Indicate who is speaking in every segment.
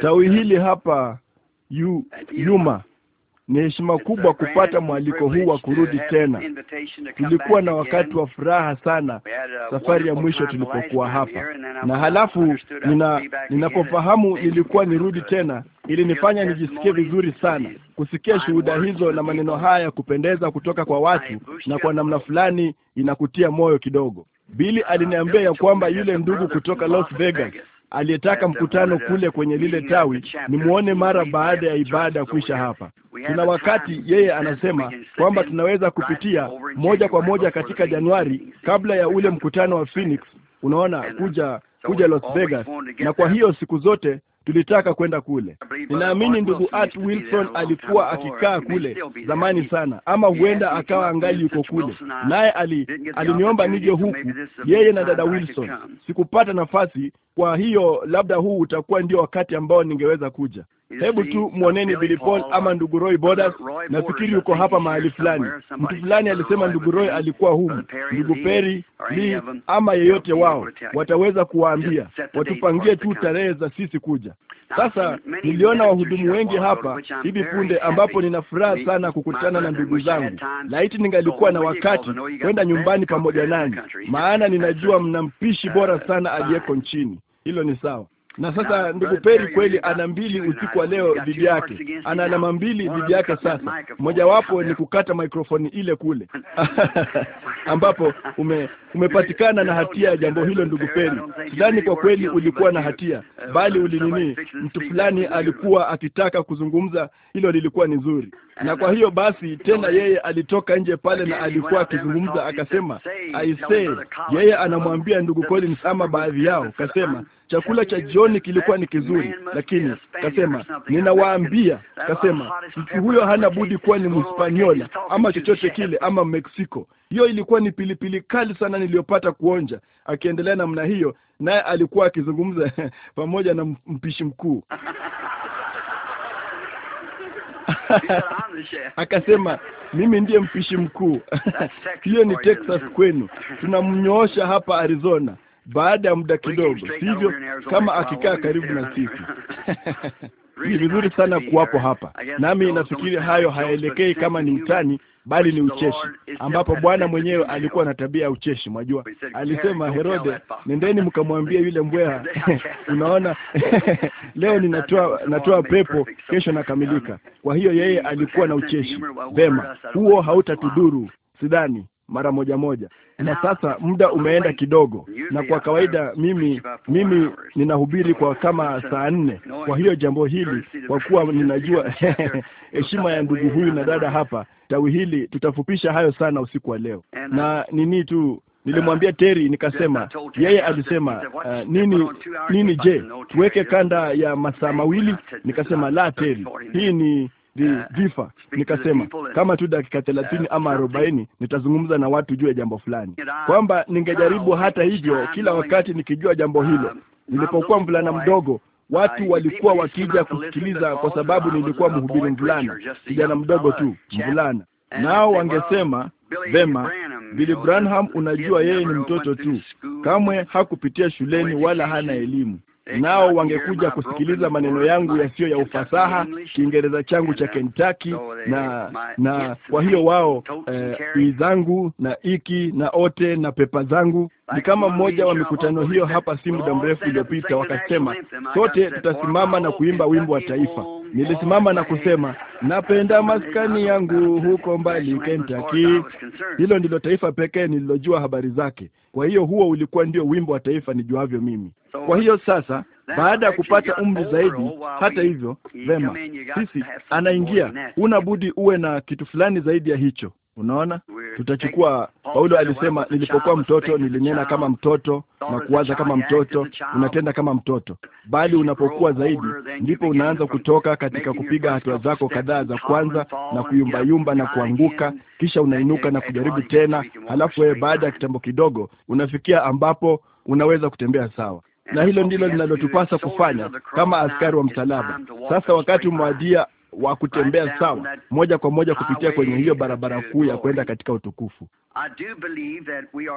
Speaker 1: tawi uh, hili
Speaker 2: hapa yu, nyuma ni heshima kubwa kupata mwaliko huu wa kurudi tena.
Speaker 1: Tulikuwa na wakati
Speaker 2: wa furaha sana
Speaker 1: safari ya mwisho tulipokuwa
Speaker 2: hapa, na halafu nina, ninapofahamu nilikuwa nirudi tena, ili nifanya nijisikie vizuri sana kusikia shuhuda hizo na maneno haya ya kupendeza kutoka kwa watu, na kwa namna fulani inakutia moyo kidogo. Bili ah, aliniambia ya kwamba yule ndugu kutoka Las Vegas aliyetaka mkutano kule kwenye lile tawi nimwone mara baada ya ibada kuisha hapa. Tuna wakati, yeye anasema kwamba tunaweza kupitia moja kwa moja katika Januari kabla ya ule mkutano wa Phoenix, unaona, kuja kuja Las Vegas, na kwa hiyo siku zote tulitaka kwenda kule. Ninaamini ndugu Art Wilson alikuwa akikaa kule zamani sana, ama huenda akawa angali yuko kule, naye ali, aliniomba nije huku, yeye na dada Wilson. Sikupata nafasi, kwa hiyo labda huu utakuwa ndio wakati ambao ningeweza kuja. Hebu tu mwoneni Billy Paul ama ndugu Roy Borders, nafikiri yuko hapa mahali fulani. Mtu fulani alisema ndugu Roy alikuwa humu, ndugu Perry Lee ama yeyote wao wataweza kuwaambia, watupangie tu tarehe za sisi kuja. Sasa niliona wahudumu wengi hapa hivi punde, ambapo nina furaha sana kukutana na ndugu zangu. Laiti ningalikuwa na wakati kwenda nyumbani pamoja nanyi, maana ninajua mna mpishi bora uh, sana aliyeko nchini. Hilo ni sawa. Na sasa ndugu Peri kweli ana mbili usiku wa leo dhidi yake, ana alama mbili dhidi yake. Sasa mojawapo ni kukata mikrofoni ile kule ambapo ume, umepatikana na hatia ya jambo hilo. Ndugu uh, Peri, sidhani kwa kweli ulikuwa na hatia, uh, uh, bali ulinini, mtu fulani alikuwa akitaka kuzungumza, hilo lilikuwa ni zuri. Na kwa hiyo basi tena yeye alitoka nje pale na alikuwa akizungumza akasema, aisee, yeye anamwambia ndugu Collins ama baadhi yao kasema Chakula cha jioni kilikuwa ni kizuri, lakini kasema, ninawaambia, kasema mtu huyo hana budi kuwa ni Mhispaniola ama chochote kile ama Meksiko. Hiyo ilikuwa ni pilipili kali sana niliyopata kuonja. Akiendelea namna hiyo, naye alikuwa akizungumza pamoja na mpishi mkuu
Speaker 3: akasema
Speaker 2: mimi ndiye mpishi mkuu. Hiyo ni Texas kwenu, tunamnyoosha hapa Arizona baada ya muda kidogo, sivyo? Kama akikaa karibu na sisi ni vizuri sana uh, kuwapo hapa, nami nafikiri hayo haelekei kama ni utani, bali ni ucheshi, ambapo Bwana mwenyewe alikuwa na tabia ya ucheshi. Mwajua, alisema Herode, nendeni mkamwambia yule mbweha unaona, leo ninatoa natoa pepo, kesho nakamilika. Kwa hiyo yeye alikuwa na ucheshi. Vema, huo hautatudhuru sidhani mara moja moja. Na sasa muda umeenda kidogo, na kwa kawaida mimi mimi ninahubiri kwa kama saa nne. Kwa hiyo jambo hili, kwa kuwa ninajua heshima ya ndugu huyu na dada hapa tawi hili, tutafupisha hayo sana usiku wa leo na nini tu Nilimwambia uh, Terry nikasema, yeye alisema uh, nini nini, je, tuweke kanda ya masaa mawili? Nikasema la Terry, hii ni vifa. Eh, nikasema kama tu dakika thelathini ama arobaini nitazungumza na watu juu ya jambo fulani, kwamba ningejaribu hata hivyo kila wakati nikijua jambo hilo. Nilipokuwa mvulana mdogo watu walikuwa wakija kusikiliza kwa sababu nilikuwa mhubiri mvulana, kijana mdogo tu mvulana, nao wangesema
Speaker 1: vema, Billy
Speaker 2: Branham, unajua yeye ni mtoto tu, kamwe hakupitia shuleni wala hana elimu nao wangekuja kusikiliza maneno yangu yasiyo ya ufasaha, Kiingereza changu cha Kentucky, na na kwa hiyo wao eh, i zangu na iki na ote na pepa zangu ni kama mmoja wa mikutano hiyo hapa si muda mrefu iliyopita, wakasema sote tutasimama na kuimba wimbo wa taifa. Nilisimama na kusema, napenda maskani yangu huko mbali Kentucky. Hilo ndilo taifa pekee nililojua habari zake. Kwa hiyo huo ulikuwa ndio wimbo wa taifa nijuavyo mimi. Kwa hiyo sasa, baada ya kupata umri zaidi, hata hivyo, vema, sisi anaingia, una budi uwe na kitu fulani zaidi ya hicho. Unaona, tutachukua Paulo alisema, nilipokuwa mtoto nilinena kama mtoto na kuwaza kama mtoto, unatenda kama mtoto, bali unapokuwa zaidi, ndipo unaanza kutoka katika kupiga hatua zako kadhaa za kwanza na kuyumbayumba na kuanguka, kisha unainuka na kujaribu tena, halafu wewe baada ya kitambo kidogo unafikia ambapo unaweza kutembea sawa na hilo ndilo linalotupasa kufanya kama askari wa msalaba. Sasa wakati umewadia wa kutembea sawa moja kwa moja kupitia kwenye hiyo barabara kuu ya kwenda katika utukufu.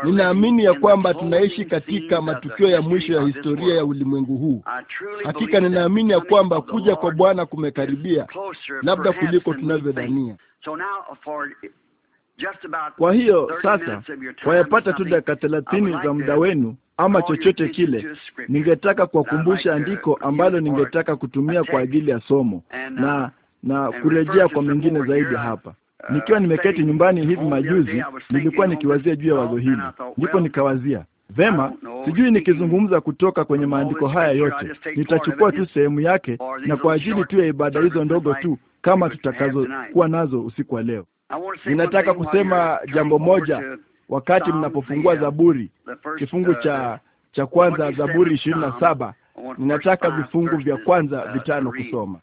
Speaker 1: Ninaamini ya
Speaker 2: kwamba tunaishi katika matukio ya mwisho ya historia ya ulimwengu huu. Hakika ninaamini ya kwamba kuja kwa Bwana kumekaribia,
Speaker 1: labda kuliko
Speaker 2: tunavyodhania.
Speaker 1: Kwa hiyo sasa, wayapata tu dakika thelathini za muda
Speaker 2: wenu ama chochote kile, ningetaka kuwakumbusha andiko ambalo ningetaka kutumia kwa ajili ya somo na uh, na kurejea kwa mengine zaidi hapa. Uh, Nikiwa nimeketi nyumbani oh, hivi majuzi, nilikuwa oh, nikiwazia juu ya uh, wazo hili, ndipo nikawazia Vema, sijui nikizungumza kutoka kwenye maandiko haya yote, nitachukua tu sehemu yake na kwa ajili tu ya ibada hizo ndogo tu kama tutakazokuwa nazo usiku wa leo.
Speaker 1: Ninataka kusema jambo
Speaker 2: moja wakati mnapofungua Zaburi
Speaker 1: kifungu uh, cha
Speaker 2: cha kwanza, Zaburi ishirini na saba.
Speaker 1: Ninataka vifungu
Speaker 2: vya kwanza vitano kusoma.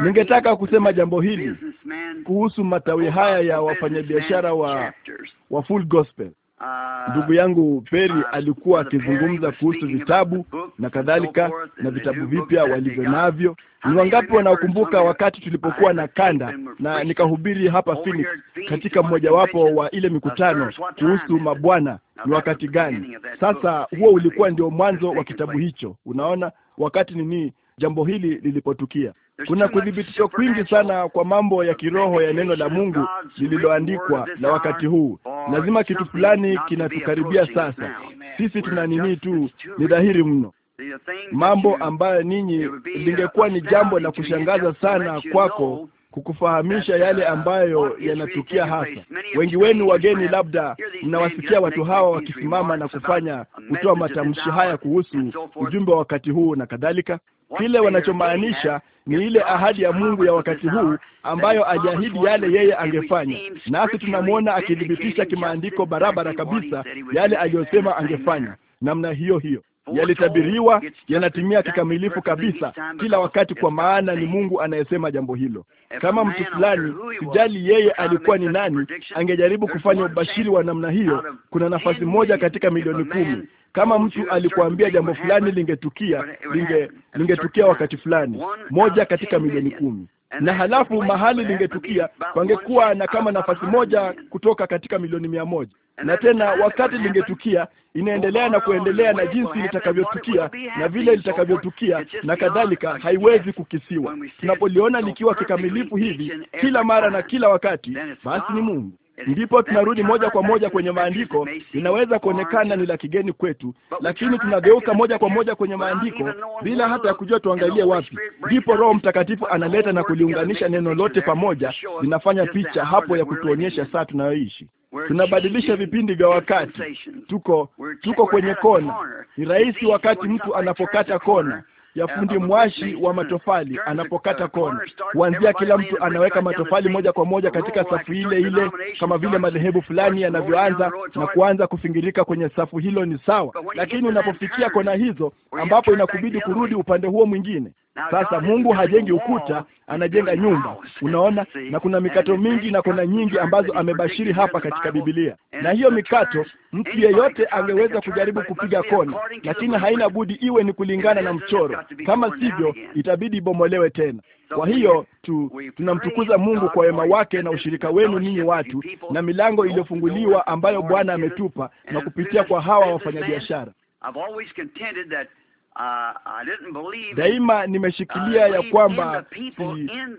Speaker 2: Ningetaka kusema jambo hili kuhusu matawi haya ya wafanyabiashara wa wa Full Gospel.
Speaker 1: Uh, Ndugu
Speaker 2: yangu Peri uh, alikuwa akizungumza kuhusu vitabu na kadhalika na vitabu vipya walivyo navyo. Ni wangapi wanaokumbuka wakati tulipokuwa na kanda na nikahubiri hapa Phoenix katika mmojawapo wa ile mikutano kuhusu mabwana ni wakati gani? Sasa huo ulikuwa ndio mwanzo wa kitabu hicho. Unaona wakati nini jambo hili lilipotukia. Kuna kuthibitisho kwingi sana kwa mambo ya kiroho ya neno la Mungu lililoandikwa la wakati huu. Lazima kitu fulani kinatukaribia sasa. Sisi tuna nini tu, ni dhahiri mno mambo ambayo ninyi lingekuwa ni jambo la kushangaza sana kwako kukufahamisha yale uh, ambayo yanatukia hasa. Wengi wenu wageni, labda mnawasikia watu hawa wakisimama na kufanya kutoa matamshi haya kuhusu ujumbe wa wakati huu na kadhalika. Kile wanachomaanisha ni ile ahadi ya Mungu ya wakati huu ambayo aliahidi yale yeye angefanya, nasi tunamwona akithibitisha kimaandiko barabara kabisa yale aliyosema angefanya namna hiyo hiyo yalitabiriwa yanatimia kikamilifu kabisa kila wakati, kwa maana ni Mungu anayesema jambo hilo. Kama mtu fulani, sijali yeye alikuwa ni nani, angejaribu kufanya ubashiri wa namna hiyo, kuna nafasi moja katika milioni kumi kama mtu alikuambia jambo fulani lingetukia, linge lingetukia wakati fulani, moja katika milioni kumi na halafu mahali lingetukia, pangekuwa na kama nafasi moja kutoka katika milioni mia moja na tena wakati lingetukia, inaendelea na kuendelea na jinsi litakavyotukia na vile litakavyotukia na kadhalika, haiwezi kukisiwa. Tunapoliona likiwa kikamilifu hivi kila mara na kila wakati, basi ni Mungu. Ndipo tunarudi moja kwa moja kwenye maandiko. Linaweza kuonekana ni la kigeni kwetu, lakini tunageuka moja kwa moja kwenye maandiko bila hata ya kujua tuangalie wapi. Ndipo Roho Mtakatifu analeta na kuliunganisha neno lote pamoja, linafanya picha hapo ya kutuonyesha saa tunayoishi tunabadilisha vipindi vya wakati. Tuko tuko kwenye kona. Ni rahisi wakati mtu anapokata kona ya uh, fundi mwashi wa matofali anapokata kona, kuanzia kila mtu anaweka matofali moja kwa moja katika safu ile ile, kama vile madhehebu fulani yanavyoanza na kuanza kufingirika kwenye safu. Hilo ni sawa, lakini unapofikia kona hizo ambapo inakubidi kurudi upande huo mwingine, sasa Mungu hajengi ukuta, anajenga nyumba, unaona. Na kuna mikato mingi na kona nyingi ambazo amebashiri hapa katika Biblia, na hiyo mikato mtu yeyote angeweza kujaribu kupiga kona, lakini haina budi iwe ni kulingana na mchoro, kama sivyo itabidi ibomolewe tena. Kwa hiyo tu, tunamtukuza Mungu kwa wema wake na ushirika wenu ninyi watu na milango iliyofunguliwa ambayo Bwana ametupa na kupitia kwa hawa wafanyabiashara.
Speaker 1: Uh, Daima
Speaker 2: nimeshikilia uh, ya kwamba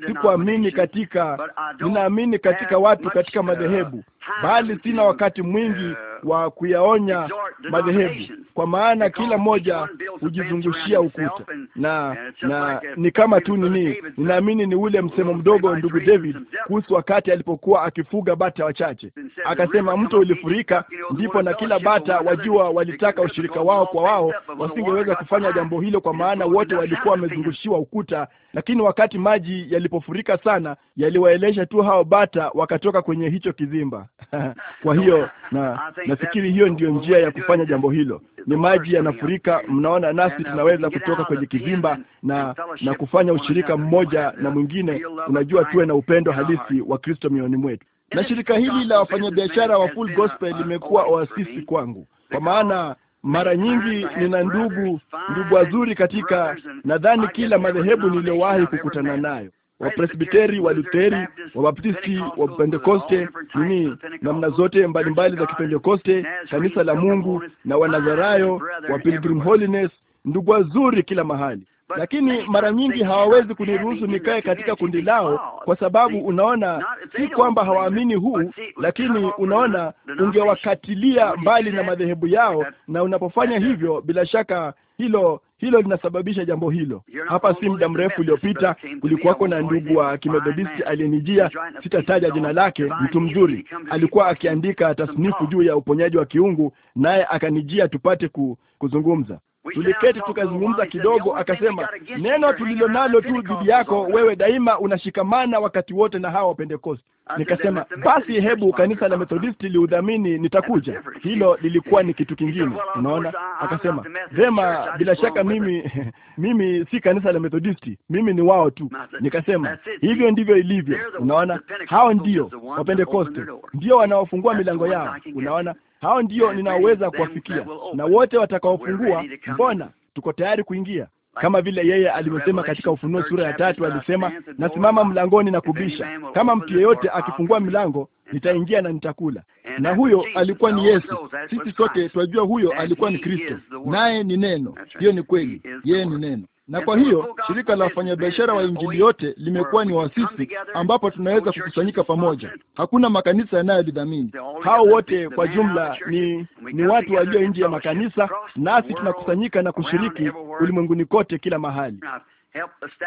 Speaker 1: sikuamini
Speaker 2: katika, ninaamini katika watu katika madhehebu, bali sina wakati mwingi uh, wa kuyaonya madhehebu, kwa maana kila moja hujizungushia ukuta na na ni kama tu nini. Ninaamini ni ule msemo mdogo ndugu David kuhusu wakati alipokuwa akifuga bata wachache, akasema mto ulifurika, ndipo na kila bata wajua walitaka ushirika wao kwa wao, wasingeweza kufanya jambo hilo, kwa maana wote walikuwa wamezungushiwa ukuta. Lakini wakati maji yalipofurika sana, yaliwaelesha tu hao bata, wakatoka kwenye hicho kizimba. Kwa hiyo na nafikiri hiyo ndiyo njia ya kufanya jambo hilo. Ni maji yanafurika, mnaona, nasi uh, tunaweza kutoka kwenye kivimba na na kufanya ushirika mmoja na uh, mwingine. Unajua, tuwe na upendo halisi wa Kristo mioyoni mwetu. Na shirika hili la wafanyabiashara wa Full Gospel limekuwa oasisi kwangu, kwa maana mara nyingi nina ndugu ndugu wazuri katika nadhani kila madhehebu niliyowahi kukutana nayo. Wapresbiteri, Walutheri, Wabaptisti, wa Pentekoste, uh, nini, namna zote mbalimbali za Kipentekoste, kanisa la Mungu na Wanazarayo wa Pilgrim Holiness, ndugu wazuri kila mahali lakini mara nyingi hawawezi kuniruhusu nikae katika kundi lao, kwa sababu unaona, si kwamba hawaamini huu, lakini unaona, ungewakatilia mbali na madhehebu yao, na unapofanya hivyo, bila shaka hilo hilo linasababisha jambo hilo. Hapa si muda mrefu uliopita, kulikuwako na ndugu wa kimethodisti aliyenijia, sitataja jina lake, mtu mzuri, alikuwa akiandika tasnifu juu ya uponyaji wa kiungu, naye akanijia tupate ku, kuzungumza. Tuliketi tukazungumza kidogo, akasema neno tulilo nalo tu dhidi yako wewe daima unashikamana wakati wote na hawa wapentekosti Nikasema basi, hebu kanisa la Methodisti liudhamini, nitakuja. Hilo lilikuwa ni kitu kingine, unaona. Akasema vema, bila shaka mimi mimi si kanisa la Methodisti, mimi ni wao tu. Nikasema hivyo ndivyo ilivyo, unaona. Hao ndio wapentekosti ndio wanaofungua milango yao, unaona. Hao ndio ninaoweza kuwafikia, na wote watakaofungua, mbona tuko tayari kuingia kama vile yeye alivyosema katika Ufunuo sura ya tatu, alisema nasimama mlangoni na kubisha, kama mtu yeyote akifungua milango nitaingia na nitakula. Na huyo alikuwa ni Yesu. Sisi sote twajua huyo alikuwa ni Kristo, naye ni Neno. Hiyo ni kweli, yeye ni Neno. Na kwa hiyo shirika la wafanyabiashara wa injili yote limekuwa ni wasisi ambapo tunaweza kukusanyika pamoja. Hakuna makanisa yanayolidhamini. Hao wote kwa jumla ni ni watu walio nje ya makanisa, nasi tunakusanyika na kushiriki ulimwenguni kote, kila mahali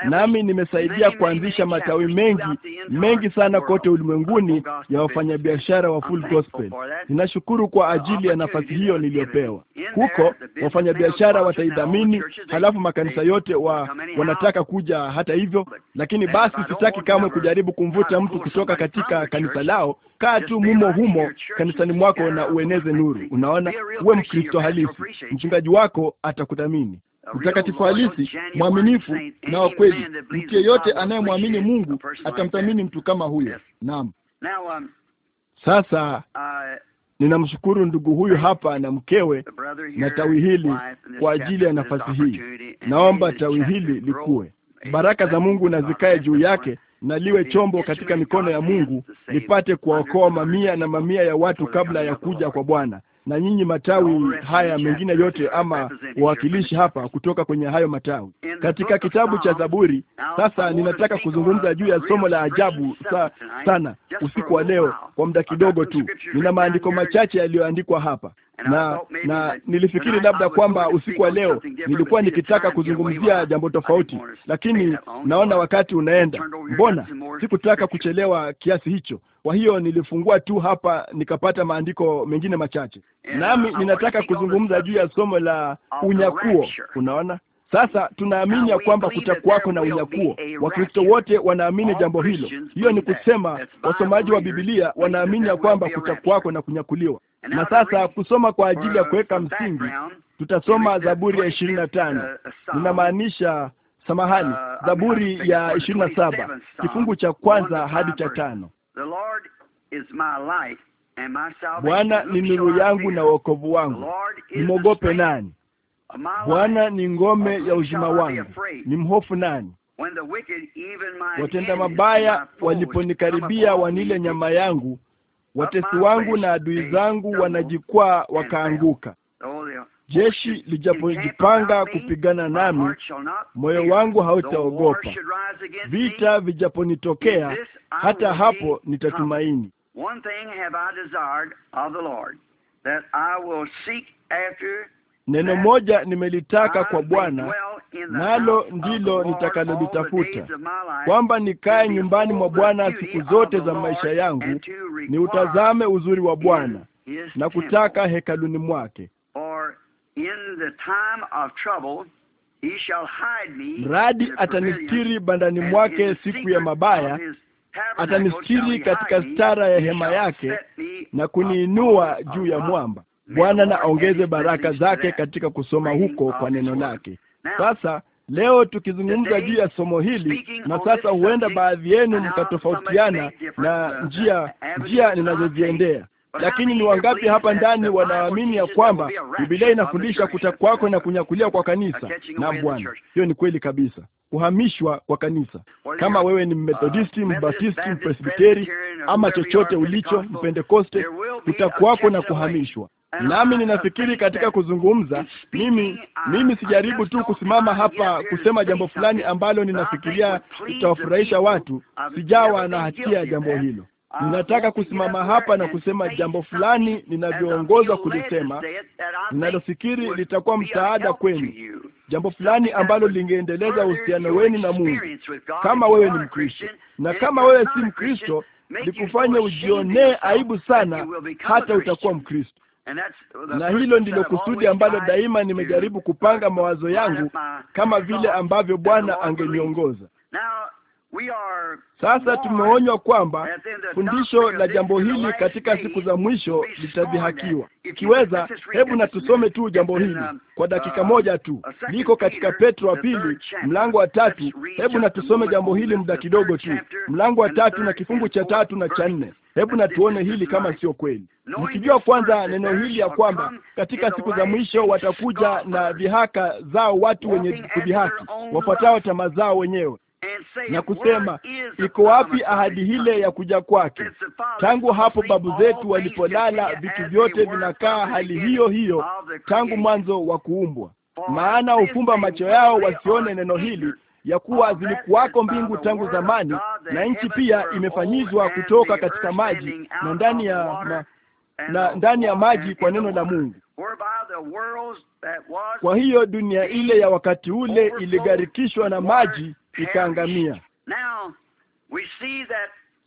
Speaker 1: nami nimesaidia kuanzisha matawi mengi
Speaker 2: mengi sana kote ulimwenguni ya wafanyabiashara wa Full Gospel. Ninashukuru kwa ajili ya nafasi hiyo niliyopewa. Huko wafanyabiashara wataidhamini, halafu makanisa yote wa wanataka kuja hata hivyo, lakini basi sitaki kamwe kujaribu kumvuta mtu kutoka katika kanisa lao. Kaa tu mumo humo kanisani mwako na ueneze nuru. Unaona, uwe Mkristo halisi, mchungaji wako atakudhamini mtakatifu halisi, mwaminifu na wa kweli. Mtu yeyote anayemwamini
Speaker 1: Mungu atamthamini
Speaker 2: mtu kama huyo. Naam. Um, Sasa uh, ninamshukuru ndugu huyu hapa na mkewe na tawi hili kwa ajili ya nafasi hii. Naomba tawi hili likue, baraka za Mungu na zikae juu yake na liwe chombo katika mikono ya Mungu, lipate kuwaokoa mamia na mamia ya watu kabla ya kuja kwa Bwana na nyinyi matawi haya mengine yote ama wawakilishi hapa kutoka kwenye hayo matawi. Katika kitabu cha Zaburi, sasa ninataka kuzungumza juu ya somo la ajabu sa, sana usiku wa leo kwa muda kidogo tu. Nina maandiko machache yaliyoandikwa hapa na na nilifikiri labda kwamba usiku wa leo nilikuwa nikitaka kuzungumzia jambo tofauti, lakini naona wakati unaenda. Mbona sikutaka kuchelewa kiasi hicho, kwa hiyo nilifungua tu hapa nikapata maandiko mengine machache, nami ninataka kuzungumza juu ya somo la unyakuo. Unaona, sasa tunaamini ya kwamba kutakuwako na unyakuo. Wakristo wote wanaamini jambo hilo. Hiyo ni kusema wasomaji wa Biblia wanaamini ya kwamba kutakuwako na kunyakuliwa. Na sasa kusoma kwa ajili ya kuweka msingi, tutasoma Zaburi uh, uh, ya ishirini na tano, ninamaanisha samahani, Zaburi ya ishirini na saba kifungu cha kwanza hadi cha tano.
Speaker 1: Bwana ni nuru yangu na
Speaker 2: wokovu wangu, nimwogope nani?
Speaker 1: Bwana ni
Speaker 2: ngome ya uzima wangu, ni mhofu nani?
Speaker 1: Watenda mabaya waliponikaribia wanile nyama
Speaker 2: yangu, watesi wangu na adui zangu wanajikwaa wakaanguka jeshi lijapojipanga kupigana nami,
Speaker 1: moyo wangu hautaogopa. Vita
Speaker 2: vijaponitokea,
Speaker 1: hata hapo nitatumaini.
Speaker 2: Neno moja nimelitaka kwa Bwana, nalo ndilo nitakalolitafuta, kwamba nikae nyumbani mwa Bwana siku zote za maisha yangu,
Speaker 1: niutazame
Speaker 2: uzuri wa Bwana
Speaker 1: na kutaka
Speaker 2: hekaluni mwake. Mradi atanistiri bandani mwake siku ya mabaya,
Speaker 1: atanistiri
Speaker 2: katika stara ya hema yake na kuniinua juu ya mwamba. Bwana na aongeze baraka zake katika kusoma huko kwa neno lake. Sasa leo tukizungumza juu ya somo hili, na sasa huenda baadhi yenu mkatofautiana na njia njia ninazoziendea lakini ni wangapi hapa ndani wanaamini ya kwamba Biblia inafundisha kutakwako na kunyakulia kwa kanisa? Na Bwana, hiyo ni kweli kabisa, kuhamishwa kwa kanisa. Kama wewe ni methodisti Mbaptisti, Mpresbiteri ama chochote ulicho, Mpentekoste, kutakwako na kuhamishwa. Nami ninafikiri katika kuzungumza, mimi mimi sijaribu tu kusimama hapa kusema jambo fulani ambalo ninafikiria litawafurahisha watu. Sijawa na hatia ya jambo hilo. Ninataka kusimama hapa na kusema jambo fulani ninavyoongozwa kulisema, ninalofikiri litakuwa msaada kwenu, jambo fulani ambalo lingeendeleza uhusiano wenu na Mungu. Kama wewe ni Mkristo, na kama wewe si Mkristo, likufanya ujionee aibu sana hata utakuwa Mkristo na hilo ndilo kusudi ambalo daima nimejaribu kupanga mawazo yangu kama vile ambavyo Bwana angeniongoza. Sasa tumeonywa kwamba
Speaker 1: fundisho la jambo
Speaker 2: hili katika siku za mwisho litadhihakiwa. Ikiweza, hebu na tusome tu jambo hili uh, kwa dakika uh, moja tu, uh, liko katika Petro wa pili mlango wa tatu. Hebu na tusome jambo hili muda kidogo tu, mlango wa tatu na kifungu cha tatu na cha nne. Hebu na tuone hili kama sio kweli, nikijua kwanza neno hili ya kwamba katika siku za mwisho watakuja na dhihaka zao watu wenye kudhihaki, wafuatao tamaa zao wenyewe na kusema, iko wapi ahadi ile ya kuja kwake? Tangu hapo babu zetu walipolala, vitu vyote vinakaa hali hiyo hiyo tangu mwanzo wa kuumbwa. Maana hufumba macho yao wasione neno hili ya kuwa zilikuwako mbingu tangu zamani, na nchi pia imefanyizwa kutoka katika maji na ndani ya ma, na ndani ya maji kwa neno la Mungu. Kwa hiyo dunia ile ya wakati ule iligarikishwa na maji ikaangamia.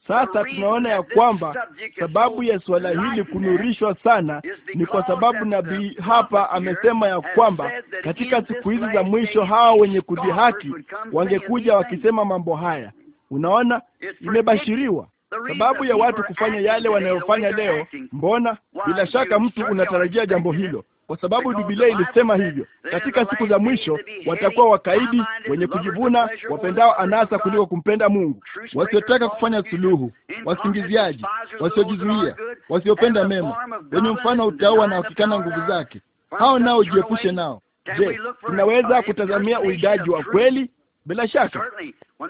Speaker 2: Sasa tunaona ya kwamba sababu ya suala hili kunurishwa sana ni kwa sababu nabii hapa amesema ya kwamba katika siku hizi za mwisho hawa wenye kudhihaki wangekuja wakisema mambo haya. Unaona, imebashiriwa sababu ya watu kufanya yale wanayofanya leo. Mbona bila shaka mtu unatarajia jambo hilo, kwa sababu Biblia ilisema hivyo, katika siku za mwisho watakuwa wakaidi, wenye kujivuna, wapendao anasa kuliko kumpenda Mungu, wasiotaka kufanya suluhu, wasingiziaji, wasiojizuia, wasiopenda mema, wenye mfano na wanaofikana nguvu zake. Hao nao jiepushe nao. Je, tunaweza kutazamia uidaji wa kweli? Bila shaka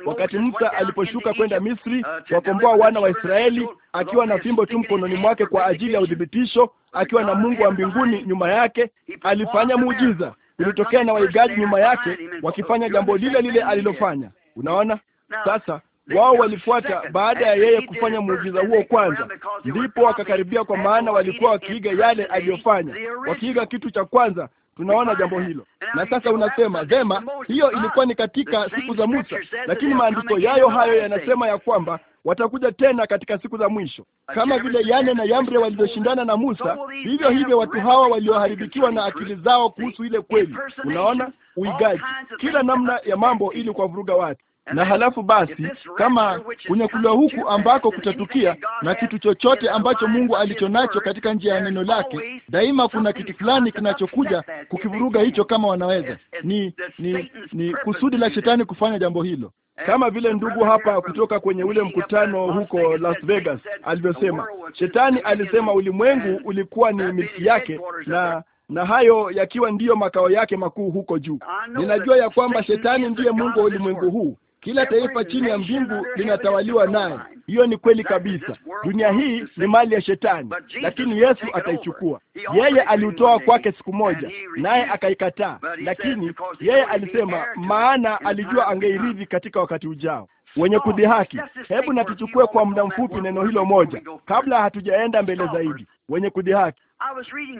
Speaker 2: wakati Musa aliposhuka kwenda Misri kuwakomboa uh, wana wa Israeli akiwa na fimbo tu mkononi mwake kwa ajili ya udhibitisho, akiwa na Mungu wa mbinguni nyuma yake, alifanya muujiza. Ilitokea na waigaji nyuma yake wakifanya jambo lile lile alilofanya. Unaona, sasa wao walifuata baada ya yeye kufanya muujiza huo kwanza, ndipo wakakaribia, kwa maana walikuwa wakiiga yale aliyofanya, wakiiga kitu cha kwanza Tunaona jambo hilo, na sasa unasema vema, hiyo ilikuwa ni katika siku za Musa, lakini maandiko yayo hayo yanasema ya kwamba watakuja tena katika siku za mwisho. Kama vile Yane na Yambre walivyoshindana na Musa, vivyo hivyo watu hawa walioharibikiwa na akili zao kuhusu ile kweli. Unaona uigaji, kila namna ya mambo ili kuwavuruga watu na halafu basi, kama kunyakuliwa huku ambako kutatukia na kitu chochote ambacho Mungu alichonacho katika njia ya neno lake, daima kuna kitu fulani kinachokuja kukivuruga hicho, kama wanaweza. Ni ni ni kusudi la shetani kufanya jambo hilo, kama vile ndugu hapa kutoka kwenye ule mkutano huko Las Vegas alivyosema. Shetani alisema ulimwengu ulikuwa ni milki yake na na hayo yakiwa ndiyo makao yake makuu huko juu. Ninajua ya kwamba shetani ndiye mungu wa ulimwengu huu, kila taifa chini ya mbingu linatawaliwa naye. Hiyo ni kweli kabisa. Dunia hii ni mali ya Shetani, lakini Yesu ataichukua. Yeye aliutoa kwake siku moja, naye akaikataa, lakini yeye alisema, maana alijua angeirithi katika wakati ujao wenye kudhihaki. Hebu na tuchukue kwa muda mfupi neno hilo moja kabla hatujaenda mbele zaidi. Wenye kudhihaki.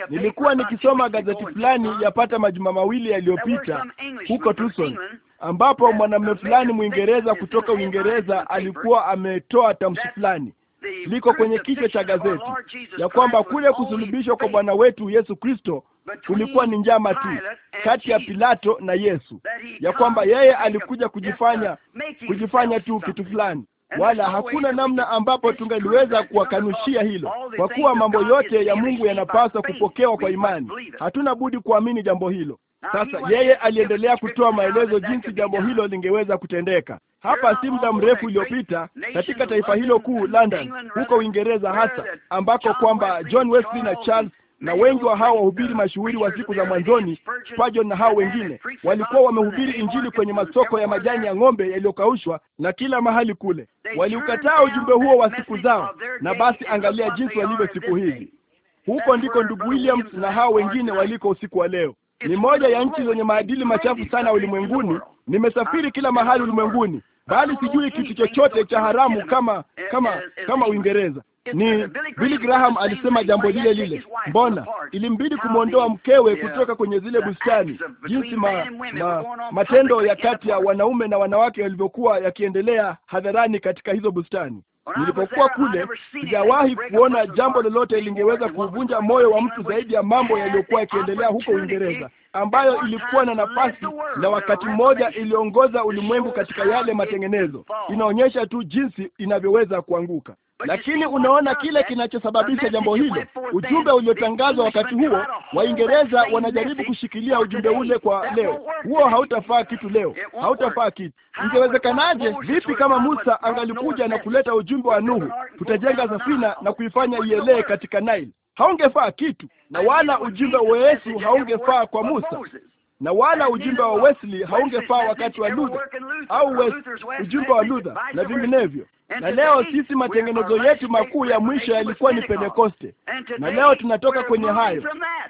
Speaker 2: Nilikuwa nikisoma gazeti fulani yapata majuma mawili yaliyopita huko Tucson, ambapo mwanamume fulani Mwingereza kutoka Uingereza alikuwa ametoa tamshi fulani liko kwenye kichwa cha gazeti ya kwamba kule kusulubishwa kwa Bwana wetu Yesu Kristo kulikuwa ni njama tu kati ya Pilato na Yesu, ya kwamba yeye alikuja kujifanya kujifanya tu kitu fulani, wala hakuna namna ambapo tungaliweza kuwakanushia hilo, kwa kuwa mambo yote ya Mungu yanapaswa kupokewa kwa imani. Hatuna budi kuamini jambo hilo. Sasa yeye aliendelea kutoa maelezo jinsi jambo hilo lingeweza kutendeka. Hapa si muda mrefu uliopita katika taifa hilo kuu London, huko Uingereza hasa, ambako kwamba John Wesley na Charles na wengi wa hao wahubiri mashuhuri wa siku za mwanzoni Spurgeon na hao wengine walikuwa wamehubiri Injili kwenye masoko ya majani ya ng'ombe yaliyokaushwa na kila mahali kule. Waliukataa ujumbe huo wa siku zao, na basi angalia jinsi walivyo siku hizi. Huko ndiko ndugu Williams na hao wengine waliko usiku wa leo. Ni moja ya nchi zenye maadili machafu sana ulimwenguni. Nimesafiri ah, kila mahali ulimwenguni, bali sijui kitu chochote cha haramu kama kama kama Uingereza. Ni Billy Graham alisema jambo lile lile. Mbona ilimbidi kumwondoa mkewe kutoka kwenye zile bustani, jinsi ma, ma, matendo ya kati ya wanaume na wanawake yalivyokuwa yakiendelea hadharani katika hizo bustani. Nilipokuwa kule, sijawahi kuona jambo lolote lingeweza kuvunja moyo wa mtu zaidi ya mambo yaliyokuwa yakiendelea huko Uingereza, ambayo ilikuwa na nafasi na wakati mmoja iliongoza ulimwengu katika yale matengenezo. Inaonyesha tu jinsi inavyoweza kuanguka. Lakini unaona kile kinachosababisha jambo hilo. Ujumbe uliotangazwa wakati huo, Waingereza wanajaribu kushikilia ujumbe ule kwa leo. Huo hautafaa kitu leo, hautafaa kitu. Ingewezekanaje vipi kama Musa angalikuja na kuleta ujumbe wa Nuhu, tutajenga safina na kuifanya ielee katika Nile? Haungefaa kitu, na wala ujumbe wa Yesu haungefaa kwa Musa na wala ujumbe wa Wesley haungefaa wakati wa Luther au West, ujumbe wa Luther na vinginevyo na leo sisi matengenezo yetu makuu ya mwisho yalikuwa ni Pentekoste,
Speaker 1: na leo tunatoka kwenye hayo.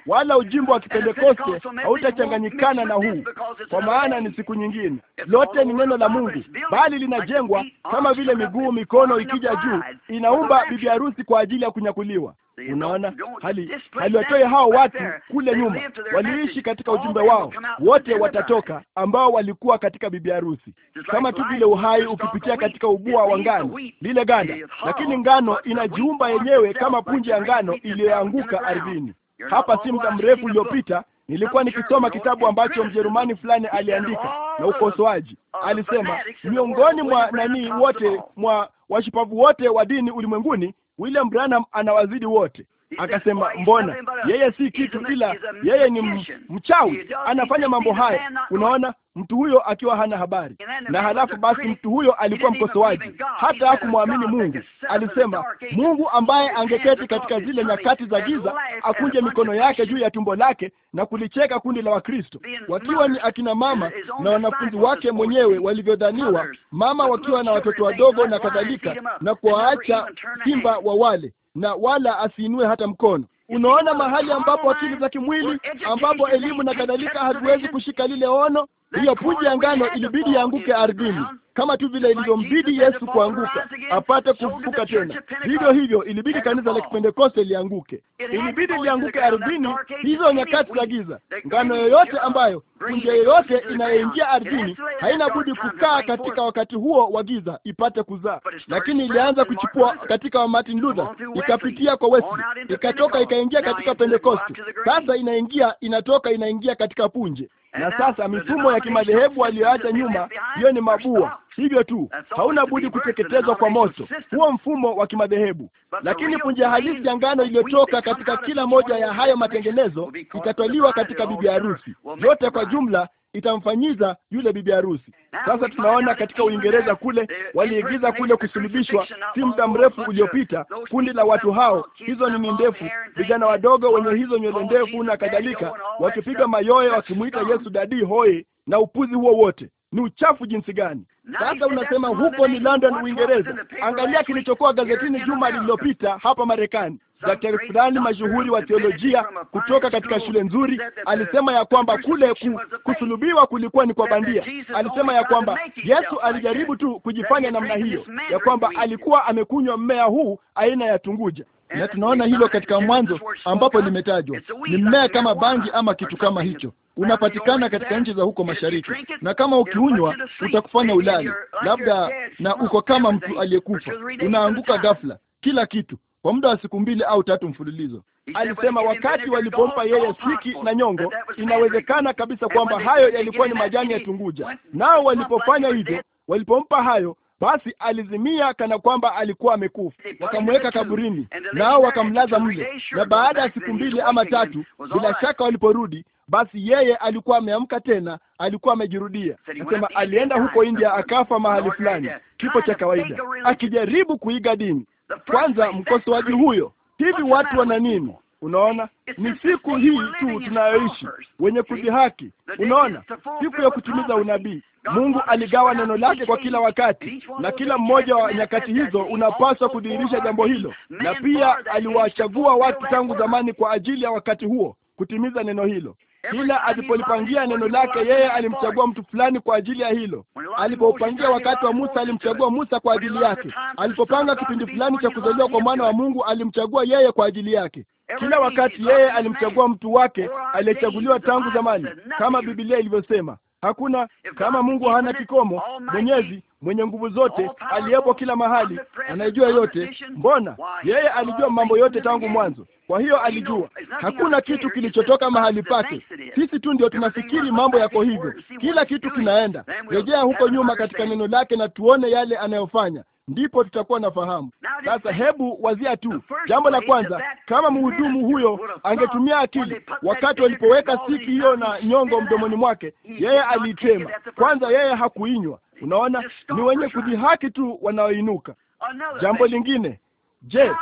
Speaker 1: Wala ujimbo wa Kipentekoste
Speaker 2: hautachanganyikana na huu, kwa maana ni siku nyingine. Lote ni neno la Mungu, bali linajengwa kama vile miguu, mikono ikija juu inaumba bibi harusi kwa ajili ya kunyakuliwa. Unaona, hali haliwatoe hao watu kule nyuma, waliishi katika ujumbe wao wote, watatoka ambao walikuwa katika bibi harusi, kama tu vile uhai ukipitia katika ubua wa ngano, lile ganda. Lakini ngano inajiumba yenyewe kama punje ya ngano iliyoanguka ardhini. Hapa si muda mrefu uliopita nilikuwa nikisoma kitabu ambacho Mjerumani fulani aliandika na ukosoaji. Alisema miongoni mwa nani wote mwa washupavu wote wa dini ulimwenguni William Branham anawazidi wote. Akasema, mbona yeye si kitu, ila yeye ni mchawi, anafanya mambo haya. Unaona mtu huyo akiwa hana habari. Na halafu basi, mtu huyo alikuwa mkosoaji, hata hakumwamini Mungu. Alisema Mungu ambaye angeketi katika zile nyakati za giza akunje mikono yake juu ya tumbo lake na kulicheka kundi la Wakristo wakiwa ni akina mama na wanafunzi wake mwenyewe walivyodhaniwa, mama wakiwa na watoto wadogo na kadhalika, na kuwaacha simba wa wale na wala asiinue hata mkono. Unaona mahali ambapo akili za kimwili, ambapo elimu na kadhalika haziwezi kushika lile ono hiyo punje ya ngano ilibidi ianguke ardhini kama tu vile ilivyombidi Yesu kuanguka apate kufufuka tena, vivyo hivyo ilibidi kanisa la Kipentekoste lianguke, ilibidi lianguke ardhini hizo nyakati za giza. Ngano yoyote ambayo, punje yoyote inayoingia ardhini haina budi kukaa katika wakati huo wa giza ipate kuzaa, lakini ilianza kuchipua katika wa Martin Luther, ikapitia kwa Wesley, ikatoka ikaingia katika Pentekoste, sasa inaingia inatoka inaingia katika punje. Na sasa mifumo ya kimadhehebu aliyoacha nyuma, hiyo ni mabua, hivyo tu, hauna budi kuteketezwa kwa moto huo mfumo wa kimadhehebu. Lakini punja halisi ya ngano iliyotoka katika kila moja ya hayo matengenezo itatwaliwa katika bibi harusi. Yote kwa jumla itamfanyiza yule bibi harusi. Sasa tunaona katika Uingereza kule waliigiza kule kusulubishwa, si muda mrefu uliopita, kundi la watu hao, hizo nini ndefu, vijana wadogo wenye hizo nywele ndefu na kadhalika, wakipiga mayoye wakimwita Yesu dadi hoi na upuzi huo wote ni uchafu jinsi gani! Sasa unasema huko ni London, Uingereza. Angalia kilichokuwa gazetini juma lililopita hapa Marekani. Daktari fulani mashuhuri wa teolojia kutoka katika shule nzuri alisema ya kwamba kule ku, kusulubiwa kulikuwa ni kwa bandia. Alisema ya kwamba Yesu alijaribu tu kujifanya namna hiyo, ya kwamba alikuwa amekunywa mmea huu aina ya tunguja na tunaona hilo katika Mwanzo ambapo limetajwa. Ni mmea kama bangi ama kitu kama hicho unapatikana katika nchi za huko mashariki, na kama ukiunywa utakufanya ulali uh, labda, na uko kama mtu aliyekufa, unaanguka ghafla, kila kitu kwa muda wa siku mbili au tatu mfululizo. Alisema wakati walipompa yeye siki na nyongo, inawezekana kabisa kwamba hayo yalikuwa ni majani ya tunguja, nao walipofanya hivyo, walipompa hayo basi alizimia kana kwamba alikuwa amekufa, wakamweka kaburini, nao wakamlaza mle. Na baada ya siku mbili ama tatu, bila shaka waliporudi, basi yeye alikuwa ameamka tena, alikuwa amejirudia. Nasema alienda huko India akafa mahali fulani, kifo cha kawaida, akijaribu kuiga dini. Kwanza mkosoaji huyo, hivi watu wana nini? Unaona, ni siku hii tu tunayoishi, wenye kudhihaki. Unaona, siku ya kutimiza unabii. Mungu aligawa neno lake kwa kila wakati, na kila mmoja wa nyakati hizo unapaswa kudhihirisha jambo hilo, na pia aliwachagua watu tangu zamani kwa ajili ya wakati huo kutimiza neno hilo. Kila alipolipangia neno lake, yeye alimchagua mtu fulani kwa ajili ya hilo. Alipoupangia wakati wa Musa, alimchagua Musa kwa ajili yake. Alipopanga kipindi fulani cha kuzaliwa kwa mwana wa Mungu, alimchagua yeye kwa ajili yake. Kila wakati yeye alimchagua mtu wake aliyechaguliwa tangu zamani, kama Biblia ilivyosema. Hakuna kama Mungu hana kikomo, Mwenyezi mwenye nguvu zote, aliyepo kila mahali, anayejua yote. Mbona yeye alijua uh, mambo yote tangu mwanzo, kwa hiyo alijua hakuna kitu kilichotoka mahali pake. Sisi tu ndio tunafikiri mambo yako hivyo, kila kitu kinaenda. Rejea huko nyuma katika neno lake na tuone yale anayofanya ndipo tutakuwa na fahamu. Sasa hebu wazia tu jambo la kwanza, kama mhudumu huyo angetumia akili wakati walipoweka siki hiyo na nyongo mdomoni mwake, yeye aliitema kwanza. Yeye hakuinywa, Unaona, ni wenye kujihaki tu wanaoinuka.
Speaker 1: Oh, Jambo lingine, je,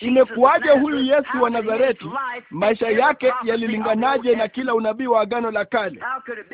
Speaker 1: imekuwaje huyu Yesu wa Nazareti? Maisha yake yalilinganaje na
Speaker 2: kila unabii wa Agano la Kale?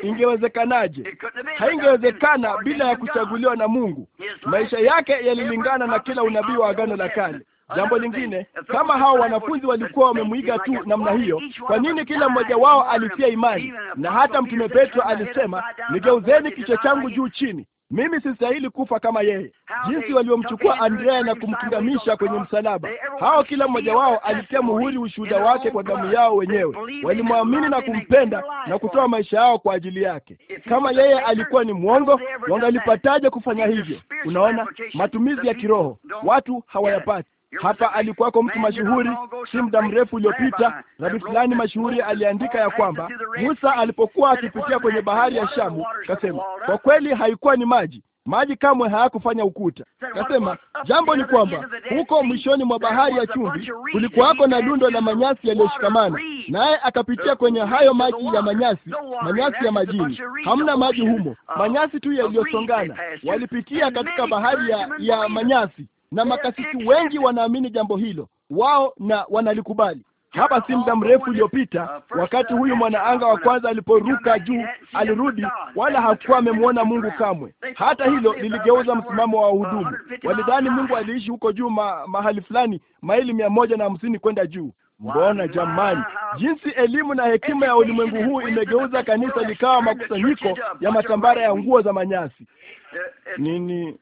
Speaker 2: Ingewezekanaje? Haingewezekana bila ya kuchaguliwa na Mungu. Maisha yake yalilingana na kila unabii wa Agano la Kale. Jambo lingine, kama hao wanafunzi walikuwa wamemwiga tu namna hiyo, kwa nini kila mmoja wao alifia imani? Na hata mtume Petro alisema, nigeuzeni kichwa changu juu chini, mimi sistahili kufa kama yeye. Jinsi waliomchukua Andrea na kumkingamisha kwenye msalaba, hao kila mmoja wao alitia muhuri ushuhuda wake kwa damu yao wenyewe. Walimwamini na kumpenda na kutoa maisha yao kwa ajili yake. Kama yeye alikuwa ni mwongo, wangalipataje kufanya hivyo? Unaona, matumizi ya kiroho watu hawayapati. Hapa alikuwako mtu mashuhuri, si muda mrefu uliopita, rabi fulani mashuhuri aliandika ya kwamba Musa alipokuwa akipitia kwenye bahari ya Shamu, kasema kwa kweli haikuwa ni maji maji kamwe hayakufanya ukuta. Kasema jambo ni kwamba huko mwishoni mwa bahari ya chumvi kulikuwako na lundo la manyasi yaliyoshikamana, naye akapitia kwenye hayo maji ya manyasi, manyasi ya majini, hamna maji humo, manyasi tu yaliyosongana. Walipitia katika bahari ya, ya manyasi na makasisi wengi wanaamini jambo hilo wao na wanalikubali. Hapa si muda mrefu uliopita, uh, wakati uh, huyu mwanaanga wa kwanza aliporuka juu, alirudi, wala hakuwa amemwona Mungu kamwe. Hata hilo liligeuza msimamo wa wahudumu. Uh, Walidhani Mungu aliishi huko juu ma, mahali fulani, maili mia moja na hamsini kwenda juu. Mbona jamani, jinsi elimu na hekima ya ulimwengu huu imegeuza kanisa likawa makusanyiko ya matambara ya nguo za manyasi. Eh, eh, Nini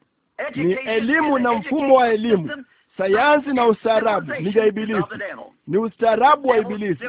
Speaker 1: ni elimu na mfumo wa elimu,
Speaker 2: sayansi na ustaarabu ni ya Ibilisi, ni ustaarabu wa Ibilisi.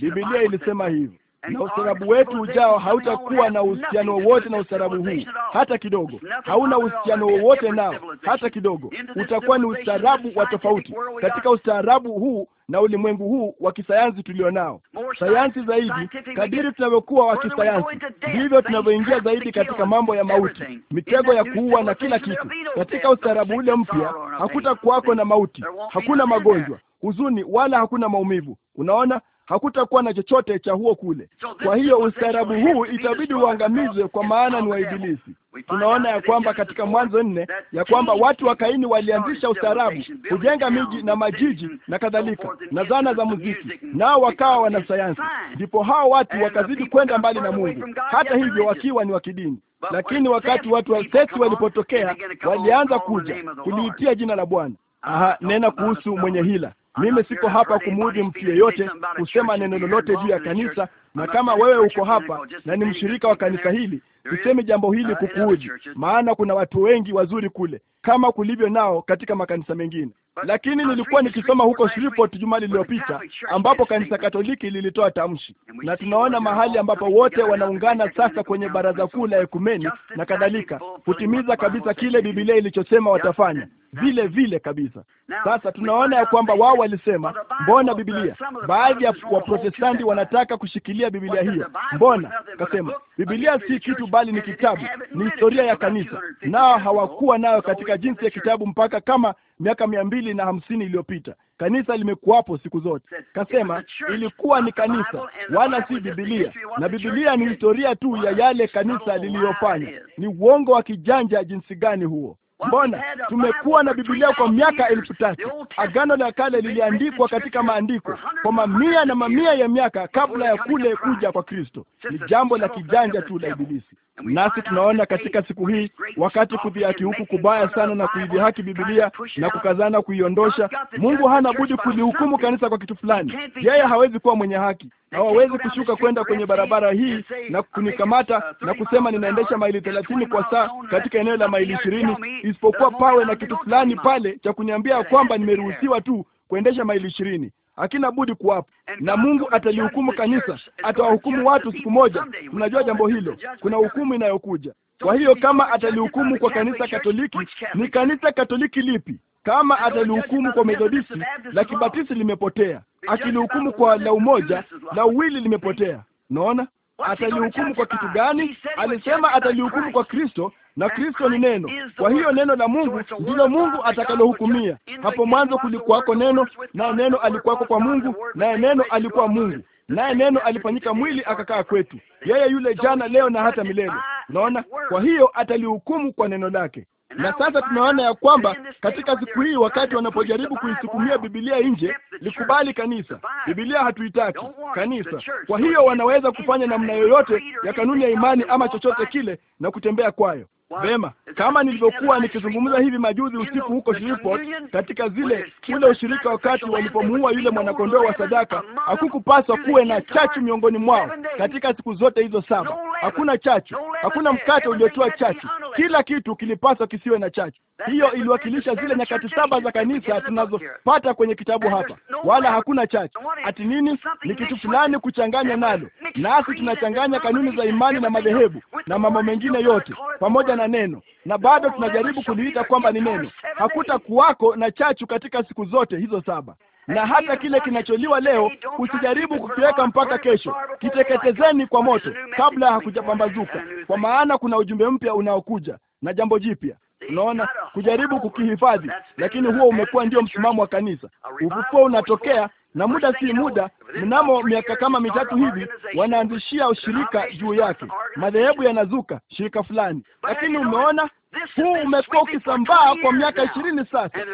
Speaker 2: Biblia ilisema hivyo, na ustaarabu wetu ujao hautakuwa na uhusiano wowote na ustaarabu huu hata kidogo. Hauna uhusiano wowote nao hata kidogo. Utakuwa ni ustaarabu wa tofauti. Katika ustaarabu huu na ulimwengu huu wa kisayansi tulio nao. Sayansi zaidi, kadiri tunavyokuwa wa kisayansi, ndivyo tunavyoingia zaidi katika mambo ya mauti, mitego ya kuua na kila kitu. Katika ustaarabu ule mpya hakuta kuwako na mauti, hakuna magonjwa, huzuni, wala hakuna maumivu. Unaona, hakutakuwa na chochote cha huo kule. Kwa hiyo ustaarabu huu itabidi uangamizwe, kwa maana ni wa Ibilisi. Tunaona ya kwamba katika Mwanzo nne ya kwamba watu wa Kaini walianzisha ustaarabu, kujenga miji na majiji na kadhalika na zana za muziki, nao wakawa wanasayansi. Ndipo hao watu wakazidi kwenda mbali na Mungu, hata hivyo wakiwa ni wa kidini lakini wakati watu wa Seti walipotokea walianza kuja kuliitia jina la Bwana. Aha, nena kuhusu mwenye hila. Mimi siko hapa kumuudhi mtu yeyote, kusema neno lolote juu ya kanisa, na kama wewe uko hapa na ni mshirika wa kanisa hili, sisemi jambo hili kukuuji maana kuna watu wengi wazuri kule kama kulivyo nao katika makanisa mengine lakini nilikuwa nikisoma huko Shreveport juma lililopita, ambapo kanisa Katoliki lilitoa tamshi, na tunaona mahali ambapo wote wanaungana sasa kwenye baraza kuu la ekumeni na kadhalika, kutimiza kabisa kile Biblia ilichosema watafanya vile vile kabisa. Sasa tunaona ya kwamba wao walisema, mbona uh, Biblia, baadhi ya Waprotestanti wanataka kushikilia Biblia hiyo, mbona kasema Biblia si kitu bali ni kitabu, ni historia ya kanisa, nao hawakuwa nayo katika jinsi ya kitabu mpaka kama miaka mia mbili na hamsini iliyopita. Kanisa limekuwapo siku zote. Kasema ilikuwa ni kanisa, wala si Bibilia, na Bibilia ni historia tu ya yale kanisa liliyofanya. Ni uongo wa kijanja jinsi gani huo! Mbona tumekuwa na bibilia kwa miaka elfu tatu. Agano la Kale liliandikwa katika maandiko kwa mamia na mamia ya miaka kabla ya kule kuja kwa Kristo. Ni jambo la kijanja tu la Ibilisi. Nasi tunaona katika siku hii, wakati kudhihaki huku kubaya sana na kuidhihaki Biblia na kukazana kuiondosha, Mungu hana budi kulihukumu kanisa kwa kitu fulani. Yeye hawezi kuwa mwenye haki, hawawezi kushuka kwenda kwenye barabara hii na kunikamata na kusema ninaendesha maili thelathini kwa saa katika eneo la maili ishirini, isipokuwa pawe na kitu fulani pale cha kuniambia kwamba nimeruhusiwa tu kuendesha maili ishirini hakina budi kuwapo, na Mungu atalihukumu kanisa, atawahukumu watu siku moja. tunajua jambo hilo, kuna hukumu inayokuja. Kwa hiyo kama atalihukumu kwa kanisa Katoliki, ni kanisa Katoliki lipi? Kama atalihukumu kwa Methodisti, la kibatisi limepotea. Akilihukumu kwa la umoja, la uwili limepotea. naona atalihukumu kwa kitu gani? Alisema atalihukumu kwa Kristo, na Kristo ni neno. Kwa hiyo neno la Mungu ndilo Mungu atakalohukumia. Hapo mwanzo kulikuwako neno, naye neno alikuwako kwa Mungu, naye neno alikuwa Mungu, naye neno alifanyika mwili akakaa kwetu. Yeye yule jana, leo na hata milele. Unaona, kwa hiyo atalihukumu kwa neno lake. Na sasa tunaona ya kwamba katika siku hii, wakati wanapojaribu kuisukumia Biblia nje, likubali kanisa, Biblia hatuitaki kanisa. Kwa hiyo wanaweza kufanya namna yoyote ya kanuni ya imani ama chochote kile na kutembea kwayo. Vema, kama nilivyokuwa nikizungumza hivi majuzi usiku huko Shreveport, katika zile ule ushirika, wakati walipomuua yule mwanakondoo wa sadaka, hakukupaswa kuwe na chachu miongoni mwao katika siku zote hizo saba. Hakuna chachu, hakuna mkate uliotoa chachu, kila kitu kilipaswa kisiwe na chachu. Hiyo iliwakilisha zile nyakati saba za kanisa tunazopata kwenye kitabu hapa, wala hakuna chachu. Ati nini? Ni kitu fulani kuchanganya nalo, nasi tunachanganya kanuni za imani na madhehebu na mambo mengine yote pamoja na neno na bado tunajaribu kuliita kwamba ni neno. hakuta kuwako na chachu katika siku zote hizo saba, na hata kile kinacholiwa leo usijaribu kukiweka mpaka kesho. Kiteketezeni kwa moto kabla hakujapambazuka, kwa maana kuna ujumbe mpya unaokuja na jambo jipya. Unaona, kujaribu kukihifadhi, lakini huo umekuwa ndio msimamo wa kanisa. Ufufuo unatokea na muda si muda, mnamo miaka kama mitatu hivi, wanaanzishia ushirika juu yake, madhehebu yanazuka, shirika fulani. Lakini umeona, huu umekuwa ukisambaa kwa miaka ishirini sasa,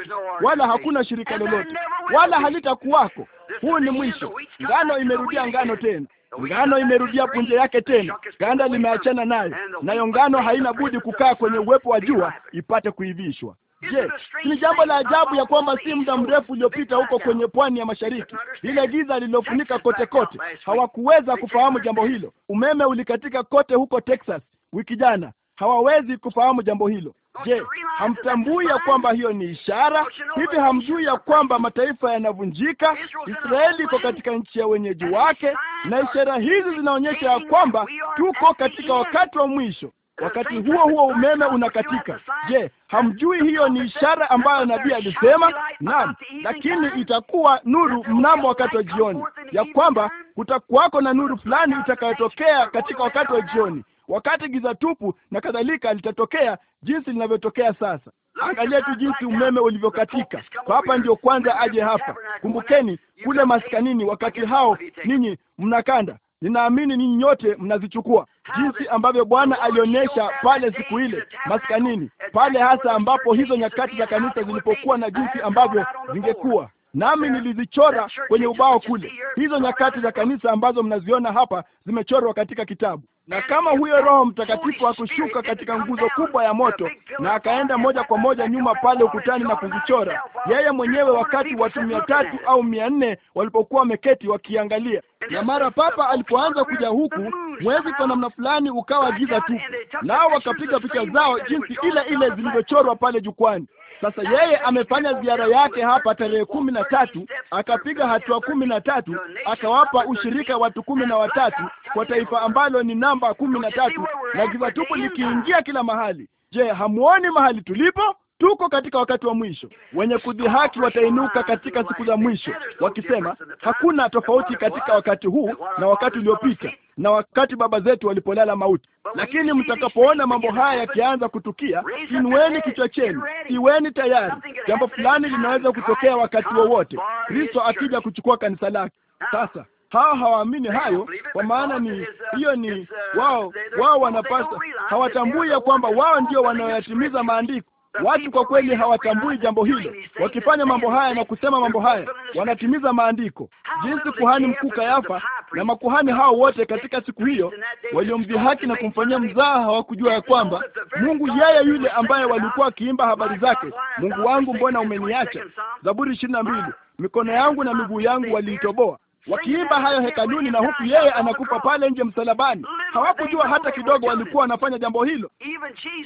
Speaker 2: wala hakuna shirika lolote, wala halitakuwako. Huu ni mwisho. Ngano imerudia ngano tena. Ngano imerudia punje yake tena, ganda limeachana nayo, nayo ngano haina budi kukaa kwenye uwepo wa jua ipate kuivishwa. Je, ni jambo la ajabu ya kwamba si muda mrefu uliopita huko kwenye pwani ya mashariki, lile giza lililofunika kote kote, hawakuweza kufahamu jambo hilo. Umeme ulikatika kote huko Texas wiki jana, hawawezi kufahamu jambo hilo. Je, hamtambui ya kwamba hiyo ni ishara? Hivi hamjui ya kwamba mataifa yanavunjika? Israeli iko katika nchi ya wenyeji wake, na ishara hizi zinaonyesha ya kwamba tuko katika wakati wa mwisho. Wakati huo huo umeme unakatika. Je, hamjui hiyo ni ishara ambayo nabii alisema? Naam, lakini itakuwa nuru mnamo wakati wa jioni, ya kwamba kutakuwako na nuru fulani itakayotokea katika wakati wa jioni, wakati giza tupu na kadhalika litatokea jinsi linavyotokea sasa. Angalia tu jinsi umeme ulivyokatika. Kwa hapa ndio kwanza aje hapa. Kumbukeni kule maskanini, wakati hao ninyi mnakanda Ninaamini ninyi nyote mnazichukua, jinsi ambavyo Bwana alionyesha pale siku ile maskanini, pale hasa ambapo hizo nyakati za kanisa zilipokuwa na jinsi ambavyo zingekuwa, nami nilizichora kwenye ubao kule. Hizo nyakati za kanisa ambazo mnaziona hapa zimechorwa katika kitabu na kama huyo Roho Mtakatifu akushuka katika nguzo kubwa ya moto na akaenda moja kwa moja nyuma pale ukutani na kuzichora yeye mwenyewe, wakati watu mia tatu au mia nne walipokuwa wameketi wakiangalia. Na mara papa alipoanza kuja huku, mwezi kwa namna fulani ukawa giza tupu, nao wakapiga picha zao jinsi ile ile zilivyochorwa pale jukwani. Sasa yeye amefanya ziara yake hapa tarehe kumi na tatu, akapiga hatua kumi na tatu, akawapa ushirika watu kumi na watatu kwa taifa ambalo ni namba kumi na tatu na giza tupu likiingia kila mahali. Je, hamuoni mahali tulipo? Tuko katika wakati wa mwisho. Wenye kudhihaki watainuka katika siku za mwisho wakisema, hakuna tofauti katika wakati huu na wakati uliopita na wakati baba zetu walipolala mauti. Lakini mtakapoona mambo haya yakianza kutukia, inueni kichwa chenu, iweni tayari. Jambo fulani linaweza kutokea wakati wowote, Kristo akija kuchukua kanisa lake. Sasa hao hawaamini hayo, kwa maana ni uh, hiyo ni uh, wao, wao wanapasa hawatambui ya kwamba wao ndio wanaoyatimiza maandiko Watu kwa kweli hawatambui jambo hilo. Wakifanya mambo haya na kusema mambo haya, wanatimiza maandiko. Jinsi kuhani mkuu Kayafa na makuhani hao wote katika siku hiyo waliomdhihaki na kumfanyia mzaha, hawakujua ya kwamba Mungu yeye yule ambaye walikuwa wakiimba habari zake, Mungu wangu mbona umeniacha, Zaburi ishirini na mbili, mikono yangu na miguu yangu waliitoboa wakiimba hayo hekaluni, na huku yeye anakufa pale nje msalabani. Hawakujua hata kidogo walikuwa wanafanya jambo hilo.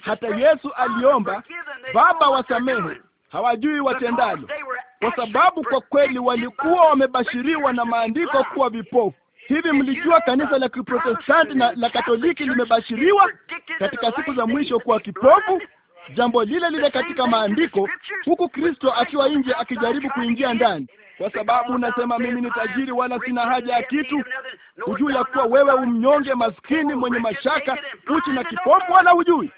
Speaker 1: Hata Yesu aliomba, Baba,
Speaker 2: wasamehe, hawajui watendalo,
Speaker 1: kwa sababu
Speaker 2: kwa kweli walikuwa wamebashiriwa na maandiko kuwa vipofu. Hivi mlijua kanisa la Kiprotestanti na la Katoliki limebashiriwa katika siku za mwisho kuwa kipofu? Jambo lile lile katika maandiko, huku Kristo akiwa nje akijaribu kuingia ndani kwa sababu unasema mimi ni tajiri wala sina haja ya kitu. Hujui ya kuwa wewe umnyonge, maskini, mwenye mashaka, uchi na kipofu, wala hujui.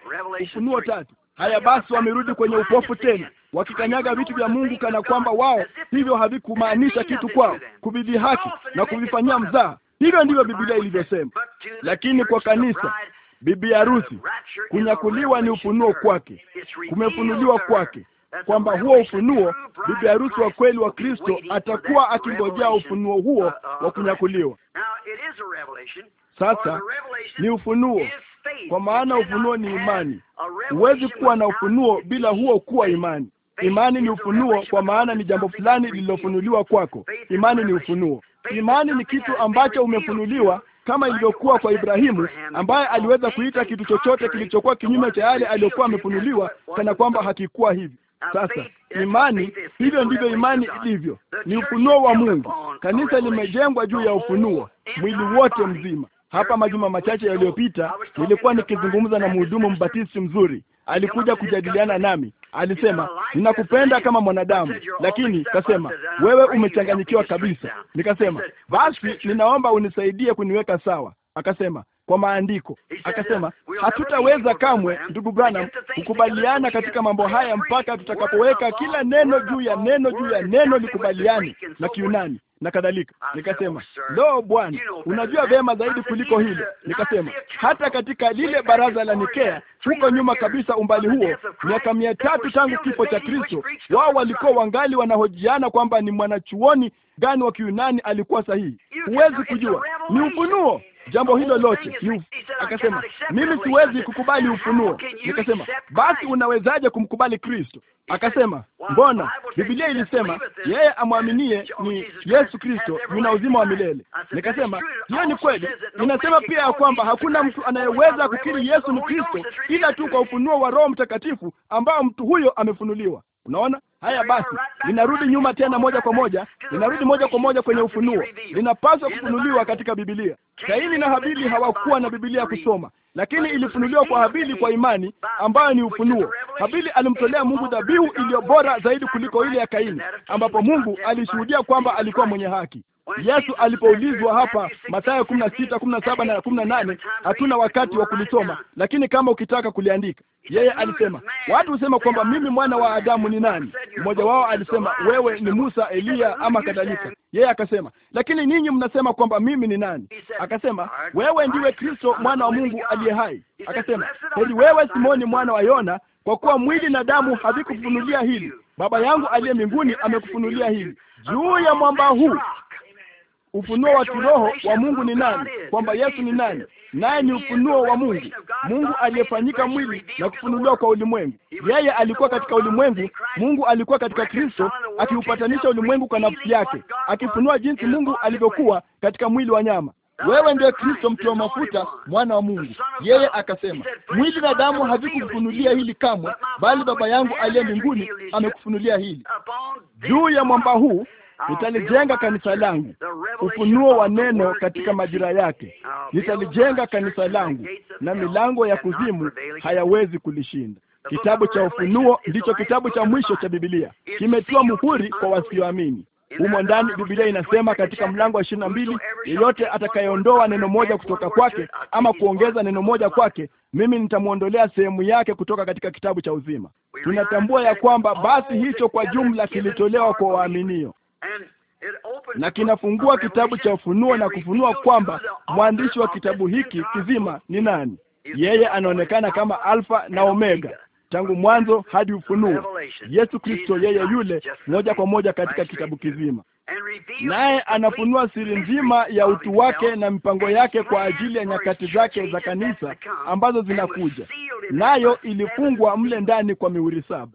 Speaker 2: Ufunuo tatu. Haya basi, wamerudi kwenye upofu tena, wakikanyaga vitu vya Mungu kana kwamba wao hivyo havikumaanisha kitu kwao, kuvidhihaki na kuvifanyia mzaha. Hivyo ndivyo Biblia ilivyosema, lakini kwa kanisa bibi harusi kunyakuliwa ni ufunuo kwake, kumefunuliwa kwake kwamba huo ufunuo, bibi harusi wa kweli wa Kristo atakuwa akingojea ufunuo huo uh, uh, wa kunyakuliwa.
Speaker 1: Sasa ni ufunuo, kwa maana ufunuo ni imani. Huwezi kuwa na ufunuo
Speaker 2: bila huo kuwa imani. Imani ni ufunuo, kwa maana ni jambo fulani lililofunuliwa kwako. Imani ni ufunuo. Imani ni kitu ambacho umefunuliwa kama ilivyokuwa kwa Ibrahimu ambaye aliweza kuita kitu chochote kilichokuwa kinyume cha yale aliyokuwa amefunuliwa kana kwamba hakikuwa hivi. Sasa imani, hivyo ndivyo imani ilivyo, ni ufunuo wa Mungu. Kanisa limejengwa juu ya ufunuo, mwili wote mzima. Hapa majuma machache yaliyopita nilikuwa nikizungumza na mhudumu mbatisti mzuri, alikuja kujadiliana nami. Alisema, ninakupenda kama mwanadamu, lakini kasema, wewe umechanganyikiwa kabisa. Nikasema, basi ninaomba unisaidie kuniweka sawa. Akasema, kwa maandiko. Akasema, hatutaweza kamwe, ndugu Branham, kukubaliana katika mambo haya mpaka tutakapoweka kila neno juu ya neno juu ya neno likubaliane na kiunani na kadhalika. Nikasema, lo, bwana, unajua vema zaidi kuliko hilo. Nikasema hata katika lile baraza la Nikea huko nyuma kabisa, umbali huo miaka mia tatu tangu kifo cha Kristo, wao walikuwa wangali wanahojiana kwamba ni mwanachuoni gani wa kiunani alikuwa sahihi. Huwezi kujua, ni ufunuo jambo hilo lote.
Speaker 1: Akasema, mimi
Speaker 2: siwezi kukubali ufunuo. Nikasema, basi unawezaje kumkubali Kristo? Akasema, mbona Biblia ilisema yeye amwaminie ni Yesu Kristo yuna uzima wa milele. Nikasema, hiyo ni kweli. Inasema pia ya kwamba hakuna mtu anayeweza kukiri Yesu ni Kristo ila tu kwa ufunuo wa Roho Mtakatifu ambao mtu huyo amefunuliwa. Unaona, Haya basi, ninarudi nyuma tena moja kwa moja, ninarudi moja kwa moja kwenye Ufunuo. Linapaswa kufunuliwa katika Biblia. Kaini na Habili hawakuwa na Biblia ya kusoma, lakini ilifunuliwa kwa Habili kwa imani, ambayo ni ufunuo. Habili alimtolea Mungu dhabihu iliyo bora zaidi kuliko ile ya Kaini, ambapo Mungu alishuhudia kwamba alikuwa mwenye haki. Yesu alipoulizwa hapa Mathayo kumi na sita kumi na saba na kumi na nane hatuna wakati wa kulisoma, lakini kama ukitaka kuliandika, yeye alisema, watu husema kwamba mimi mwana wa Adamu ni nani? Mmoja wao alisema, wewe ni Musa, Eliya ama kadhalika. Yeye akasema, lakini ninyi mnasema kwamba mimi ni nani? Akasema, wewe ndiwe Kristo mwana wa Mungu aliye hai. Akasema, heri wewe Simoni mwana wa Yona, kwa kuwa mwili na damu havikufunulia hili, Baba yangu aliye mbinguni amekufunulia hili. Juu ya mwamba huu ufunuo wa kiroho wa Mungu ni nani, kwamba Yesu ni nani, naye ni ufunuo wa Mungu, Mungu aliyefanyika mwili na kufunuliwa kwa ulimwengu. Yeye alikuwa katika ulimwengu, Mungu alikuwa katika Kristo, akiupatanisha ulimwengu kwa nafsi yake, akifunua jinsi Mungu alivyokuwa katika mwili wa nyama. Wewe ndiye Kristo wa mafuta, mwana wa Mungu. Yeye akasema, mwili na damu havikukufunulia hili kamwe, bali Baba yangu aliye mbinguni amekufunulia hili. Juu ya mwamba huu Ah, nitalijenga kanisa langu, ufunuo wa neno katika majira yake. Ah, nitalijenga kanisa langu, na milango ya kuzimu hayawezi kulishinda. Kitabu cha Ufunuo ndicho kitabu cha mwisho cha Biblia, kimetiwa muhuri kwa wasioamini. Humo ndani Biblia inasema katika mlango wa ishirini na mbili, yeyote atakayeondoa neno moja kutoka kwake ama kuongeza neno moja kwake, mimi nitamwondolea sehemu yake kutoka katika kitabu cha uzima. Tunatambua ya kwamba basi hicho kwa jumla kilitolewa kwa waaminio na kinafungua kitabu cha Ufunuo na kufunua kwamba mwandishi wa kitabu hiki kizima ni nani. Yeye anaonekana kama Alfa na Omega, tangu mwanzo hadi Ufunuo. Yesu Kristo, yeye yule moja kwa moja katika kitabu kizima, naye anafunua siri nzima ya utu wake na mipango yake kwa ajili ya nyakati zake za kanisa ambazo zinakuja, nayo ilifungwa mle ndani kwa mihuri saba.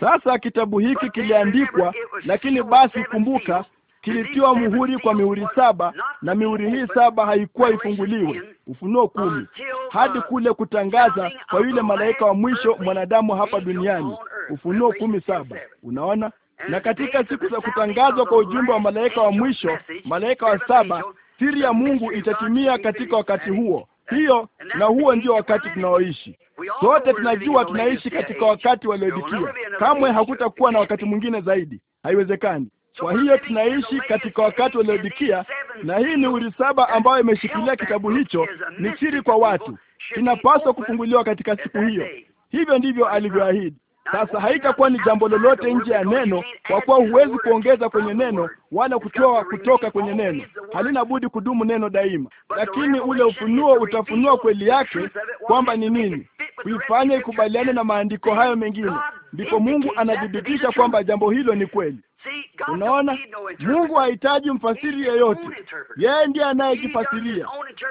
Speaker 2: Sasa kitabu hiki kiliandikwa, lakini basi kumbuka, kilitiwa muhuri kwa mihuri saba, na mihuri hii saba haikuwa ifunguliwe. Ufunuo kumi, hadi kule kutangaza kwa yule malaika wa mwisho mwanadamu hapa duniani. Ufunuo kumi saba. Unaona, na katika siku za kutangazwa kwa ujumbe wa malaika wa mwisho, malaika wa saba, siri ya Mungu itatimia katika wakati huo. Hiyo na huo ndio wakati tunaoishi. Sote tunajua tunaishi katika wakati wa Laodikia. Kamwe hakutakuwa na wakati mwingine zaidi, haiwezekani. Kwa hiyo tunaishi katika wakati wa Laodikia, na hii ni uri saba ambayo imeshikilia kitabu hicho. Ni siri kwa watu, inapaswa kufunguliwa katika siku hiyo. Hivyo ndivyo alivyoahidi. Sasa haitakuwa ni jambo lolote nje ya neno, kwa kuwa huwezi kuongeza kwenye neno wala kutoa kutoka kwenye neno. Halina budi kudumu neno daima, lakini ule ufunuo utafunua kweli yake kwamba ni nini kuifanya ikubaliane na maandiko hayo mengine, ndipo Mungu anathibitisha kwamba jambo hilo ni kweli. Unaona, Mungu hahitaji mfasiri yeyote, yeye ndiye anayejifasiria.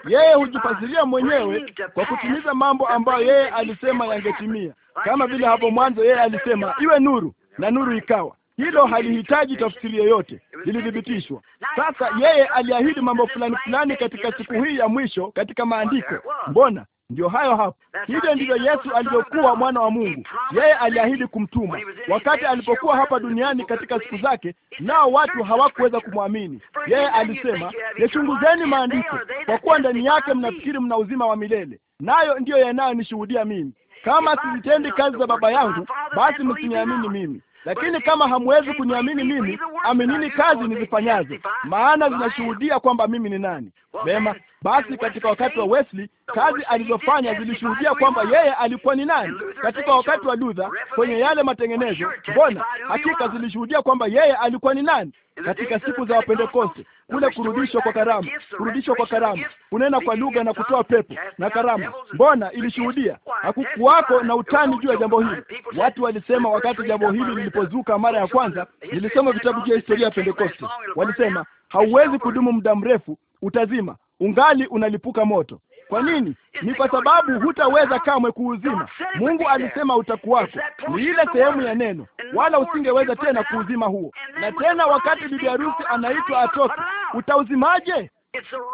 Speaker 2: Yeye hujifasiria mwenyewe kwa kutimiza mambo ambayo yeye alisema yangetimia, kama vile hapo mwanzo yeye alisema iwe nuru, na nuru ikawa. Hilo halihitaji tafsiri yoyote, lilithibitishwa. Sasa yeye aliahidi mambo fulani fulani katika siku hii ya mwisho katika maandiko. Mbona Ndiyo hayo hapo. Hivyo ndivyo Yesu alivyokuwa mwana wa Mungu. Yeye aliahidi kumtuma wakati alipokuwa hapa duniani katika siku zake, nao watu hawakuweza kumwamini. Yeye alisema, yachunguzeni maandiko, kwa kuwa ndani yake mnafikiri mna uzima wa milele, nayo ndiyo yanayonishuhudia mimi. Kama sizitendi kazi za Baba yangu, basi msiniamini mimi lakini kama hamwezi kuniamini mimi, aminini kazi nizifanyazo, maana zinashuhudia kwamba mimi ni nani. Vema, basi katika wakati wa Wesley kazi alizofanya zilishuhudia kwamba yeye alikuwa ni nani. Katika wakati wa Luther kwenye yale matengenezo, mbona hakika zilishuhudia kwamba yeye alikuwa ni nani. Katika siku za Wapentekoste kule kurudishwa kwa karama, kurudishwa kwa karama, kunena kwa lugha na kutoa pepo na karama, mbona ilishuhudia? Hakukuwako na utani juu ya jambo hili. Watu walisema, wakati jambo hili lilipozuka mara ya kwanza, nilisoma vitabu vya historia ya Pentekoste, walisema hauwezi kudumu muda mrefu, utazima ungali unalipuka moto. Kwa ah, nini? Ni kwa sababu hutaweza kamwe kuuzima. Mungu alisema utakuwako, ni ile sehemu ya neno, wala usingeweza tena kuuzima huo. Na tena wakati bibi harusi anaitwa atoke, utauzimaje?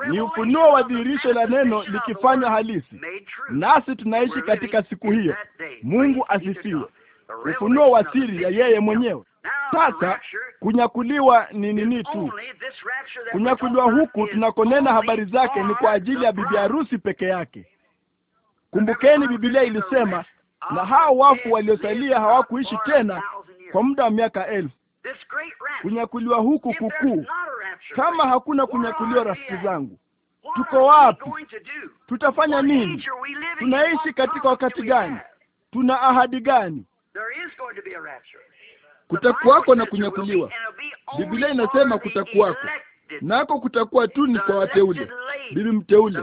Speaker 2: Ni ufunuo wa dhihirisho la neno likifanywa halisi, nasi tunaishi katika siku hiyo. Mungu asifiwe. Ufunuo wa siri ya yeye mwenyewe. Sasa kunyakuliwa ni nini tu? Kunyakuliwa huku tunakonena habari zake ni kwa ajili ya bibi harusi peke yake. Kumbukeni, Biblia ilisema, na hao wafu waliosalia hawakuishi tena kwa muda wa miaka elfu.
Speaker 1: Kunyakuliwa huku kukuu. Kama hakuna
Speaker 2: kunyakuliwa, rafiki zangu,
Speaker 1: tuko wapi? Tutafanya nini? Tunaishi katika wakati
Speaker 2: gani? Tuna ahadi gani? kutakuwako na kunyakuliwa. Biblia inasema kutakuwako, nako kutakuwa tu ni kwa wateule, bibi mteule,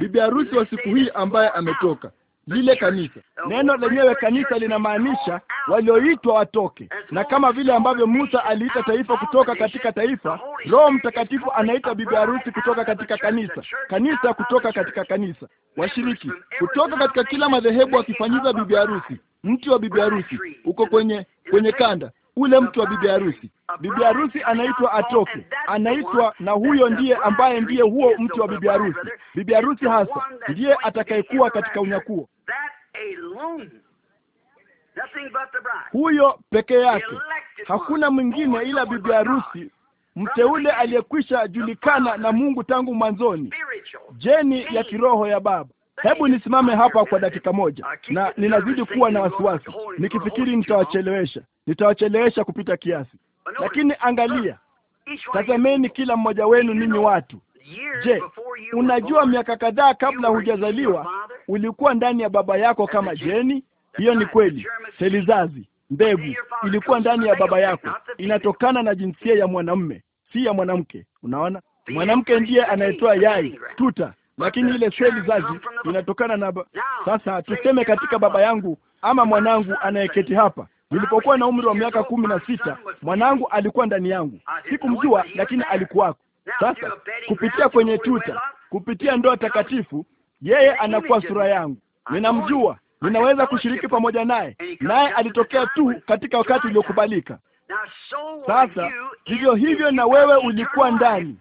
Speaker 2: bibi harusi wa siku hii ambaye ametoka lile kanisa. Neno lenyewe kanisa linamaanisha walioitwa watoke, na kama vile ambavyo Musa aliita taifa kutoka katika taifa, Roho Mtakatifu anaita bibi harusi kutoka katika kanisa, kanisa kutoka katika kanisa, washiriki kutoka katika kila madhehebu, akifanyiza bibi harusi, mti wa bibi harusi uko kwenye kwenye kanda ule mtu wa bibi harusi. Bibi harusi anaitwa atoke, anaitwa na huyo ndiye ambaye ndiye huo mtu wa bibi harusi. Bibi harusi hasa ndiye atakayekuwa katika unyakuo
Speaker 1: huyo peke yake, hakuna
Speaker 2: mwingine ila bibi harusi mteule aliyekwisha julikana na Mungu tangu mwanzoni, jeni ya kiroho ya Baba. Hebu nisimame hapa kwa dakika moja, na ninazidi kuwa na wasiwasi nikifikiri nitawachelewesha, nitawachelewesha kupita kiasi. Lakini angalia, tazameni kila mmoja wenu ninyi watu. Je, unajua miaka kadhaa kabla hujazaliwa ulikuwa ndani ya baba yako kama jeni? Hiyo ni kweli. Selizazi, mbegu ilikuwa ndani ya baba yako, inatokana na jinsia ya mwanamume, si ya mwanamke. Unaona, mwanamke ndiye anayetoa yai, tuta lakini ile seli zazi inatokana na ba... Sasa tuseme katika baba yangu ama mwanangu anayeketi hapa Nilipokuwa na umri wa miaka kumi na sita mwanangu alikuwa ndani yangu, ah, sikumjua lakini alikuwako. Sasa kupitia kwenye tuta, kupitia ndoa takatifu, yeye anakuwa sura yangu, ninamjua, ninaweza kushiriki pamoja naye, naye alitokea tu katika wakati uliokubalika. Sasa vivyo hivyo na wewe ulikuwa ndani.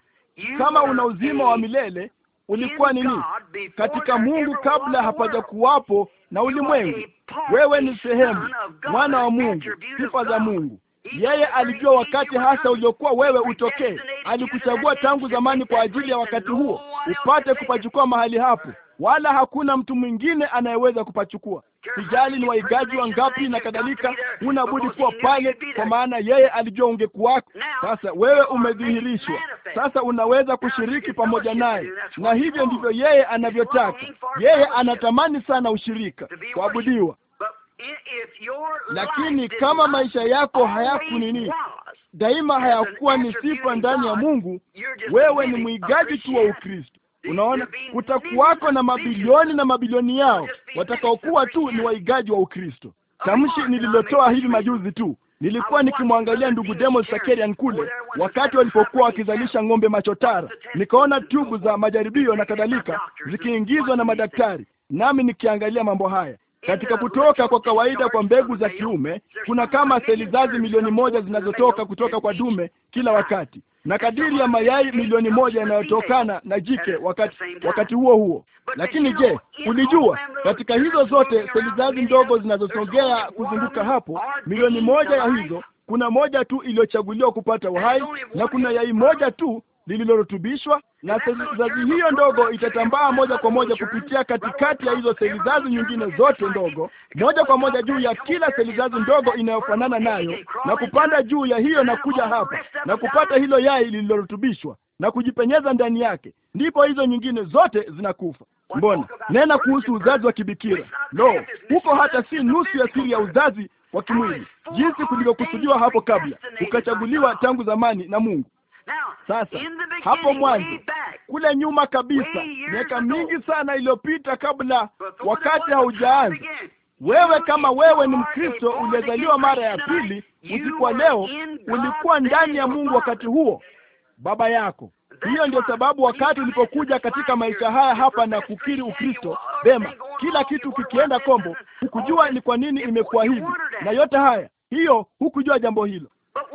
Speaker 2: Kama una uzima wa milele, ulikuwa nini katika Mungu kabla hapajakuwapo na ulimwengu. Wewe ni sehemu, mwana wa Mungu, sifa za Mungu. Yeye alijua wakati hasa uliokuwa wewe utokee. Alikuchagua tangu zamani kwa ajili ya wakati huo, upate kupachukua mahali hapo wala hakuna mtu mwingine anayeweza kupachukua. Sijali ni waigaji wangapi na kadhalika, huna budi kuwa pale, kwa maana yeye alijua ungekuwako. Sasa wewe umedhihirishwa, sasa unaweza kushiriki pamoja naye, na hivyo ndivyo yeye anavyotaka. Yeye anatamani sana ushirika, kuabudiwa
Speaker 1: lakini kama maisha yako hayaku nini,
Speaker 2: daima hayakuwa ni sifa ndani ya Mungu, wewe ni mwigaji tu wa Ukristo. Unaona, kutakuwako na mabilioni na mabilioni yao watakaokuwa tu ni waigaji wa Ukristo. Tamshi nililotoa hivi majuzi tu, nilikuwa nikimwangalia ndugu Demos Sakarian kule wakati walipokuwa wakizalisha ng'ombe machotara, nikaona tubu za majaribio na kadhalika zikiingizwa na madaktari, nami nikiangalia mambo haya katika kutoka kwa kawaida kwa mbegu za kiume kuna kama seli zazi milioni moja zinazotoka kutoka kwa dume kila wakati, na kadiri ya mayai milioni moja yanayotokana na jike wakati wakati huo huo. Lakini je, ulijua katika hizo zote seli zazi ndogo zinazosogea kuzunguka hapo, milioni moja ya hizo kuna moja tu iliyochaguliwa kupata uhai na kuna yai moja tu lililorutubishwa, na selizazi hiyo ndogo itatambaa moja kwa moja kupitia katikati ya hizo selizazi nyingine zote ndogo, moja kwa moja juu ya kila selizazi ndogo inayofanana nayo, na kupanda juu ya hiyo na kuja hapa na kupata hilo yai lililorutubishwa na kujipenyeza ndani yake, ndipo hizo nyingine zote zinakufa. Mbona nena kuhusu uzazi wa kibikira? Lo no, huko hata si nusu ya siri ya uzazi wa kimwili jinsi kulivyokusudiwa hapo kabla, ukachaguliwa tangu zamani na Mungu.
Speaker 1: Sasa hapo mwanzo,
Speaker 2: kule nyuma kabisa, miaka mingi sana iliyopita, kabla wakati haujaanza, wewe kama wewe ni Mkristo uliyezaliwa mara ya pili usiku wa leo, ulikuwa ndani ya Mungu wakati huo, baba yako. Hiyo ndio sababu wakati ulipokuja katika maisha haya hapa na kukiri Ukristo, vema, kila kitu kikienda kombo, hukujua ni kwa nini imekuwa hivi na yote haya, hiyo hukujua jambo hilo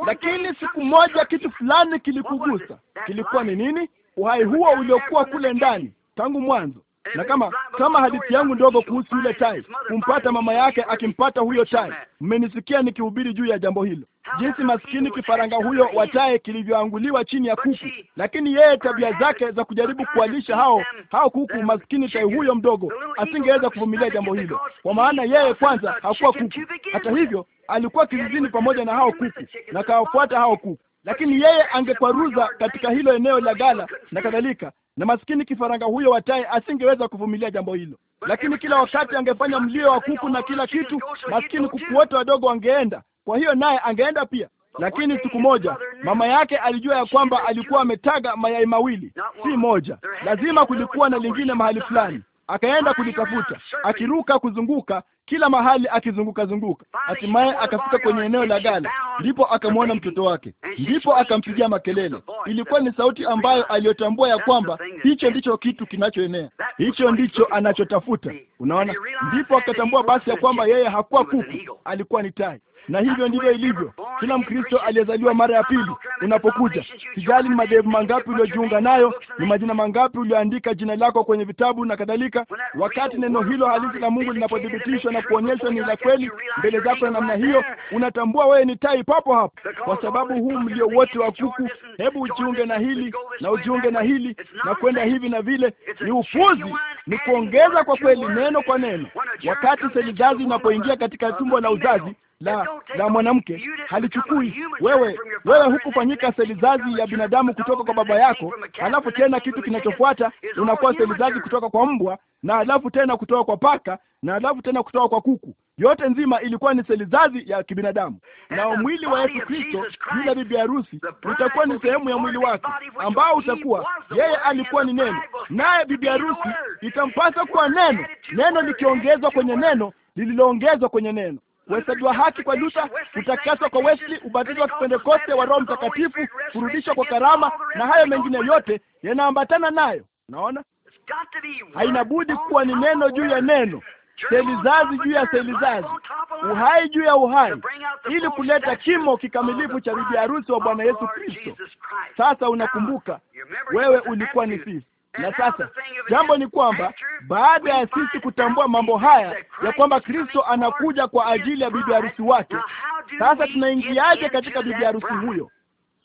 Speaker 2: lakini siku moja kitu fulani kilikugusa. Kilikuwa ni nini? Uhai huo uliokuwa kule ndani tangu mwanzo, na kama kama hadithi yangu ndogo kuhusu yule tai kumpata mama yake akimpata huyo tai, mmenisikia nikihubiri juu ya jambo hilo, jinsi maskini kifaranga huyo wa tai kilivyoanguliwa chini ya kuku. Lakini yeye tabia zake za kujaribu kuwalisha hao hao kuku, maskini tai huyo mdogo asingeweza kuvumilia jambo hilo, kwa maana yeye kwanza hakuwa kuku. Hata hivyo, alikuwa kizizini pamoja na hao kuku na kawafuata hao kuku lakini yeye angekwaruza katika hilo eneo la gala na kadhalika, na maskini kifaranga huyo wa tai asingeweza kuvumilia jambo hilo, lakini kila wakati angefanya mlio wa kuku na kila kitu. Maskini kuku wote wadogo wangeenda, kwa hiyo naye angeenda pia. Lakini siku moja mama yake alijua ya kwamba alikuwa ametaga mayai mawili, si moja. Lazima kulikuwa na lingine mahali fulani akaenda kulitafuta, akiruka kuzunguka kila mahali, akizunguka zunguka. Hatimaye akafika kwenye eneo la gala, ndipo akamwona mtoto wake, ndipo akampigia makelele. Ilikuwa ni sauti ambayo aliyotambua ya kwamba hicho ndicho kitu kinachoenea, hicho ndicho anachotafuta. Unaona, ndipo akatambua basi ya kwamba yeye hakuwa kuku, alikuwa ni tai na hivyo ndivyo ilivyo. Kila Mkristo aliyezaliwa mara ya pili unapokuja, sijali ni madhehebu mangapi uliojiunga nayo, ni majina mangapi ulioandika jina lako kwenye vitabu na kadhalika, wakati neno hilo halisi la Mungu linapothibitishwa na kuonyeshwa ni la kweli mbele zako na namna hiyo, unatambua wewe ni tai papo hapo, kwa sababu huu mlio wote wa kuku, hebu ujiunge na hili na ujiunge na hili na kwenda hivi na vile, ni ufuzi, ni kuongeza kwa kweli neno kwa neno. Wakati selizazi inapoingia katika tumbo la uzazi la la mwanamke halichukui wewe. Wewe hukufanyika selizazi ya binadamu kutoka kwa baba yako, halafu tena kitu kinachofuata unakuwa selizazi kutoka kwa mbwa, na halafu tena kutoka kwa paka, na halafu tena kutoka kwa kuku. Yote nzima ilikuwa ni selizazi ya kibinadamu, na mwili wa Yesu Kristo bila bibi harusi utakuwa ni sehemu ya mwili wake ambao utakuwa yeye alikuwa ni neno, naye bibi harusi itampasa kuwa neno, neno likiongezwa kwenye neno lililoongezwa kwenye neno kuhesabiwa haki kwa Luther, kutakaswa kwa Wesley, ubatizo wa Kipentekoste wa Roho Mtakatifu, kurudishwa kwa karama na hayo mengine yote yanaambatana nayo. Unaona, haina budi kuwa ni neno juu ya neno, selizazi juu ya selizazi, uhai juu ya uhai, ili kuleta kimo kikamilifu cha bibi harusi wa Bwana Yesu Kristo. Sasa unakumbuka, wewe ulikuwa ni sisi na sasa jambo ni kwamba baada ya sisi kutambua mambo haya ya kwamba Kristo anakuja kwa ajili ya bibi harusi wake, sasa tunaingiaje katika bibi harusi huyo?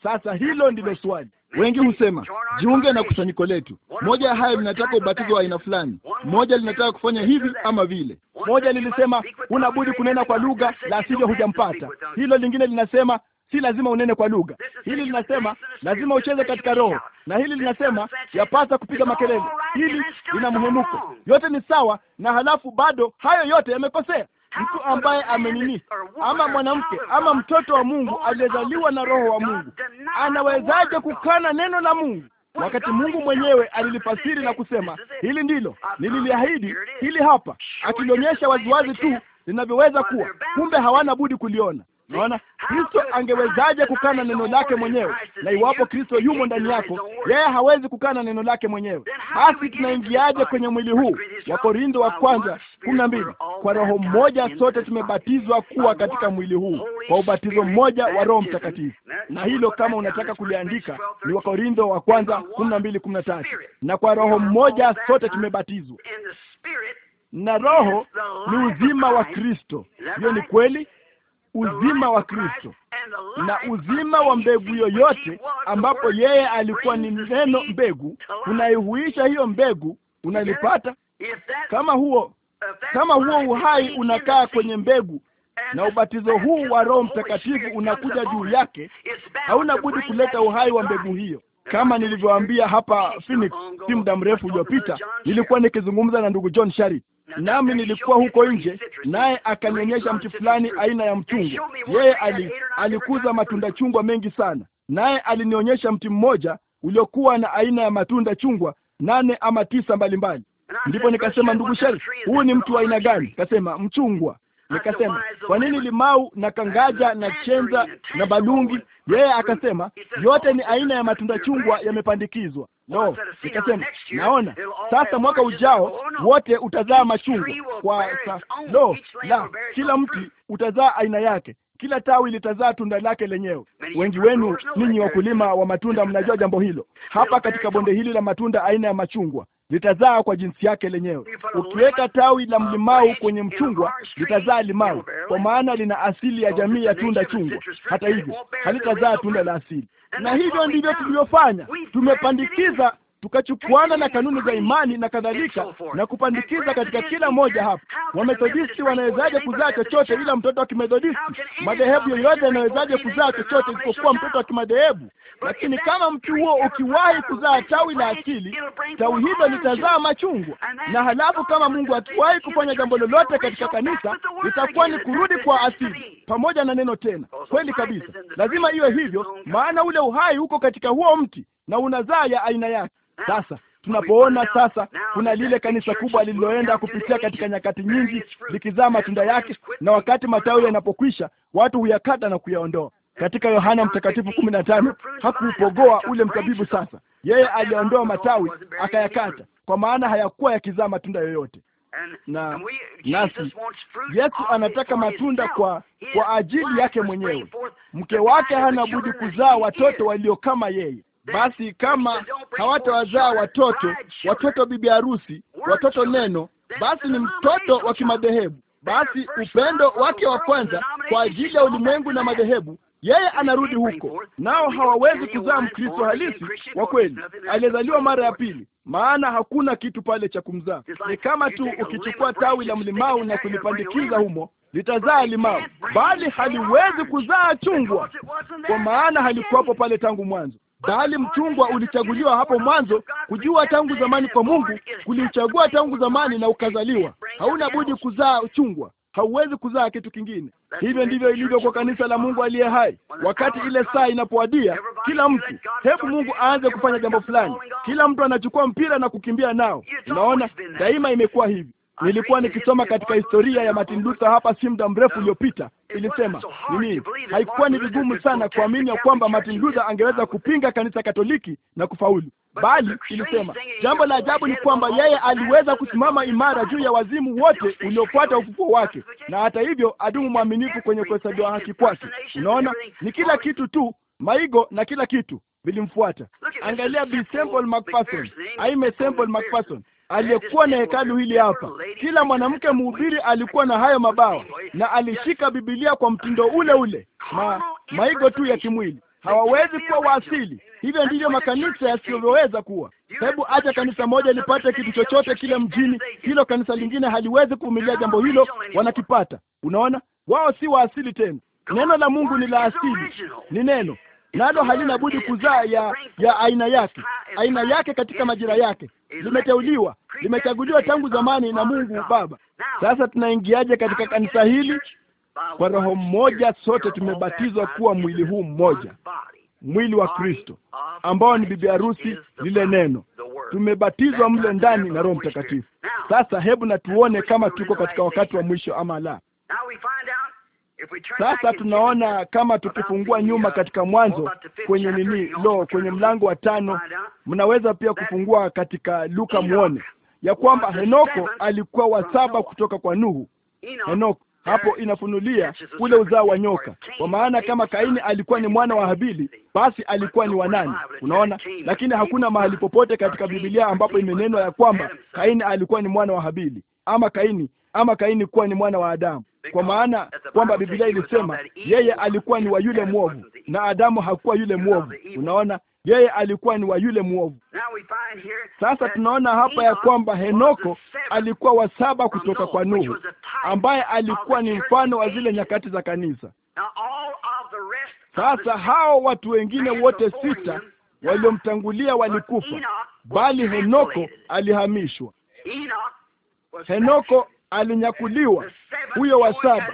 Speaker 2: Sasa hilo ndilo swali. Wengi husema jiunge na kusanyiko letu. Moja ya haya linataka ubatizo wa aina fulani, moja linataka kufanya hivi ama vile, moja lilisema unabudi kunena kwa lugha, la sivyo hujampata. Hilo lingine linasema si lazima unene kwa lugha. Hili linasema lazima ucheze katika roho, na hili linasema yapasa kupiga makelele. Hili lina mhemuko, yote ni sawa, na halafu bado hayo yote yamekosea. Mtu ambaye amenini ama mwanamke ama mtoto wa Mungu aliyezaliwa na roho wa Mungu anawezaje kukana neno la Mungu wakati Mungu mwenyewe alilifasiri na kusema, hili ndilo ah, nililiahidi, hili hapa, akilionyesha waziwazi tu linavyoweza kuwa. Kumbe hawana budi kuliona. Unaona, Kristo angewezaje kukana neno lake mwenyewe? Na iwapo Kristo yumo ndani yako, yeye hawezi kukana neno lake mwenyewe. Basi tunaingiaje kwenye mwili huu? Wakorintho wa kwanza kumi na mbili. Kwa roho mmoja sote tumebatizwa kuwa katika mwili huu kwa ubatizo mmoja wa Roho Mtakatifu, na hilo kama unataka kuliandika ni Wakorintho wa kwanza kumi na mbili kumi na tatu. Na kwa roho mmoja sote tumebatizwa na Roho ni uzima wa Kristo. Hiyo ni kweli, uzima wa Kristo na uzima wa mbegu yoyote, ambapo yeye alikuwa ni neno mbegu. Unaihuisha hiyo mbegu, unalipata kama huo kama huo uhai unakaa kwenye mbegu na ubatizo huu wa Roho Mtakatifu unakuja juu yake, hauna budi kuleta uhai wa mbegu hiyo. Kama nilivyoambia hapa Phoenix si muda mrefu uliopita, nilikuwa nikizungumza na ndugu John sharit nami nilikuwa huko nje, naye akanionyesha mti fulani aina ya mchungwa. Yeye ali, alikuza matunda chungwa mengi sana, naye alinionyesha mti mmoja uliokuwa na aina ya matunda chungwa nane ama tisa mbalimbali. Ndipo nikasema, ndugu Sheri, huu ni mtu wa aina gani? Kasema mchungwa. Nikasema, kwa nini limau na kangaja na chenza na balungi? Yeye akasema, yote oh, ni aina ya matunda chungwa yamepandikizwa. No, nikasema naona sasa, mwaka ujao oh, wote utazaa machungwa kwa sa, lo la kila mti utazaa aina yake, kila tawi litazaa tunda lake lenyewe. Wengi wenu ninyi wakulima wa matunda mnajua jambo hilo. Hapa katika bonde hili la matunda aina ya machungwa litazaa kwa jinsi yake lenyewe. Ukiweka tawi la mlimau kwenye mchungwa litazaa limau, kwa maana lina asili ya jamii ya tunda chungwa. Hata hivyo halitazaa tunda la asili na hivyo ndivyo tulivyofanya. Tumepandikiza tukachukuana na kanuni za imani na kadhalika, na kupandikiza katika kila moja hapa. Wamethodisti wanawezaje kuzaa chochote ila mtoto wa Kimethodisti? Madhehebu yoyote yanawezaje kuzaa chochote isipokuwa mtoto wa kimadhehebu? Lakini kama mtu huo ukiwahi kuzaa tawi la asili, tawi hilo litazaa machungwa, na halafu kama Mungu akiwahi kufanya jambo lolote katika kanisa, litakuwa ni kurudi kwa asili pamoja na neno tena. Oh, Kweli kabisa, lazima iwe hivyo, maana ule uhai uko katika huo mti na unazaa ya aina yake. Ah, sasa tunapoona sasa kuna lile kanisa kubwa lililoenda kupitia katika nyakati nyingi likizaa matunda yake, na wakati matawi yanapokwisha watu huyakata na kuyaondoa. Katika Yohana Mtakatifu kumi na tano hakuupogoa ule mzabibu. Sasa yeye aliondoa matawi akayakata, kwa maana hayakuwa yakizaa matunda yoyote.
Speaker 1: Na nasi
Speaker 2: Yesu anataka matunda kwa kwa ajili yake mwenyewe. Mke wake hana budi kuzaa watoto walio kama yeye. Basi kama hawatawazaa watoto, watoto bibi harusi, watoto neno, basi ni mtoto wa kimadhehebu. Basi upendo wake wa kwanza kwa ajili ya ulimwengu na madhehebu yeye anarudi huko, nao hawawezi kuzaa Mkristo halisi wa kweli aliyezaliwa mara ya pili, maana hakuna kitu pale cha kumzaa. Ni kama tu ukichukua tawi la mlimau na kulipandikiza humo, litazaa limau, bali haliwezi kuzaa chungwa, kwa maana halikuwapo pale tangu mwanzo bali mchungwa ulichaguliwa hapo mwanzo, kujua tangu zamani kwa Mungu kuliuchagua tangu zamani na ukazaliwa. Hauna budi kuzaa uchungwa, hauwezi kuzaa kitu kingine. Hivyo ndivyo ilivyo kwa kanisa la Mungu aliye hai. Wakati ile saa inapoadia, kila mtu, hebu Mungu aanze kufanya jambo fulani. Kila mtu anachukua mpira na kukimbia nao. Unaona, daima imekuwa hivi. Nilikuwa nikisoma katika historia ya Martin Luther hapa si muda mrefu uliopita. Ilisema nini? Haikuwa ni vigumu sana kuamini ya kwamba Martin Luther angeweza kupinga kanisa Katoliki na kufaulu, bali ilisema jambo la ajabu ni kwamba yeye aliweza kusimama imara juu ya wazimu wote uliofuata ufufuo wake, na hata hivyo adumu mwaminifu kwenye kuhesabiwa haki kwake. Unaona, ni kila kitu tu, maigo na kila kitu vilimfuata. Angalia Bi Semple McPherson, Aime Semple McPherson aliyekuwa na hekalu hili hapa. Kila mwanamke mhubiri alikuwa na hayo mabawa na alishika Biblia kwa mtindo ule ule, ma maigo tu ya kimwili. Hawawezi kuwa wa asili. Hivyo ndivyo makanisa yasivyoweza kuwa. Hebu acha kanisa moja lipate kitu chochote kile mjini, hilo kanisa lingine haliwezi kuvumilia jambo hilo, wanakipata. Unaona, wao si wa asili tena. Neno la Mungu ni la asili, ni neno nalo halina budi kuzaa ya ya aina yake, aina yake katika majira yake. Limeteuliwa, limechaguliwa tangu zamani na Mungu Baba. Sasa tunaingiaje katika kanisa hili? Kwa roho mmoja, sote tumebatizwa kuwa mwili huu mmoja, mwili wa Kristo ambao ni bibi harusi, lile neno. Tumebatizwa mle ndani na Roho Mtakatifu. Sasa hebu na tuone kama tuko katika wakati wa mwisho ama la. Sasa tunaona kama tukifungua nyuma uh, katika Mwanzo kwenye nini, lo, kwenye mlango wa tano, mnaweza pia kufungua katika Luka muone ya kwamba Henoko alikuwa wa saba kutoka kwa Nuhu. Henoko hapo inafunulia ule uzao wa nyoka, kwa maana kama Kaini alikuwa ni mwana wa Habili, basi alikuwa ni wanani? Unaona, lakini hakuna mahali popote katika Biblia ambapo imenenwa ya kwamba Kaini alikuwa ni mwana wa Habili ama Kaini ama Kaini kuwa ni mwana wa Adamu kwa maana kwamba Biblia ilisema yeye alikuwa ni wa yule mwovu na Adamu hakuwa yule mwovu. Unaona, yeye alikuwa ni wa yule mwovu.
Speaker 1: Sasa tunaona hapa ya kwamba
Speaker 2: Henoko alikuwa wa saba kutoka kwa Nuhu, ambaye alikuwa ni mfano wa zile nyakati za kanisa. Sasa hao watu wengine wote sita waliomtangulia walikufa,
Speaker 1: bali Henoko
Speaker 2: alihamishwa. Henoko alinyakuliwa, huyo wa saba,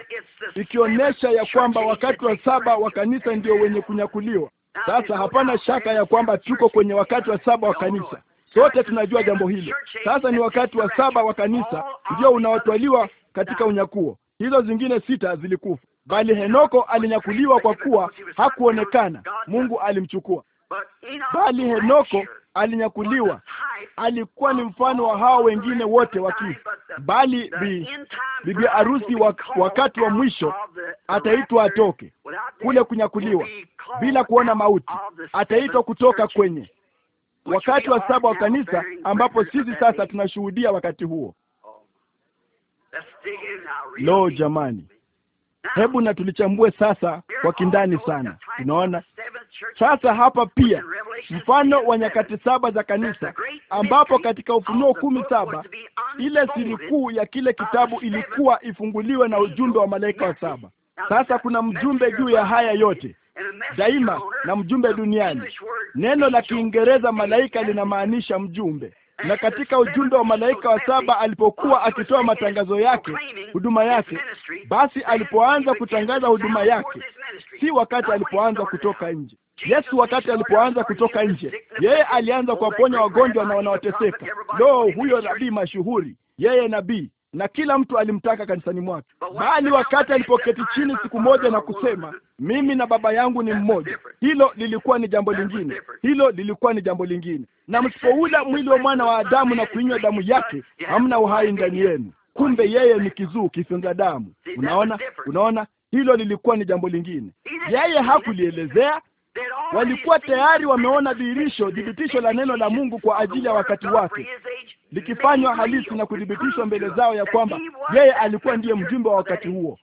Speaker 2: ikionyesha ya kwamba wakati wa saba wa kanisa ndio wenye kunyakuliwa. Sasa hapana shaka ya kwamba tuko kwenye wakati wa saba wa kanisa. Sote tunajua jambo hilo. Sasa ni wakati wa saba wa kanisa ndio unaotwaliwa katika unyakuo. Hizo zingine sita zilikufa, bali Henoko alinyakuliwa kwa kuwa hakuonekana. Mungu alimchukua bali Henoko alinyakuliwa, alikuwa ni mfano wa hao wengine wote wa bali bi bibi harusi wa, wakati wa mwisho ataitwa atoke kule kunyakuliwa bila kuona mauti, ataitwa kutoka kwenye wakati wa saba wa kanisa, ambapo sisi sasa tunashuhudia wakati huo. Oh, Lo, jamani, Hebu na tulichambue sasa kwa kindani sana. Unaona sasa hapa pia mfano wa nyakati saba za kanisa, ambapo katika Ufunuo kumi saba ile siri kuu ya kile kitabu ilikuwa ifunguliwe na ujumbe wa malaika wa saba. Sasa kuna mjumbe juu ya haya yote daima na mjumbe duniani. Neno la Kiingereza malaika linamaanisha mjumbe na katika ujumbe wa malaika wa saba alipokuwa akitoa matangazo yake, huduma yake, basi alipoanza kutangaza huduma yake, si wakati alipoanza kutoka nje. Yesu wakati alipoanza kutoka nje, yeye alianza kuwaponya wagonjwa na wanaoteseka. Lo, huyo nabii mashuhuri, yeye nabii na kila mtu alimtaka kanisani mwake, bali wakati alipoketi chini siku moja na kusema mimi na baba yangu ni mmoja, hilo lilikuwa ni jambo lingine, hilo lilikuwa ni jambo lingine. Na msipoula mwili wa mwana wa Adamu na kuinywa damu yake, hamna uhai ndani yenu. Kumbe yeye ni kizuu kifunza damu. Unaona, unaona, hilo lilikuwa ni jambo lingine. Yeye hakulielezea, walikuwa tayari wameona dhihirisho, thibitisho la neno la Mungu kwa ajili ya wakati wake likifanywa halisi na kuthibitishwa mbele zao ya kwamba yeye alikuwa ndiye mjumbe wa wakati huo,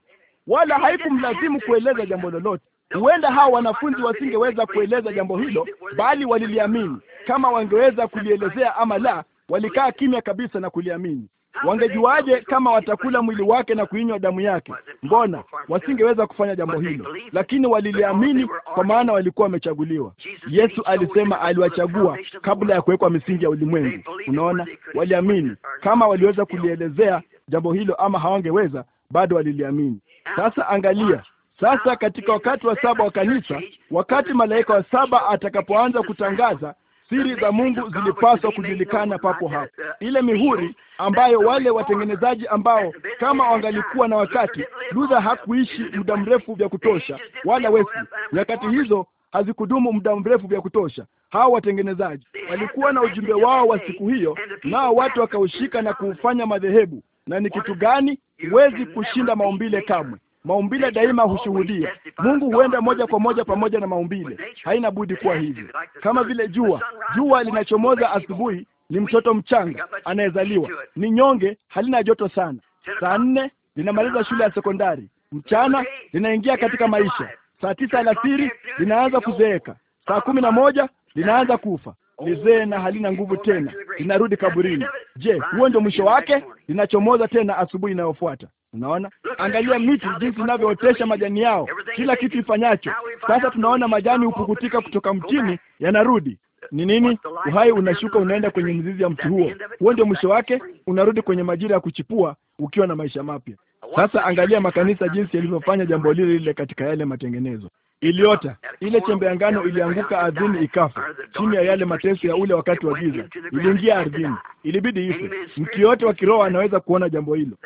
Speaker 2: wala haikumlazimu kueleza jambo lolote. Huenda hao wanafunzi wasingeweza kueleza jambo hilo, bali waliliamini. Kama wangeweza kulielezea ama la, walikaa kimya kabisa na kuliamini. Wangejuaje kama watakula mwili wake na kuinywa damu yake? Mbona wasingeweza kufanya jambo hilo? Lakini waliliamini kwa maana walikuwa wamechaguliwa. Yesu alisema aliwachagua kabla ya kuwekwa misingi ya ulimwengu. Unaona, waliamini. Kama waliweza kulielezea jambo hilo ama hawangeweza, bado waliliamini. Sasa angalia sasa, katika wakati wa saba wa kanisa, wakati malaika wa saba atakapoanza kutangaza siri za Mungu zilipaswa kujulikana papo hapo. Ile mihuri ambayo wale watengenezaji ambao kama wangalikuwa na wakati, Luda hakuishi muda mrefu vya kutosha, wala Wesley, nyakati hizo hazikudumu muda mrefu vya kutosha. Hawa watengenezaji walikuwa na ujumbe wao wa siku hiyo, nao watu wakaushika na kuufanya madhehebu. Na ni kitu gani? Huwezi kushinda maumbile kamwe. Maumbile daima hushuhudia. Mungu huenda moja kwa moja pamoja na maumbile, haina budi kuwa hivyo. Kama vile jua, jua linachomoza asubuhi ni mtoto mchanga anayezaliwa, ni nyonge, halina joto sana. Saa nne linamaliza shule ya sekondari, mchana linaingia katika maisha. Saa tisa alasiri linaanza kuzeeka, saa kumi na moja linaanza kufa, ni zee na halina nguvu tena, linarudi kaburini. Je, huo ndio mwisho wake? Linachomoza tena asubuhi inayofuata. Unaona, angalia miti jinsi inavyootesha majani yao, kila kitu ifanyacho. Sasa tunaona majani hupukutika kutoka mtini, yanarudi ni nini? Uhai unashuka unaenda kwenye mzizi ya mti huo, huo ndio mwisho wake, unarudi kwenye majira ya kuchipua ukiwa na maisha mapya. Sasa angalia makanisa jinsi yalivyofanya jambo lile lile katika yale matengenezo. Iliota ile chembe ya ngano, ilianguka ardhini ikafa, chini ya yale mateso ya ule wakati wa giza, iliingia ardhini, ilibidi ife. Mtu yote wa kiroho anaweza kuona jambo hilo.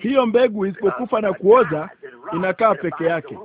Speaker 2: Hiyo mbegu isipokufa na kuoza, inakaa peke yake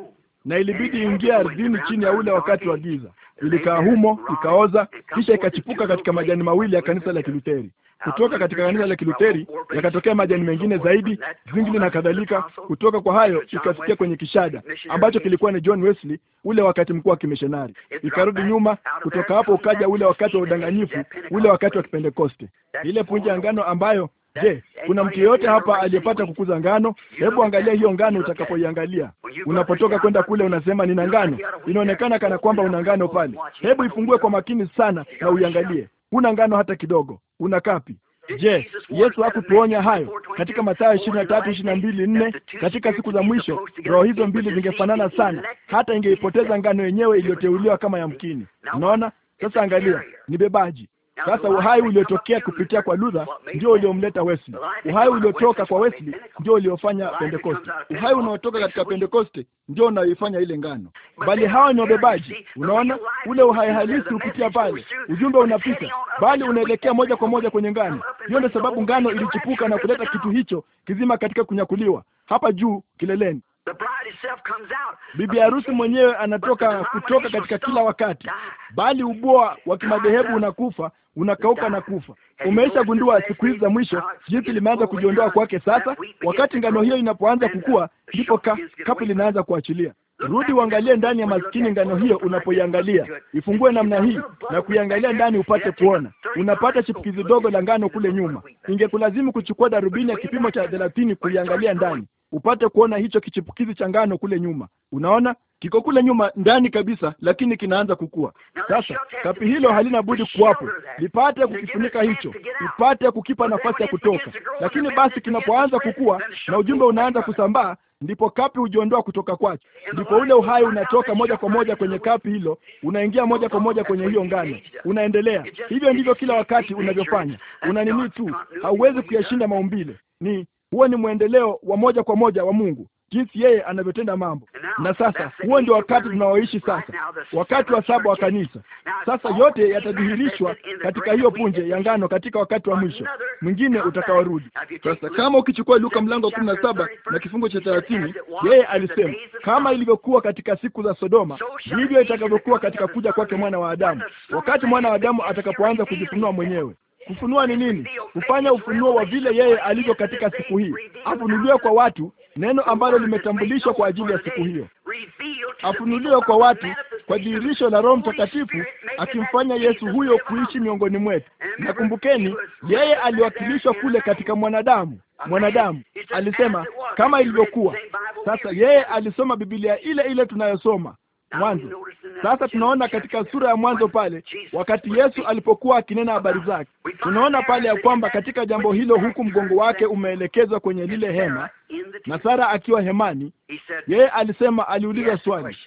Speaker 2: na ilibidi ingia ardhini chini ya ule wakati wa giza. Ilikaa humo ikaoza, kisha ikachipuka katika majani mawili ya kanisa la Kiluteri. Kutoka katika kanisa la Kiluteri yakatokea majani mengine zaidi, zingine na kadhalika. Kutoka kwa hayo ikafikia kwenye kishada ambacho kilikuwa ni John Wesley, ule wakati mkuu wa kimishonari. Ikarudi nyuma, kutoka hapo ukaja ule wakati wa udanganyifu, ule wakati wa Kipentekoste, ile punja ya ngano ambayo Je, kuna mtu yeyote hapa aliyepata kukuza ngano? Hebu angalia hiyo ngano utakapoiangalia. Unapotoka kwenda kule unasema nina ngano. Inaonekana kana kwamba una ngano pale. Hebu ifungue kwa makini sana na uiangalie. una ngano hata kidogo. Una kapi. Je, Yesu hakutuonya hayo katika Mathayo ishirini na tatu ishirini na mbili nne katika siku za mwisho roho hizo mbili zingefanana sana, hata ingeipoteza ngano yenyewe iliyoteuliwa kama yamkini. Unaona sasa, angalia, ni bebaji sasa uhai uliotokea kupitia kwa Luther ndio uliomleta Wesley. Uhai uliotoka kwa Wesley ndio uliofanya Pentekoste. Uhai unaotoka katika Pentekoste ndio unaoifanya ile ngano. Bali hawa ni wabebaji, unaona, ule uhai halisi hupitia pale, ujumbe unapita, bali unaelekea moja kwa moja kwenye ngano. Hiyo ndio sababu ngano ilichipuka na kuleta kitu hicho kizima katika kunyakuliwa hapa juu kileleni. Bibi harusi mwenyewe anatoka kutoka katika kila wakati, bali uboa wa kimadhehebu unakufa unakauka na kufa. Umeisha gundua siku hizi za mwisho jipi limeanza kujiondoa kwake. Sasa wakati ngano hiyo inapoanza uh, kukua, ndipo ka, kapi linaanza kuachilia. Rudi uangalie ndani ya maskini ngano hiyo. Unapoiangalia ifungue namna hii na kuiangalia ndani, upate kuona, unapata chipukizi dogo la ngano kule nyuma. Ingekulazimu kuchukua darubini ya kipimo cha thelathini kuiangalia ndani, upate kuona hicho kichipukizi cha ngano kule nyuma. Unaona, kiko kule nyuma ndani kabisa, lakini kinaanza kukua sasa. Kapi hilo halina budi kuwapo, lipate kukifunika hicho, lipate kukipa nafasi ya kutoka. Lakini basi kinapoanza kukua na ujumbe unaanza kusambaa, ndipo kapi hujiondoa kutoka kwake, ndipo ule uhai unatoka moja kwa moja kwenye kapi hilo, unaingia moja kwa moja kwenye hiyo ngano, unaendelea hivyo. Ndivyo kila wakati unavyofanya, una nini tu, hauwezi kuyashinda maumbile. Ni huo ni mwendeleo wa moja kwa moja wa Mungu jinsi yeye anavyotenda mambo. Na sasa huo ndio wakati tunaoishi sasa, wakati wa saba wa kanisa. Sasa yote yatadhihirishwa katika hiyo punje ya ngano katika wakati wa mwisho mwingine utakaorudi. Sasa kama ukichukua Luka mlango wa kumi na saba na kifungu cha thelathini, yeye alisema kama ilivyokuwa katika siku za Sodoma, ndivyo itakavyokuwa katika kuja kwake mwana wa Adamu, wakati mwana wa Adamu atakapoanza kujifunua mwenyewe. Kufunua ni nini? Kufanya ufunuo wa vile yeye alivyo katika siku hii, afunuliwe kwa watu neno ambalo limetambulishwa kwa ajili ya siku hiyo, afunuliwa kwa watu kwa dirisho la Roho Mtakatifu, akimfanya Yesu huyo kuishi miongoni mwetu. Na kumbukeni, yeye aliwakilishwa kule katika mwanadamu. Mwanadamu alisema kama ilivyokuwa sasa. Yeye alisoma Biblia ile ile tunayosoma Mwanzo. Sasa tunaona katika sura ya mwanzo pale, wakati Yesu alipokuwa akinena habari zake, tunaona pale ya kwamba katika jambo hilo, huku mgongo wake umeelekezwa kwenye lile hema na Sara akiwa hemani, yeye alisema, aliuliza swali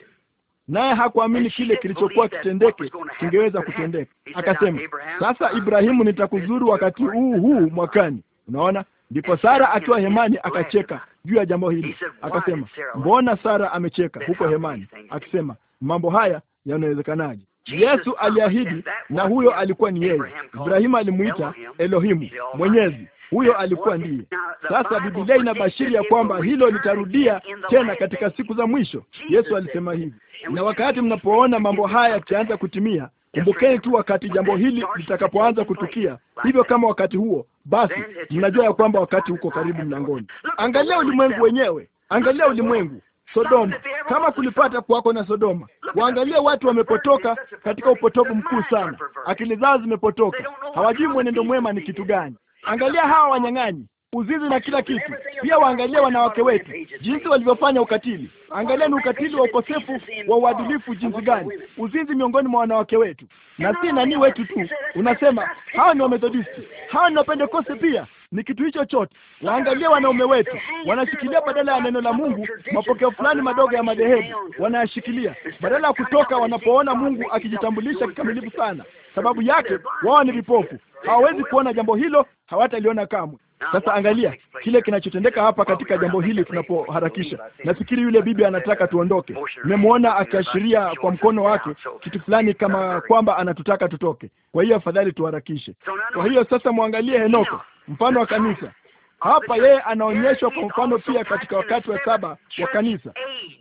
Speaker 2: naye hakuamini kile kilichokuwa kitendeke kingeweza kutendeka. Akasema, sasa uh, Ibrahimu, nitakuzuru wakati huu huu mwakani. Unaona, ndipo Sara akiwa hemani akacheka juu ya jambo hili, akasema mbona Sara amecheka huko hemani, akisema mambo haya yanawezekanaje? Yesu aliahidi, na huyo alikuwa ni yeye. Ibrahimu alimuita Elohimu, oh mwenyezi huyo alikuwa ndiye. Sasa Biblia inabashiri ya kwamba hilo litarudia tena katika siku za mwisho. Yesu alisema hivi, na wakati mnapoona mambo haya yakianza kutimia, Kumbukeni tu wakati jambo hili litakapoanza kutukia. Hivyo kama wakati huo, basi mnajua ya kwamba wakati uko karibu mlangoni. Angalia ulimwengu wenyewe, angalia ulimwengu Sodoma, kama kulipata kwako na Sodoma. Waangalie watu wamepotoka katika upotovu mkuu sana, akili zao zimepotoka, hawajui mwenendo mwema ni kitu gani. Angalia hawa wanyang'anyi, uzizi na kila kitu. Pia waangalie wanawake wetu jinsi walivyofanya ukatili. angalia ni ukatili wa ukosefu wa uadilifu jinsi gani, uzinzi miongoni mwa wanawake wetu, na si nani wetu tu. Unasema hawa ni Wamethodisti, hawa ni Wapentekoste, pia ni kitu hicho chote. Waangalie wanaume wetu, wanashikilia badala ya neno la Mungu mapokeo fulani madogo ya madhehebu, wanayashikilia badala ya kutoka wanapoona Mungu akijitambulisha kikamilifu sana. Sababu yake wao ni vipofu, hawawezi kuona jambo hilo, hawataliona kamwe. Sasa angalia kile kinachotendeka hapa katika jambo hili tunapoharakisha. Nafikiri yule bibi anataka tuondoke. Nimemwona akiashiria kwa mkono wake kitu fulani kama kwamba anatutaka tutoke, kwa hiyo afadhali tuharakishe. Kwa hiyo sasa mwangalie Henoko, mfano wa kanisa hapa yeye anaonyeshwa kwa mfano pia katika wakati wa saba wa kanisa.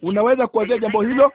Speaker 2: Unaweza kuwazia jambo hilo,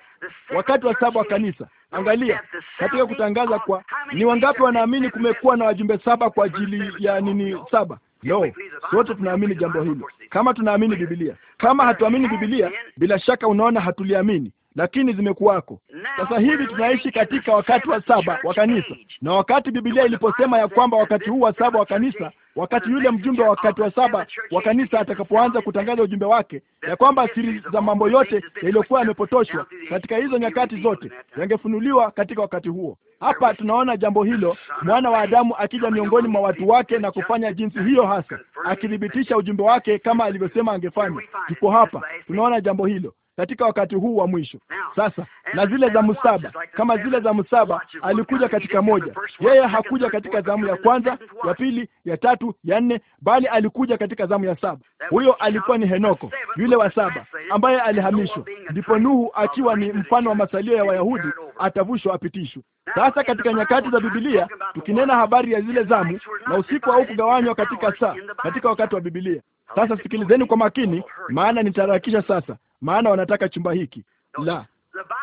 Speaker 2: wakati wa saba wa kanisa. Angalia katika kutangaza kwa, ni wangapi wanaamini kumekuwa na wajumbe saba kwa ajili ya nini saba? Lo, sote tunaamini jambo hilo, kama tunaamini Biblia. Kama hatuamini Biblia, bila shaka unaona hatuliamini lakini zimekuwako. Sasa hivi tunaishi katika wakati wa saba wa kanisa, na wakati Biblia iliposema ya kwamba wakati huu wa saba wa kanisa, wakati yule mjumbe wa wakati wa saba wa kanisa atakapoanza kutangaza ujumbe wake, ya kwamba siri za mambo yote yaliyokuwa yamepotoshwa katika hizo nyakati zote yangefunuliwa katika wakati huo. Hapa tunaona jambo hilo, mwana wa Adamu akija miongoni mwa watu wake na kufanya jinsi hiyo hasa, akithibitisha ujumbe wake kama alivyosema angefanya. tupo hapa, tunaona jambo hilo katika wakati huu wa mwisho. Sasa na zile zamu saba, kama zile zamu saba, alikuja katika moja. Yeye hakuja katika zamu ya kwanza, ya pili, ya tatu, ya nne, bali alikuja katika zamu ya saba. Huyo alikuwa ni Henoko, yule wa saba ambaye alihamishwa. Ndipo Nuhu akiwa ni mfano wa masalio ya Wayahudi atavushwa apitishwe. Sasa katika nyakati za Biblia tukinena habari ya zile zamu na usiku au kugawanywa katika saa, katika wakati wa Biblia. Sasa sikilizeni kwa makini, maana nitaharakisha sasa, maana wanataka chumba hiki la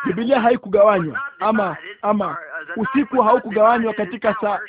Speaker 2: Biblia haikugawanywa ama ama uh, usiku haukugawanywa katika saa,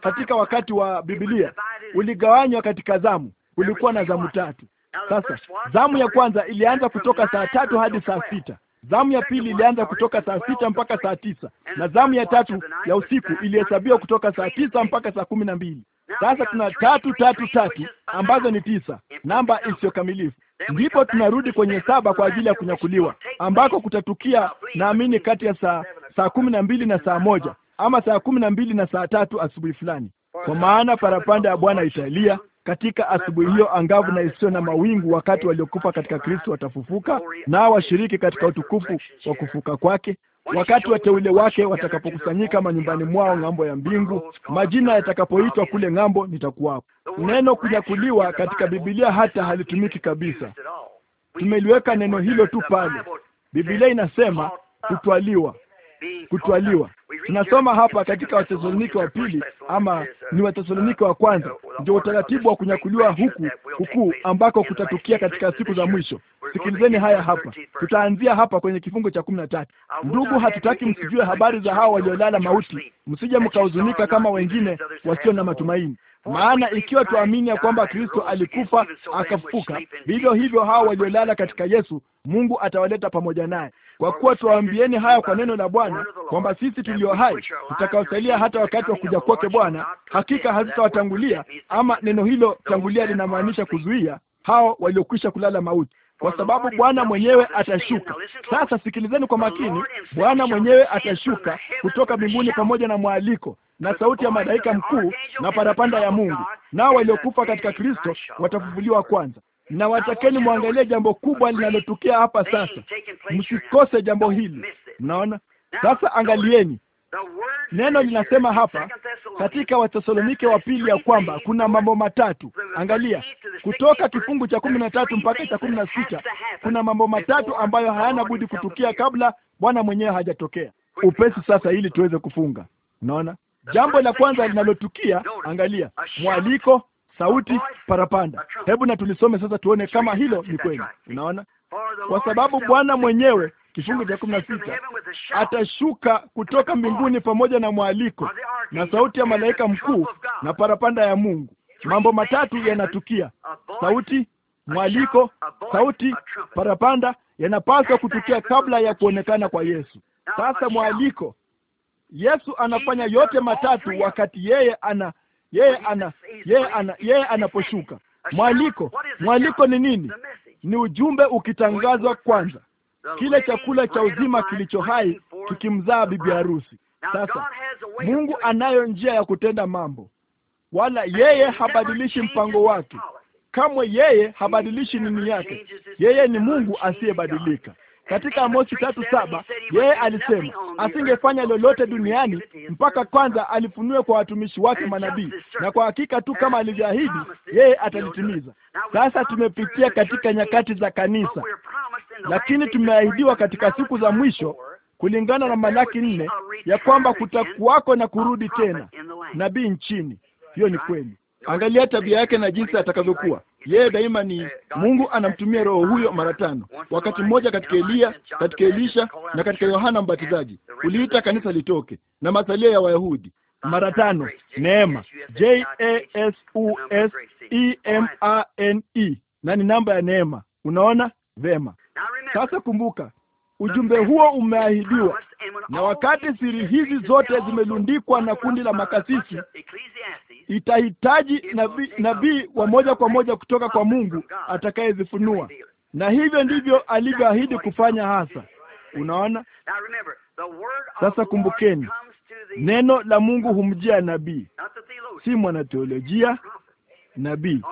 Speaker 2: katika wakati wa Biblia uligawanywa katika zamu. Ulikuwa na zamu tatu. Sasa zamu ya kwanza ilianza kutoka saa tatu hadi saa sita Zamu ya pili ilianza kutoka saa sita mpaka saa tisa na zamu ya tatu ya usiku ilihesabiwa kutoka saa tisa mpaka saa kumi na mbili. Sasa tuna tatu tatu tatu ambazo ni tisa, namba isiyokamilifu. Ndipo tunarudi kwenye saba kwa ajili ya kunyakuliwa ambako kutatukia naamini kati ya saa saa kumi na mbili na saa moja ama saa kumi na mbili na saa tatu asubuhi fulani, kwa maana parapanda ya Bwana italia katika asubuhi hiyo angavu na isiyo na mawingu, wakati waliokufa katika Kristo watafufuka, nao washiriki katika utukufu wa kufuka kwake, wakati wateule wake watakapokusanyika manyumbani mwao ng'ambo ya mbingu, majina yatakapoitwa kule ng'ambo, nitakuwapo. Neno kunyakuliwa katika Biblia hata halitumiki kabisa, tumeliweka neno hilo tu pale. Biblia inasema kutwaliwa
Speaker 1: kutwaliwa.
Speaker 2: Tunasoma hapa katika wathesaloniki wa pili uh, ama uh, ni wathesaloniki wa uh, kwanza, ndio utaratibu wa kunyakuliwa huku hukuu ambako kutatukia katika siku za mwisho. Sikilizeni haya hapa, tutaanzia hapa kwenye kifungo cha kumi na tatu. Ndugu, hatutaki msijue habari za hao waliolala mauti, msije mkahuzunika kama wengine wasio na matumaini. Maana ikiwa tuamini ya kwamba Kristo alikufa akafufuka, vivyo hivyo hao waliolala katika Yesu Mungu atawaleta pamoja naye. Kwa kuwa tuwaambieni haya kwa neno la Bwana, kwamba sisi tulio hai tutakaosalia hata wakati wa kuja kwake Bwana hakika hazitawatangulia. Ama neno hilo tangulia linamaanisha kuzuia hao waliokwisha kulala mauti, kwa sababu Bwana mwenyewe atashuka. Sasa sikilizeni kwa makini, Bwana mwenyewe atashuka kutoka mbinguni pamoja na mwaliko na sauti ya malaika mkuu na parapanda ya Mungu, nao waliokufa katika Kristo watafufuliwa kwanza na watakeni mwangalie jambo kubwa linalotukia hapa sasa. Msikose jambo hili. Mnaona sasa, angalieni neno linasema hapa katika Wathesalonike wa pili ya kwamba kuna mambo matatu. Angalia kutoka kifungu cha kumi na tatu mpaka cha kumi na sita kuna mambo matatu ambayo hayana budi kutukia kabla Bwana mwenyewe hajatokea. Upesi sasa, ili tuweze kufunga. Unaona, jambo la kwanza linalotukia, angalia, mwaliko sauti parapanda. Hebu na tulisome sasa, tuone kama hilo ni kweli. Unaona, kwa sababu Bwana mwenyewe kifungu cha kumi na sita atashuka kutoka mbinguni pamoja na mwaliko na sauti ya malaika mkuu na parapanda ya Mungu. Mambo matatu yanatukia: sauti, mwaliko, sauti parapanda, yanapaswa kutukia kabla ya kuonekana kwa Yesu. Sasa mwaliko, Yesu anafanya yote matatu wakati yeye ana yeye ana yeye ana yeye anaposhuka. Mwaliko, mwaliko ni nini? Ni ujumbe ukitangazwa kwanza, kile chakula cha uzima kilicho hai kikimzaa bibi harusi. Sasa Mungu anayo njia ya kutenda mambo, wala yeye habadilishi mpango wake kamwe. Yeye habadilishi nini yake. Yeye ni Mungu asiyebadilika katika Amosi tatu saba yeye alisema asingefanya lolote duniani mpaka kwanza alifunue kwa watumishi wake manabii, na kwa hakika tu kama alivyoahidi yeye atalitimiza. Sasa tumepitia katika nyakati za kanisa, lakini tumeahidiwa katika siku za mwisho kulingana na Malaki nne ya kwamba kutakuwako na kurudi tena nabii nchini. Hiyo ni kweli. Angalia tabia yake na jinsi atakavyokuwa yeye. Daima ni Mungu anamtumia roho huyo mara tano, wakati mmoja katika Eliya, katika Elisha na katika Yohana Mbatizaji. Uliita kanisa litoke na masalia ya Wayahudi mara tano. Neema, J A S U S E M A N E, na ni namba ya neema. Unaona vema sasa. Kumbuka Ujumbe huo umeahidiwa, na wakati siri hizi zote zimelundikwa na kundi la makasisi, itahitaji nabii nabii wa moja kwa moja kutoka kwa Mungu atakayezifunua, na hivyo ndivyo alivyoahidi kufanya hasa. Unaona sasa, kumbukeni, neno la Mungu humjia nabii, si mwanateolojia. Nabii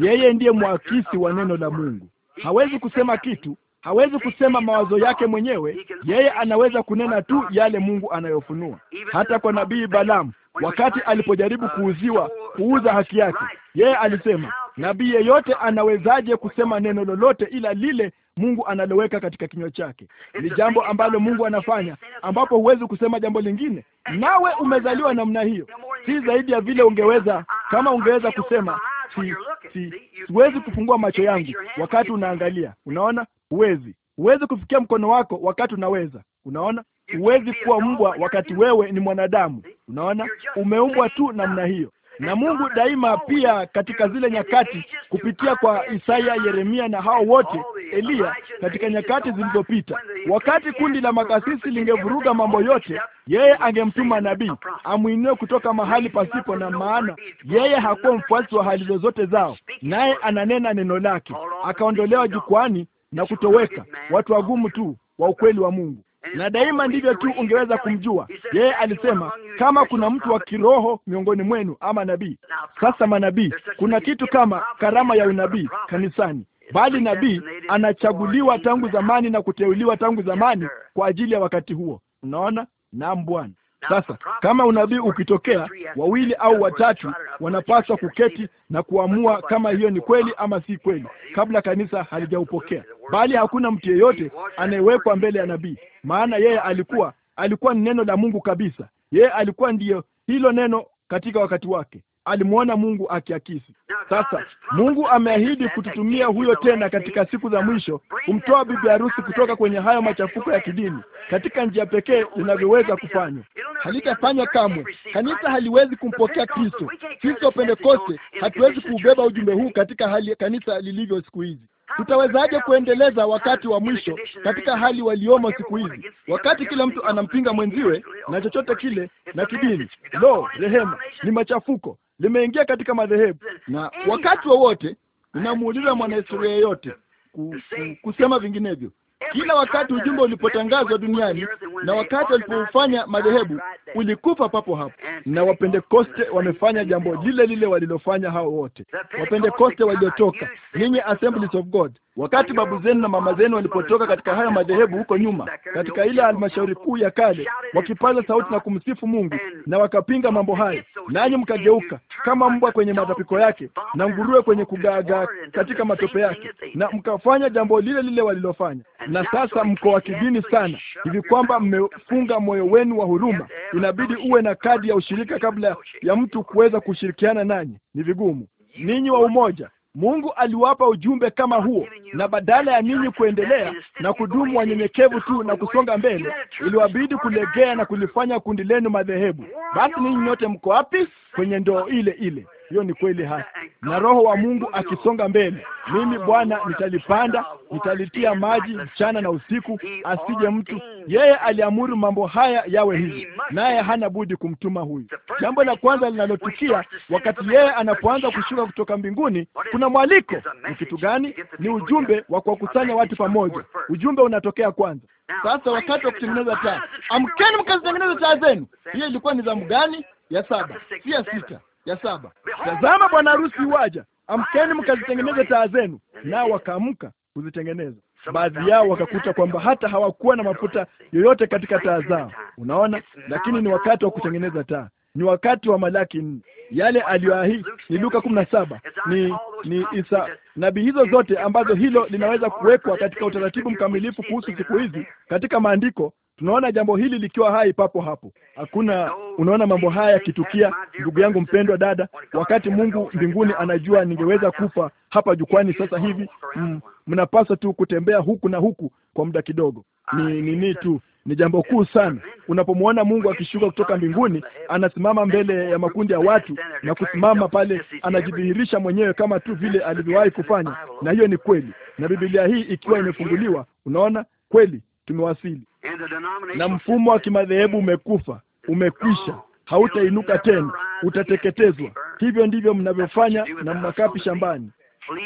Speaker 2: yeye ndiye mwakisi wa neno la Mungu. Hawezi kusema kitu hawezi kusema mawazo yake mwenyewe, yeye anaweza kunena tu yale Mungu anayofunua. Hata kwa nabii Balaam, wakati alipojaribu kuuziwa kuuza haki yake, yeye alisema, nabii yeyote anawezaje kusema neno lolote ila lile Mungu analoweka katika kinywa chake? Ni jambo ambalo Mungu anafanya, ambapo huwezi kusema jambo lingine. Nawe umezaliwa namna hiyo, si zaidi ya vile ungeweza kama ungeweza kusema si, si, siwezi kufungua macho yangu wakati unaangalia. Unaona, Huwezi, huwezi kufikia mkono wako wakati unaweza. Unaona, huwezi kuwa mbwa wakati wewe ni mwanadamu. Unaona, umeumbwa tu namna hiyo na Mungu daima pia katika zile nyakati kupitia kwa Isaya, Yeremia na hao wote Eliya, katika nyakati zilizopita, wakati kundi la makasisi lingevuruga mambo yote, yeye angemtuma nabii amwinue kutoka mahali pasipo na maana. Yeye hakuwa mfuasi wa hali zozote zao, naye ananena neno lake. Akaondolewa jukwani na kutoweka, watu wagumu tu wa ukweli wa Mungu. Na daima ndivyo tu ungeweza kumjua yeye. Alisema kama kuna mtu wa kiroho miongoni mwenu ama nabii. Sasa manabii, kuna kitu kama karama ya unabii kanisani, bali nabii anachaguliwa tangu zamani na kuteuliwa tangu zamani kwa ajili ya wakati huo. Unaona? Naam, Bwana. Sasa kama unabii ukitokea, wawili au watatu wanapaswa kuketi na kuamua kama hiyo ni kweli ama si kweli, kabla kanisa halijaupokea. Bali hakuna mtu yeyote anayewekwa mbele ya nabii, maana yeye alikuwa alikuwa ni neno la Mungu kabisa. Yeye alikuwa ndiyo hilo neno katika wakati wake alimwona Mungu akiakisi. Sasa Mungu ameahidi kututumia huyo tena katika siku za mwisho kumtoa bibi harusi kutoka kwenye hayo machafuko ya kidini katika njia pekee inavyoweza kufanywa. Halitafanywa kamwe. Kanisa haliwezi kumpokea Kristo. Sisi wa Pentekoste hatuwezi kuubeba ujumbe huu katika hali kanisa lilivyo siku hizi. Tutawezaje kuendeleza wakati wa mwisho katika hali waliomo siku hizi, wakati kila mtu anampinga mwenziwe na chochote kile na kidini? Lo, rehema! Ni machafuko limeingia katika madhehebu, na wakati wowote wa mwanahistoria yeyote kusema vinginevyo. Kila wakati ujumbe ulipotangazwa duniani na wakati walipofanya madhehebu, ulikufa papo hapo. Na Wapentekoste wamefanya jambo lile lile walilofanya hao wote Wapentekoste waliotoka, ninyi Assemblies of God Wakati babu zenu na mama zenu walipotoka katika haya madhehebu huko nyuma, katika ile halmashauri kuu ya kale, wakipaza sauti na kumsifu Mungu na wakapinga mambo haya, nanyi mkageuka kama mbwa kwenye matapiko yake na nguruwe kwenye kugaagaa katika matope yake, na mkafanya jambo lile lile walilofanya. Na sasa mko wa kidini sana hivi kwamba mmefunga moyo wenu wa huruma. Inabidi uwe na kadi ya ushirika kabla ya mtu kuweza kushirikiana nanyi, ni vigumu. Ninyi wa umoja Mungu aliwapa ujumbe kama huo, na badala ya ninyi kuendelea na kudumu wanyenyekevu tu na kusonga mbele, iliwabidi kulegea na kulifanya kundi lenu madhehebu. Basi ninyi nyote mko wapi? Kwenye ndoo ile ile hiyo ni kweli hasa, na Roho wa Mungu akisonga mbele, mimi Bwana nitalipanda, nitalitia maji mchana na usiku, asije mtu. Yeye aliamuru mambo haya yawe hivi, naye hana budi kumtuma huyu. Jambo la kwanza linalotukia wakati yeye anapoanza kushuka kutoka mbinguni, kuna mwaliko. Ni kitu gani? Ni ujumbe wa kuwakusanya watu pamoja. Ujumbe unatokea kwanza. Sasa wakati wa kutengeneza taa, amkeni mkazitengeneza taa zenu. Hiyo ilikuwa ni zamu gani? Ya saba, si ya sita ya saba, tazama bwana harusi waja, amkeni mkazitengeneze taa zenu. Nao wakaamka kuzitengeneza. Baadhi yao wakakuta kwamba hata hawakuwa na mafuta yoyote katika taa zao. Unaona, lakini ni wakati wa kutengeneza taa ni wakati wa Malaki nne, yale aliyoahidi ni Luka kumi na saba ni ni Isa nabii hizo zote ambazo hilo linaweza kuwekwa katika utaratibu mkamilifu kuhusu siku hizi katika maandiko tunaona jambo hili likiwa hai papo hapo. Hakuna, unaona mambo haya yakitukia, ndugu yangu mpendwa, dada, wakati Mungu mbinguni anajua ningeweza kufa hapa jukwani sasa hivi. Mm, mnapaswa tu kutembea huku na huku kwa muda kidogo, ni nini tu ni jambo kuu sana unapomwona Mungu akishuka kutoka mbinguni, anasimama mbele ya makundi ya watu na kusimama pale, anajidhihirisha mwenyewe kama tu vile alivyowahi kufanya, na hiyo ni kweli. Na Biblia hii ikiwa imefunguliwa, unaona kweli tumewasili, na mfumo wa kimadhehebu umekufa, umekwisha, hautainuka tena, utateketezwa. Hivyo ndivyo mnavyofanya na mnakapi shambani.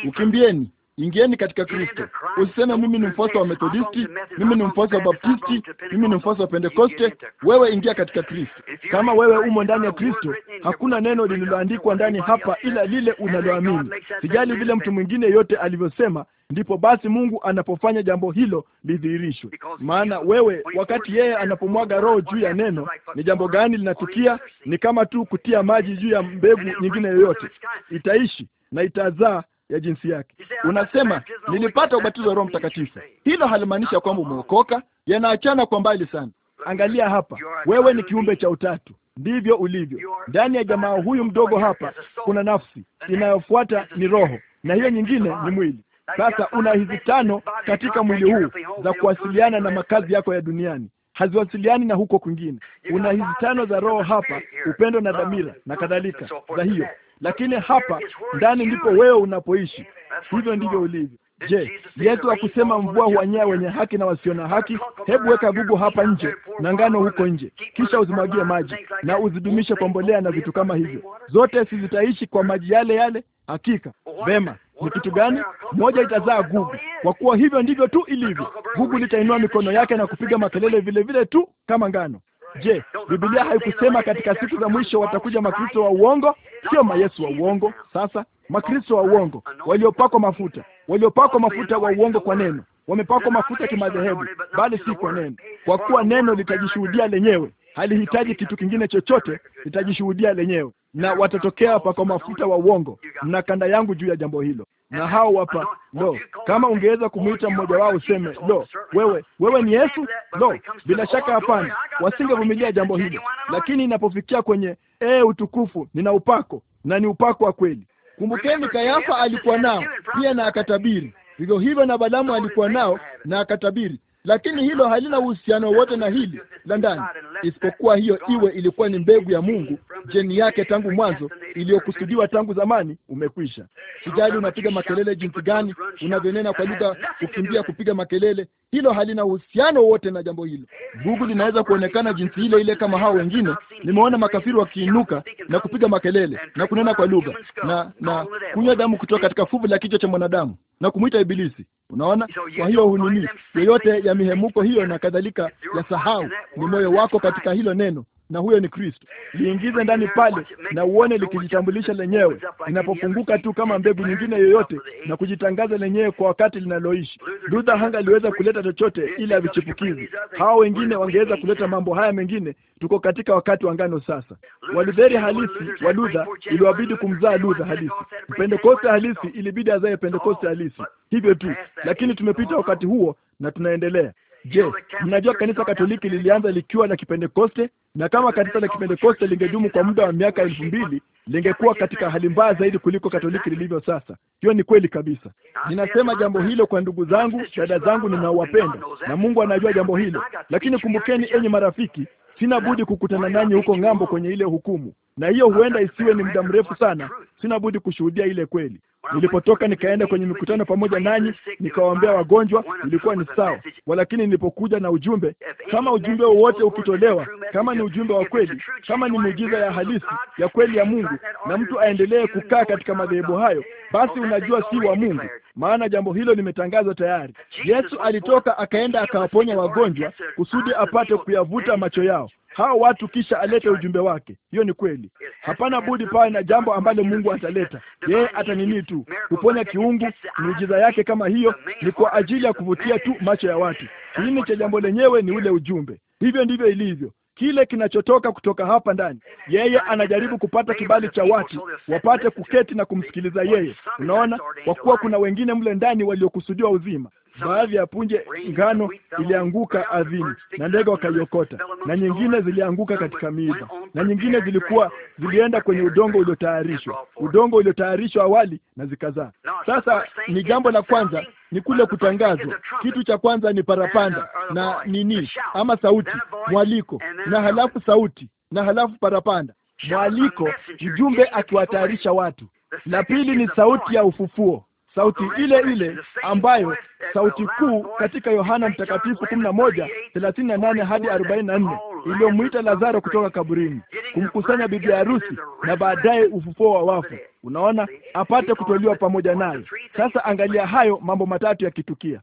Speaker 2: Ukimbieni, Ingieni katika Kristo. Usiseme mimi ni mfuasi wa Methodisti, mimi ni mfuasi wa Baptisti, mimi ni mfuasi wa Pentekoste. Wewe ingia katika Kristo. Kama wewe umo ndani ya Kristo, hakuna neno lililoandikwa ndani hapa ila lile unaloamini. Sijali vile mtu mwingine yote alivyosema, ndipo basi Mungu anapofanya jambo hilo lidhihirishwe. Maana wewe, wakati yeye anapomwaga Roho juu ya neno, ni jambo gani linatukia? Ni kama tu kutia maji juu ya mbegu nyingine yoyote, itaishi na itazaa ya jinsi yake. Unasema nilipata ubatizo wa Roho Mtakatifu. Hilo halimaanisha kwamba umeokoka, yanaachana kwa mbali sana. Angalia hapa, wewe ni kiumbe cha utatu, ndivyo ulivyo. Ndani ya jamaa huyu mdogo hapa kuna nafsi, inayofuata ni roho, na hiyo nyingine ni mwili. Sasa una hizi tano katika mwili huu za kuwasiliana na makazi yako ya duniani haziwasiliani na huko kwingine. Una hizi tano za roho hapa, upendo na dhamira na kadhalika, za hiyo lakini hapa ndani ndipo wewe unapoishi. Hivyo ndivyo ulivyo. Je, Yesu akusema mvua huwanyea wenye haki na wasio na haki? Hebu weka gugu hapa nje na ngano huko nje, kisha uzimwagie maji na uzidumishe kwa mbolea na vitu kama hivyo. Zote si zitaishi kwa maji yale yale? Hakika. Vema, ni kitu gani? Moja itazaa gugu, kwa kuwa hivyo ndivyo tu ilivyo. Gugu litainua mikono yake na kupiga makelele vile vile tu kama ngano. Je, Biblia haikusema katika siku za mwisho watakuja makristo wa uongo? Sio mayesu wa uongo. Sasa makristo wa uongo waliopakwa mafuta, waliopakwa mafuta wa uongo kwa neno, wamepakwa mafuta kimadhehebu, bali si kwa neno, kwa kuwa neno litajishuhudia lenyewe, halihitaji kitu kingine chochote, litajishuhudia lenyewe, na watatokea pakwa mafuta wa uongo. Mna kanda yangu juu ya jambo hilo na hao hapa. Lo, kama ungeweza kumwita mmoja wao useme, lo, wewe wewe ni Yesu? Lo, bila shaka hapana, wasingevumilia jambo hilo, lakini inapofikia kwenye ee, utukufu, nina upako na ni upako wa kweli. Kumbukeni, Kayafa alikuwa nao pia na akatabiri, vivyo hivyo na balamu alikuwa nao na akatabiri lakini hilo halina uhusiano wowote na hili la ndani, isipokuwa hiyo iwe ilikuwa ni mbegu ya Mungu, jeni yake tangu mwanzo, iliyokusudiwa tangu zamani. Umekwisha. Sijali unapiga makelele jinsi gani, unavyonena kwa lugha, kukimbia, kupiga makelele, hilo halina uhusiano wote na jambo hilo. Gugu linaweza kuonekana jinsi ile ile kama hao wengine. Nimeona makafiri wakiinuka na kupiga makelele na kunena kwa lugha na na kunywa damu kutoka katika fuvu la kichwa cha mwanadamu na kumwita Ibilisi. Unaona, kwa hiyo hunini yoyote ya mihemuko hiyo na kadhalika ya sahau, ni moyo wako katika hilo neno, na huyo ni Kristo. Liingize ndani pale na uone likijitambulisha lenyewe, linapofunguka tu kama mbegu nyingine yoyote na kujitangaza lenyewe kwa wakati linaloishi. Luther aliweza kuleta chochote ila vichipukizi. Hao wengine wangeweza kuleta mambo haya mengine. Tuko katika wakati wa ngano sasa. Walutheri halisi wa Luther iliwabidi kumzaa Luther halisi. Pentekoste halisi ilibidi azae Pentekoste oh, halisi, hivyo tu. Lakini tumepita wakati huo na tunaendelea Je, mnajua kanisa Katoliki lilianza likiwa la Kipentekoste, na kama kanisa la Kipentekoste lingedumu kwa muda wa miaka elfu mbili lingekuwa katika hali mbaya zaidi kuliko Katoliki lilivyo sasa. Hiyo ni kweli kabisa. Ninasema jambo hilo kwa ndugu zangu, dada zangu ninaowapenda, na Mungu anajua jambo hilo. Lakini kumbukeni, enyi marafiki, sina budi kukutana nanyi huko ng'ambo kwenye ile hukumu, na hiyo huenda isiwe ni muda mrefu sana. Sina budi kushuhudia ile kweli. Nilipotoka nikaenda kwenye mikutano pamoja nanyi, nikawaombea wagonjwa, ilikuwa ni sawa. Walakini nilipokuja na ujumbe, kama ujumbe wowote ukitolewa, kama ni ujumbe wa kweli, kama ni miujiza ya halisi ya kweli ya Mungu, na mtu aendelee kukaa katika madhehebu hayo, basi unajua si wa Mungu, maana jambo hilo limetangazwa tayari. Yesu alitoka akaenda akawaponya wagonjwa kusudi apate kuyavuta macho yao hao watu kisha alete ujumbe wake. Hiyo ni kweli, hapana budi pawe na jambo ambalo Mungu ataleta. Yeye atanini tu kuponya kiungu. Miujiza yake kama hiyo ni kwa ajili ya kuvutia tu macho ya watu. Kiini cha jambo lenyewe ni ule ujumbe. Hivyo ndivyo ilivyo kile kinachotoka kutoka hapa ndani. Yeye anajaribu kupata kibali cha watu wapate kuketi na kumsikiliza yeye. Unaona, kwa kuwa kuna wengine mle ndani waliokusudiwa uzima baadhi ya punje ngano ilianguka ardhini na ndege wakaiokota, na nyingine zilianguka katika miiba, na nyingine zilikuwa zilienda kwenye udongo uliotayarishwa, udongo uliotayarishwa awali na zikazaa. Sasa ni jambo la kwanza ni kule kutangazwa. Kitu cha kwanza ni parapanda na nini, ama sauti, mwaliko, na halafu sauti, na halafu parapanda, mwaliko, mjumbe akiwatayarisha watu. La pili ni sauti ya ufufuo sauti ile ile ambayo sauti kuu katika Yohana Mtakatifu kumi na moja thelathini na nane hadi arobaini na nne iliyomwita Lazaro kutoka kaburini, kumkusanya bibi harusi na baadaye ufufuo wa wafu. Unaona, apate kutoliwa pamoja naye. Sasa angalia hayo mambo matatu yakitukia.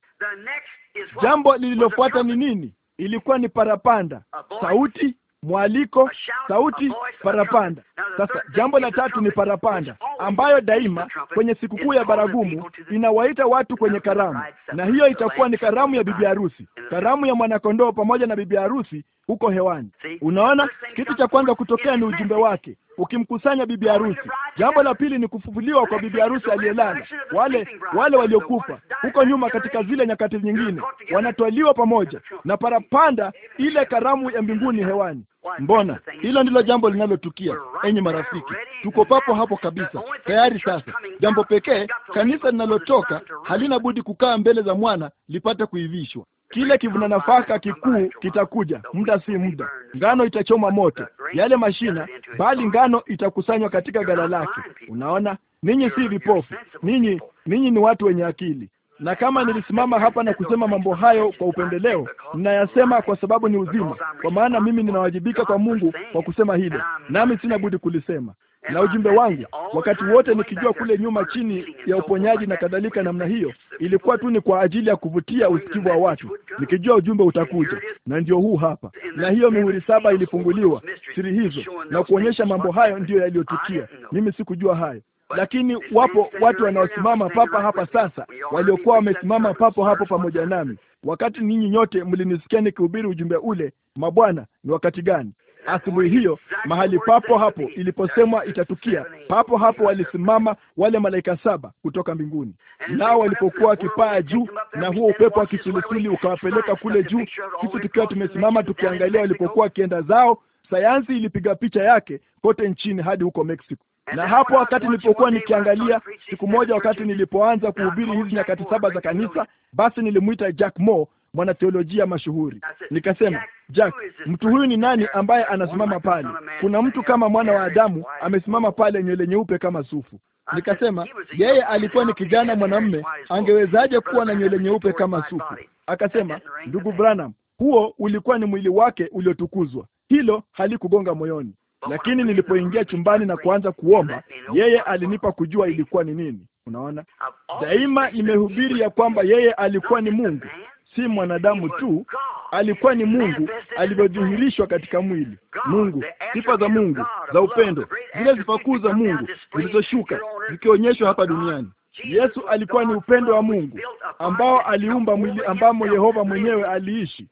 Speaker 1: Jambo lililofuata
Speaker 2: ni nini? Ilikuwa ni parapanda, sauti mwaliko, sauti, parapanda. Sasa jambo la tatu ni parapanda, ambayo daima kwenye sikukuu ya baragumu inawaita watu kwenye karamu, na hiyo itakuwa ni karamu ya bibi harusi, karamu ya mwanakondoo pamoja na bibi harusi huko hewani. Unaona, kitu cha kwanza kutokea ni ujumbe wake ukimkusanya bibi harusi. Jambo la pili ni kufufuliwa kwa bibi harusi aliyelala. Wale wale waliokufa huko nyuma katika zile nyakati nyingine wanatwaliwa pamoja na parapanda, ile karamu ya mbinguni hewani. Mbona hilo ndilo jambo linalotukia, enyi marafiki. Tuko papo hapo kabisa tayari. Sasa jambo pekee kanisa linalotoka halina budi kukaa mbele za mwana lipate kuivishwa. Kile kivuna nafaka kikuu kitakuja muda si muda, ngano itachoma moto yale mashina, bali ngano itakusanywa katika gala lake. Unaona, ninyi si vipofu, ninyi ninyi ni watu wenye akili. Na kama nilisimama hapa na kusema mambo hayo kwa upendeleo, ninayasema kwa sababu ni uzima, kwa maana mimi ninawajibika kwa Mungu kwa kusema hilo, nami sina budi kulisema na ujumbe wangu wakati wote nikijua kule nyuma, chini ya uponyaji na kadhalika namna hiyo, ilikuwa tu ni kwa ajili ya kuvutia usikivu wa watu, nikijua ujumbe utakuja, na ndio huu hapa. Na hiyo mihuri saba ilifunguliwa, siri hizo na kuonyesha mambo hayo ndiyo yaliyotukia. Mimi sikujua hayo lakini wapo watu wanaosimama papa hapa sasa, waliokuwa wamesimama papo hapo pamoja nami wakati ninyi nyote mlinisikia nikihubiri ujumbe ule. Mabwana, ni wakati gani? asubuhi hiyo, mahali papo hapo iliposemwa itatukia, papo hapo walisimama wale malaika saba kutoka mbinguni, nao walipokuwa wakipaa juu na huo upepo wa kisulisuli ukawapeleka kule juu, sisi tukiwa tumesimama tukiangalia walipokuwa wakienda zao. Sayansi ilipiga picha yake kote nchini hadi huko Mexico na hapo wakati nilipokuwa nikiangalia, siku moja, wakati nilipoanza kuhubiri hizi nyakati saba za kanisa, basi nilimwita Jack Moore mwanateolojia mashuhuri. Nikasema, Jack, mtu huyu ni nani ambaye anasimama pale? Kuna mtu kama mwana wa Adamu amesimama pale, nywele nyeupe kama sufu. Nikasema yeye alikuwa ni kijana mwanamume, angewezaje kuwa na nywele nyeupe kama sufu? Akasema, ndugu Branham, huo ulikuwa ni mwili wake uliotukuzwa. Hilo halikugonga moyoni, lakini nilipoingia chumbani na kuanza kuomba, yeye alinipa kujua ilikuwa ni nini. Unaona, daima nimehubiri ya kwamba yeye alikuwa ni Mungu, si mwanadamu tu, alikuwa ni Mungu alivyodhihirishwa katika mwili. Mungu, sifa za Mungu za upendo, zile sifa za Mungu zilizoshuka zikionyeshwa hapa duniani. Yesu alikuwa ni upendo wa Mungu ambao aliumba mwili ambamo Yehova mwenyewe aliishi.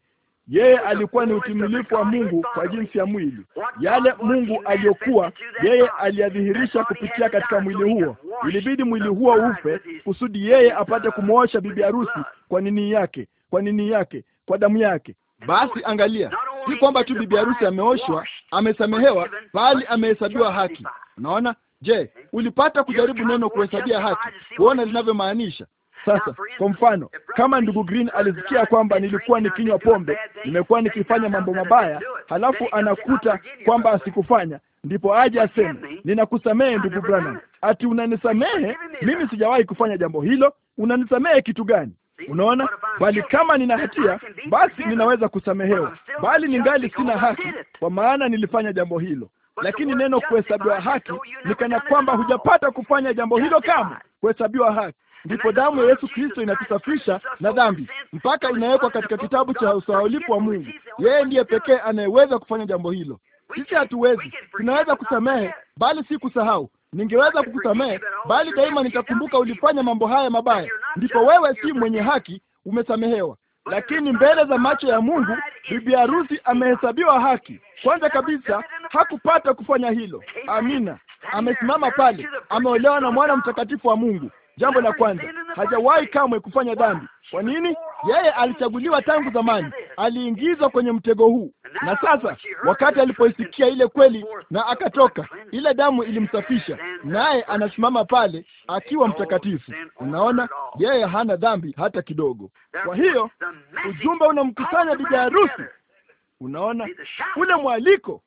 Speaker 2: Yeye alikuwa ni utimilifu wa Mungu kwa jinsi ya mwili. Yale Mungu aliyokuwa yeye aliyadhihirisha kupitia katika mwili huo. Ilibidi mwili huo ufe kusudi yeye apate kumwosha bibi harusi kwa nini yake, kwa nini yake, kwa damu yake. Basi angalia, si kwamba tu bibi harusi ameoshwa, amesamehewa, bali amehesabiwa haki. Unaona? Je, ulipata kujaribu neno kuhesabia haki, kuona linavyomaanisha? Sasa kwa mfano, kama ndugu Green alisikia kwamba nilikuwa nikinywa pombe, nimekuwa nikifanya mambo mabaya, halafu anakuta kwamba asikufanya, ndipo aje aseme ninakusamehe ndugu Branham. Ati unanisamehe? Mimi sijawahi kufanya jambo hilo. Unanisamehe kitu gani? Unaona, bali kama nina hatia, basi ninaweza kusamehewa, bali ningali sina haki, kwa maana nilifanya jambo hilo. Lakini neno kuhesabiwa haki ni kana kwamba hujapata kufanya jambo hilo kamwe. Kuhesabiwa haki ndipo damu ya Yesu Kristo inatusafisha na dhambi mpaka inawekwa katika kitabu cha usahaulifu wa Mungu. Yeye ndiye pekee anayeweza kufanya jambo hilo. Sisi hatuwezi. Tunaweza kusamehe, bali si kusahau ningeweza kukusamehe, bali daima nitakumbuka ulifanya mambo haya mabaya. Ndipo wewe si mwenye haki, umesamehewa. Lakini mbele za macho ya Mungu, bibi harusi amehesabiwa haki. Kwanza kabisa, hakupata kufanya hilo. Amina. Amesimama pale, ameolewa na mwana mtakatifu wa Mungu. Jambo la kwanza, hajawahi kamwe kufanya dhambi. Kwa nini? Yeye alichaguliwa tangu zamani, aliingizwa kwenye mtego huu. Na sasa wakati alipoisikia ile kweli na akatoka, ile damu ilimsafisha, naye anasimama pale akiwa mtakatifu. Unaona, yeye hana dhambi hata kidogo. Kwa hiyo ujumbe unamkusanya bibi harusi. Unaona ule mwaliko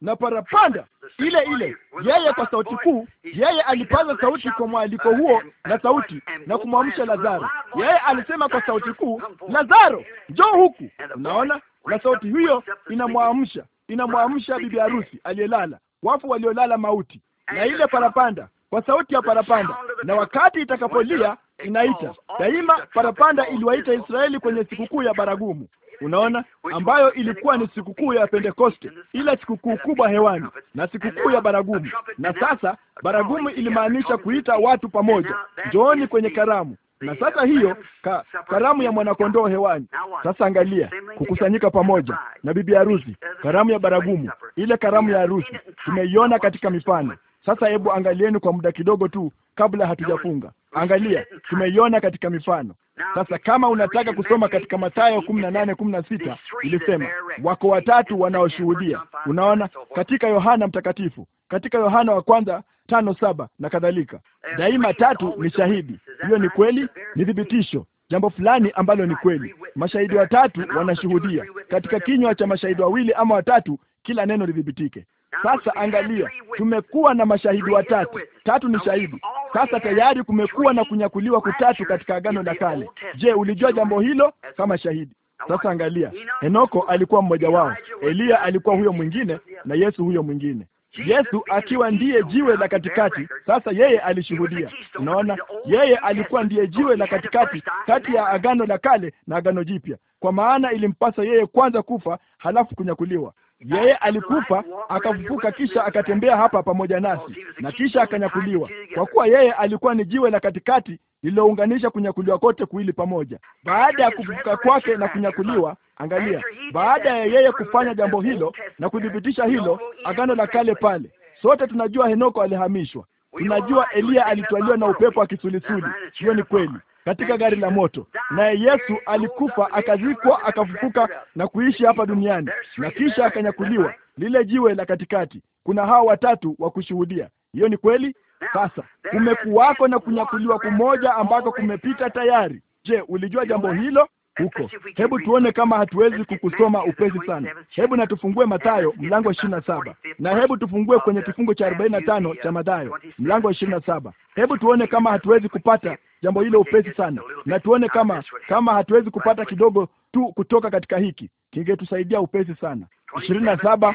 Speaker 2: na parapanda ile ile. Yeye kwa sauti kuu, yeye alipaza sauti kwa mwaliko huo na sauti na kumwamsha Lazaro. Yeye alisema kwa sauti kuu, Lazaro, njoo huku. Unaona, na sauti hiyo inamwamsha, inamwamsha bibi harusi aliyelala, wafu waliolala mauti, na ile parapanda kwa sauti ya parapanda, na wakati itakapolia inaita daima. Parapanda iliwaita Israeli kwenye sikukuu ya baragumu, unaona, ambayo ilikuwa ni sikukuu ya Pentekoste, ile sikukuu kubwa hewani na sikukuu ya baragumu. Na sasa baragumu ilimaanisha kuita watu pamoja, njooni kwenye karamu na sasa hiyo ka, karamu ya mwanakondoo hewani. Sasa angalia kukusanyika pamoja na bibi harusi, karamu ya baragumu, ile karamu ya harusi tumeiona katika mifano. Sasa hebu angalieni kwa muda kidogo tu kabla hatujafunga. Angalia, tumeiona katika mifano. Sasa kama unataka kusoma katika Mathayo kumi na nane kumi na sita ilisema wako watatu wanaoshuhudia. Unaona, katika Yohana Mtakatifu, katika Yohana wa kwanza tano saba na kadhalika, daima tatu ni shahidi. Hiyo ni kweli, ni thibitisho jambo fulani ambalo ni kweli. Mashahidi watatu wanashuhudia, katika kinywa cha mashahidi wawili ama watatu kila neno lidhibitike. Sasa angalia, tumekuwa na mashahidi watatu. Tatu ni shahidi. Sasa tayari kumekuwa na kunyakuliwa kutatu katika Agano la Kale. Je, ulijua jambo hilo kama shahidi? Sasa angalia, Henoko alikuwa mmoja wao, Eliya alikuwa huyo mwingine, na Yesu huyo mwingine. Yesu akiwa ndiye jiwe la katikati. Sasa yeye alishuhudia, unaona, yeye alikuwa ndiye jiwe la katikati kati ya agano la kale na agano jipya, kwa maana ilimpasa yeye kwanza kufa, halafu kunyakuliwa. Yeye alikufa akafufuka, kisha akatembea hapa pamoja nasi, na kisha akanyakuliwa. Kwa kuwa yeye alikuwa ni jiwe la katikati lililounganisha kunyakuliwa kote kuwili pamoja. Baada ya kufufuka kwake na kunyakuliwa, angalia, baada ya yeye kufanya jambo hilo na kudhibitisha hilo, agano la kale pale, sote tunajua Henoko alihamishwa. Tunajua Eliya alitwaliwa na upepo wa kisulisuli. Hiyo ni kweli katika gari la moto, naye Yesu alikufa akazikwa, akafufuka na kuishi hapa duniani, na kisha akanyakuliwa, lile jiwe la katikati. Kuna hao watatu wa kushuhudia. Hiyo ni kweli. Sasa kumekuwako na kunyakuliwa kumoja ambako kumepita tayari. Je, ulijua jambo hilo huko? Hebu tuone kama hatuwezi kukusoma upesi sana. Hebu na tufungue Mathayo mlango ishirini na saba na hebu tufungue kwenye kifungu cha arobaini na tano cha Mathayo mlango ishirini na saba. Hebu tuone kama hatuwezi kupata jambo hilo upesi sana, na tuone kama kama hatuwezi kupata kidogo tu kutoka katika hiki, kingetusaidia upesi sana. ishirini na saba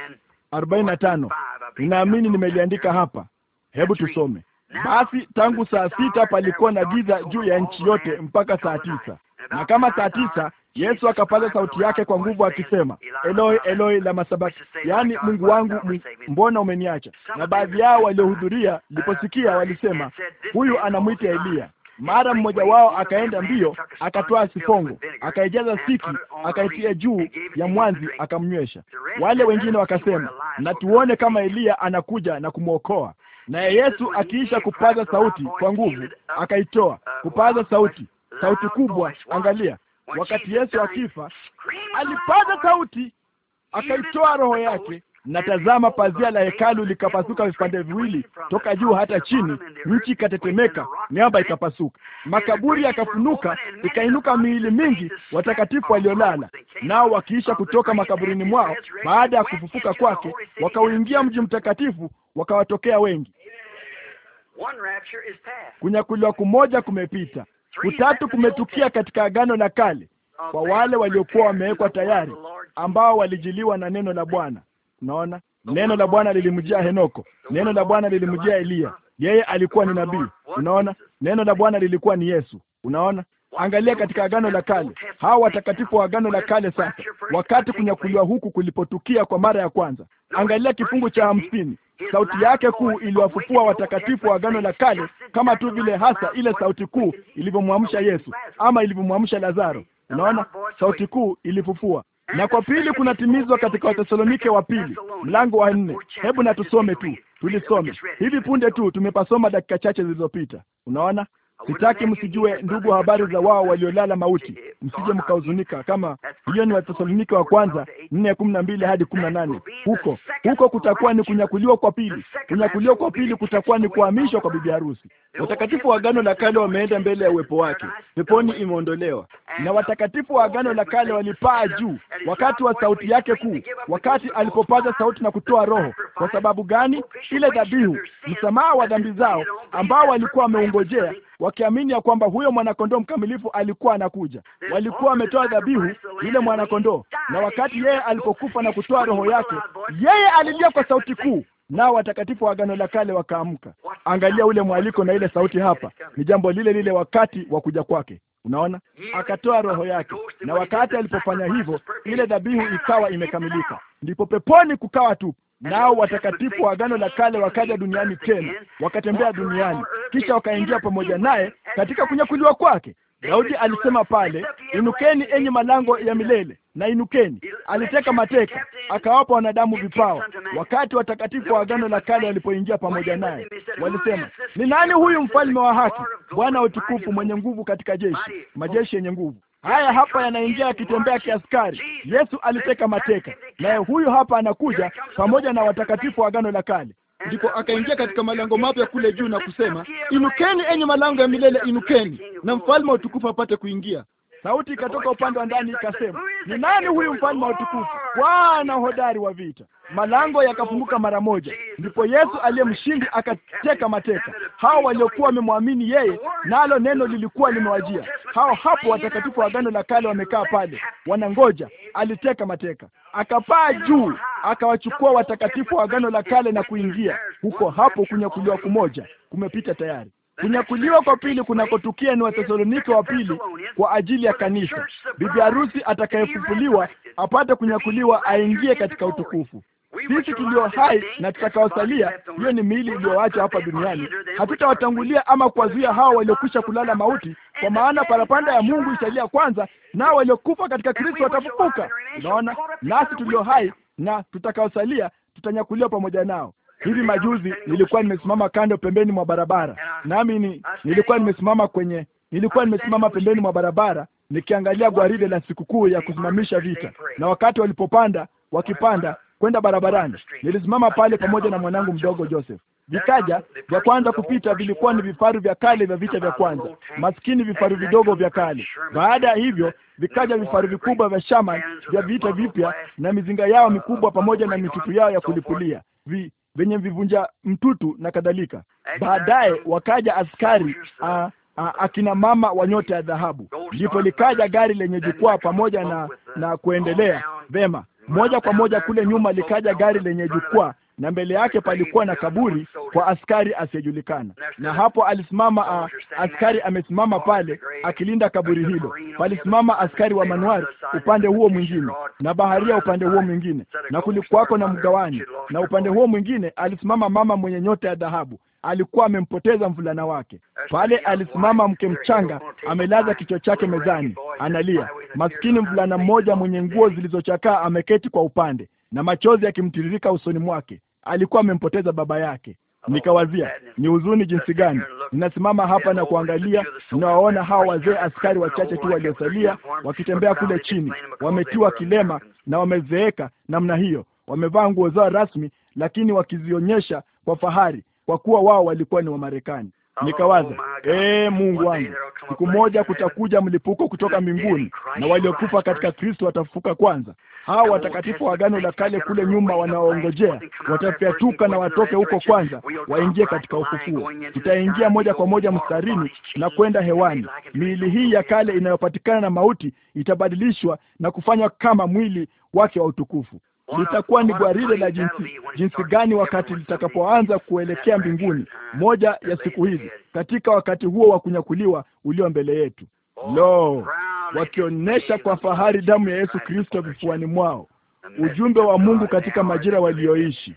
Speaker 2: arobaini na tano ninaamini nimeliandika hapa, hebu tusome. Basi tangu saa sita palikuwa na giza juu ya nchi yote mpaka saa tisa na kama saa tisa Yesu akapaza sauti yake kwa nguvu akisema, Eloi Eloi lama sabakthani, yaani Mungu wangu mbona umeniacha? Na baadhi yao waliohudhuria liposikia walisema, huyu anamwita Eliya. Mara mmoja wao akaenda mbio, akatoa sifongo, akaijaza siki, akaitia juu ya mwanzi, akamnywesha. Wale wengine wakasema, na tuone kama Eliya anakuja na kumwokoa. Naye Yesu akiisha kupaza sauti kwa nguvu, akaitoa uh, kupaza sauti, sauti kubwa. Angalia, wakati Yesu akifa, alipaza sauti, akaitoa roho yake natazama pazia la hekalu likapasuka vipande viwili toka juu hata chini, nchi ikatetemeka, miamba ikapasuka, makaburi yakafunuka, ikainuka miili mingi watakatifu waliolala. Nao wakiisha kutoka makaburini mwao baada ya kufufuka kwake, wakauingia mji mtakatifu, wakawatokea wengi. Kunyakuliwa kumoja kumepita, kutatu kumetukia katika Agano la Kale kwa wale waliokuwa wamewekwa tayari, ambao walijiliwa na neno la Bwana naona neno la Bwana lilimjia Henoko, neno la Bwana lilimjia Eliya. Yeye alikuwa ni nabii. Unaona, neno la Bwana lilikuwa ni Yesu. Unaona, angalia katika Agano la Kale, hawa watakatifu wa Agano la Kale. Sasa wakati kunyakuliwa huku kulipotukia kwa mara ya kwanza, angalia kifungu cha hamsini. Sauti yake kuu iliwafufua watakatifu wa Agano la Kale, kama tu vile hasa ile sauti kuu ilivyomwamsha Yesu ama ilivyomwamsha Lazaro. Unaona, sauti kuu ilifufua na kwa pili kunatimizwa katika Wathesalonike wa pili mlango wa nne. Hebu na tusome tu, tulisome hivi punde tu, tumepasoma dakika chache zilizopita. Unaona, Sitaki msijue ndugu, habari za wao waliolala mauti, msije mkahuzunika, kama hiyo ni Wathesalonike wa kwanza nne kumi na mbili hadi kumi na nane. Huko huko kutakuwa ni kunyakuliwa kwa pili. Kunyakuliwa kwa pili kutakuwa ni kuhamishwa kwa bibi harusi. Watakatifu wa Agano la Kale wameenda mbele ya uwepo wake, peponi imeondolewa, na watakatifu wa Agano la Kale walipaa juu wakati wa sauti yake kuu, wakati alipopaza sauti na kutoa Roho. Kwa sababu gani? Ile dhabihu, msamaha wa dhambi zao, ambao walikuwa wameungojea wakiamini ya kwamba huyo mwanakondoo mkamilifu alikuwa anakuja. Walikuwa wametoa dhabihu yule mwanakondoo, na wakati yeye alipokufa na kutoa roho yake, yeye alilia kwa sauti kuu, nao watakatifu wa Agano la Kale wakaamka. Angalia ule mwaliko na ile sauti hapa, ni jambo lile lile wakati wa kuja kwake. Unaona, akatoa roho yake, na wakati alipofanya hivyo, ile dhabihu ikawa imekamilika, ndipo peponi kukawa tupu. Nao watakatifu wa Agano la Kale wakaja duniani tena, wakatembea duniani, kisha wakaingia pamoja naye katika kunyakuliwa kwake. Daudi alisema pale, inukeni enyi malango ya milele na inukeni. Aliteka mateka, akawapa wanadamu vipawa. Wakati watakatifu wa Agano la Kale walipoingia pamoja naye, walisema, ni nani huyu mfalme wa haki, Bwana wa utukufu, mwenye nguvu katika jeshi, majeshi yenye nguvu? Haya hapa yanaingia yakitembea kiaskari. Yesu aliteka mateka, naye huyu hapa anakuja pamoja na watakatifu wa Agano la Kale. Ndipo akaingia katika malango mapya kule juu na kusema, inukeni enyi malango ya milele, inukeni na mfalme wa utukufu apate kuingia. Sauti ikatoka upande wa ndani ikasema, ni nani huyu mfalme wa utukufu, Bwana hodari wa vita? Malango yakafunguka mara moja. Ndipo Yesu aliye mshindi akateka mateka hao waliokuwa wamemwamini yeye, nalo neno lilikuwa limewajia hao. Hapo watakatifu wa Agano la Kale wamekaa pale, wanangoja. Aliteka mateka, akapaa juu, akawachukua watakatifu wa Agano la Kale na kuingia huko. Hapo kunyakuliwa kumoja kumepita tayari kunyakuliwa kwa pili kunakotukia ni Wathesalonike wa pili kwa ajili ya kanisa. Bibi harusi atakayefufuliwa apate kunyakuliwa aingie katika utukufu. Sisi tulio hai na tutakaosalia, hiyo ni miili iliyoacha hapa duniani, hatutawatangulia ama kuwazuia hao waliokwisha kulala mauti, kwa maana parapanda ya Mungu italia kwanza, nao waliokufa katika Kristo watafufuka. Unaona, nasi tulio hai na tutakaosalia tutanyakuliwa pamoja nao. Hivi majuzi nilikuwa nimesimama kando pembeni mwa barabara, nami ni, nilikuwa nimesimama kwenye, nilikuwa nimesimama pembeni mwa barabara nikiangalia gwaride la sikukuu ya kusimamisha vita, na wakati walipopanda wakipanda kwenda barabarani, nilisimama pale pamoja na mwanangu mdogo Joseph. Vikaja vya kwanza kupita vilikuwa ni vifaru vya kale vya vita vya kwanza, maskini vifaru vidogo vya kale. Baada ya hivyo vikaja vifaru vikubwa vya shaman vya vita vipya na mizinga yao mikubwa pamoja na mitutu yao ya kulipulia vi, vyenye vivunja mtutu na kadhalika.
Speaker 1: Baadaye
Speaker 2: wakaja askari a, a, akina mama wa nyota ya dhahabu. Ndipo likaja gari lenye jukwaa pamoja na na kuendelea vema moja kwa moja kule nyuma likaja gari lenye jukwaa na mbele yake palikuwa na kaburi kwa askari asiyejulikana, na hapo alisimama a, ah, askari amesimama pale akilinda kaburi hilo. Palisimama askari wa manuari upande huo mwingine, na baharia upande huo mwingine, na kulikuwako na mgawani, na upande huo mwingine alisimama mama mwenye nyota ya dhahabu alikuwa amempoteza mvulana wake. Pale alisimama mke mchanga amelaza kichwa chake mezani, analia. Maskini mvulana mmoja mwenye nguo zilizochakaa ameketi kwa upande na machozi yakimtiririka usoni mwake alikuwa amempoteza baba yake. Nikawazia ni huzuni jinsi gani, ninasimama hapa na kuangalia, ninawaona hawa wazee askari wachache tu waliosalia wakitembea kule chini, wametiwa kilema na wamezeeka namna hiyo, wamevaa nguo zao rasmi, lakini wakizionyesha kwa fahari, kwa kuwa wao walikuwa ni Wamarekani. Nikawaza, ee, ee Mungu wangu, siku moja kutakuja mlipuko kutoka mbinguni na waliokufa katika Kristo watafuka kwanza. Hao watakatifu wa Agano la Kale kule nyuma wanaoongojea watafyatuka na watoke huko kwanza, waingie katika ufufuo. Tutaingia moja kwa moja mstarini na kwenda hewani. Miili hii ya kale inayopatikana na mauti itabadilishwa na kufanywa kama mwili wake wa utukufu litakuwa ni gwaride la jinsi jinsi gani wakati litakapoanza kuelekea mbinguni, moja ya siku hizi, katika wakati huo wa kunyakuliwa ulio mbele yetu. Oh, Lo, wakionyesha kwa fahari damu ya Yesu Kristo vifuani mwao, ujumbe wa Mungu katika majira walioishi.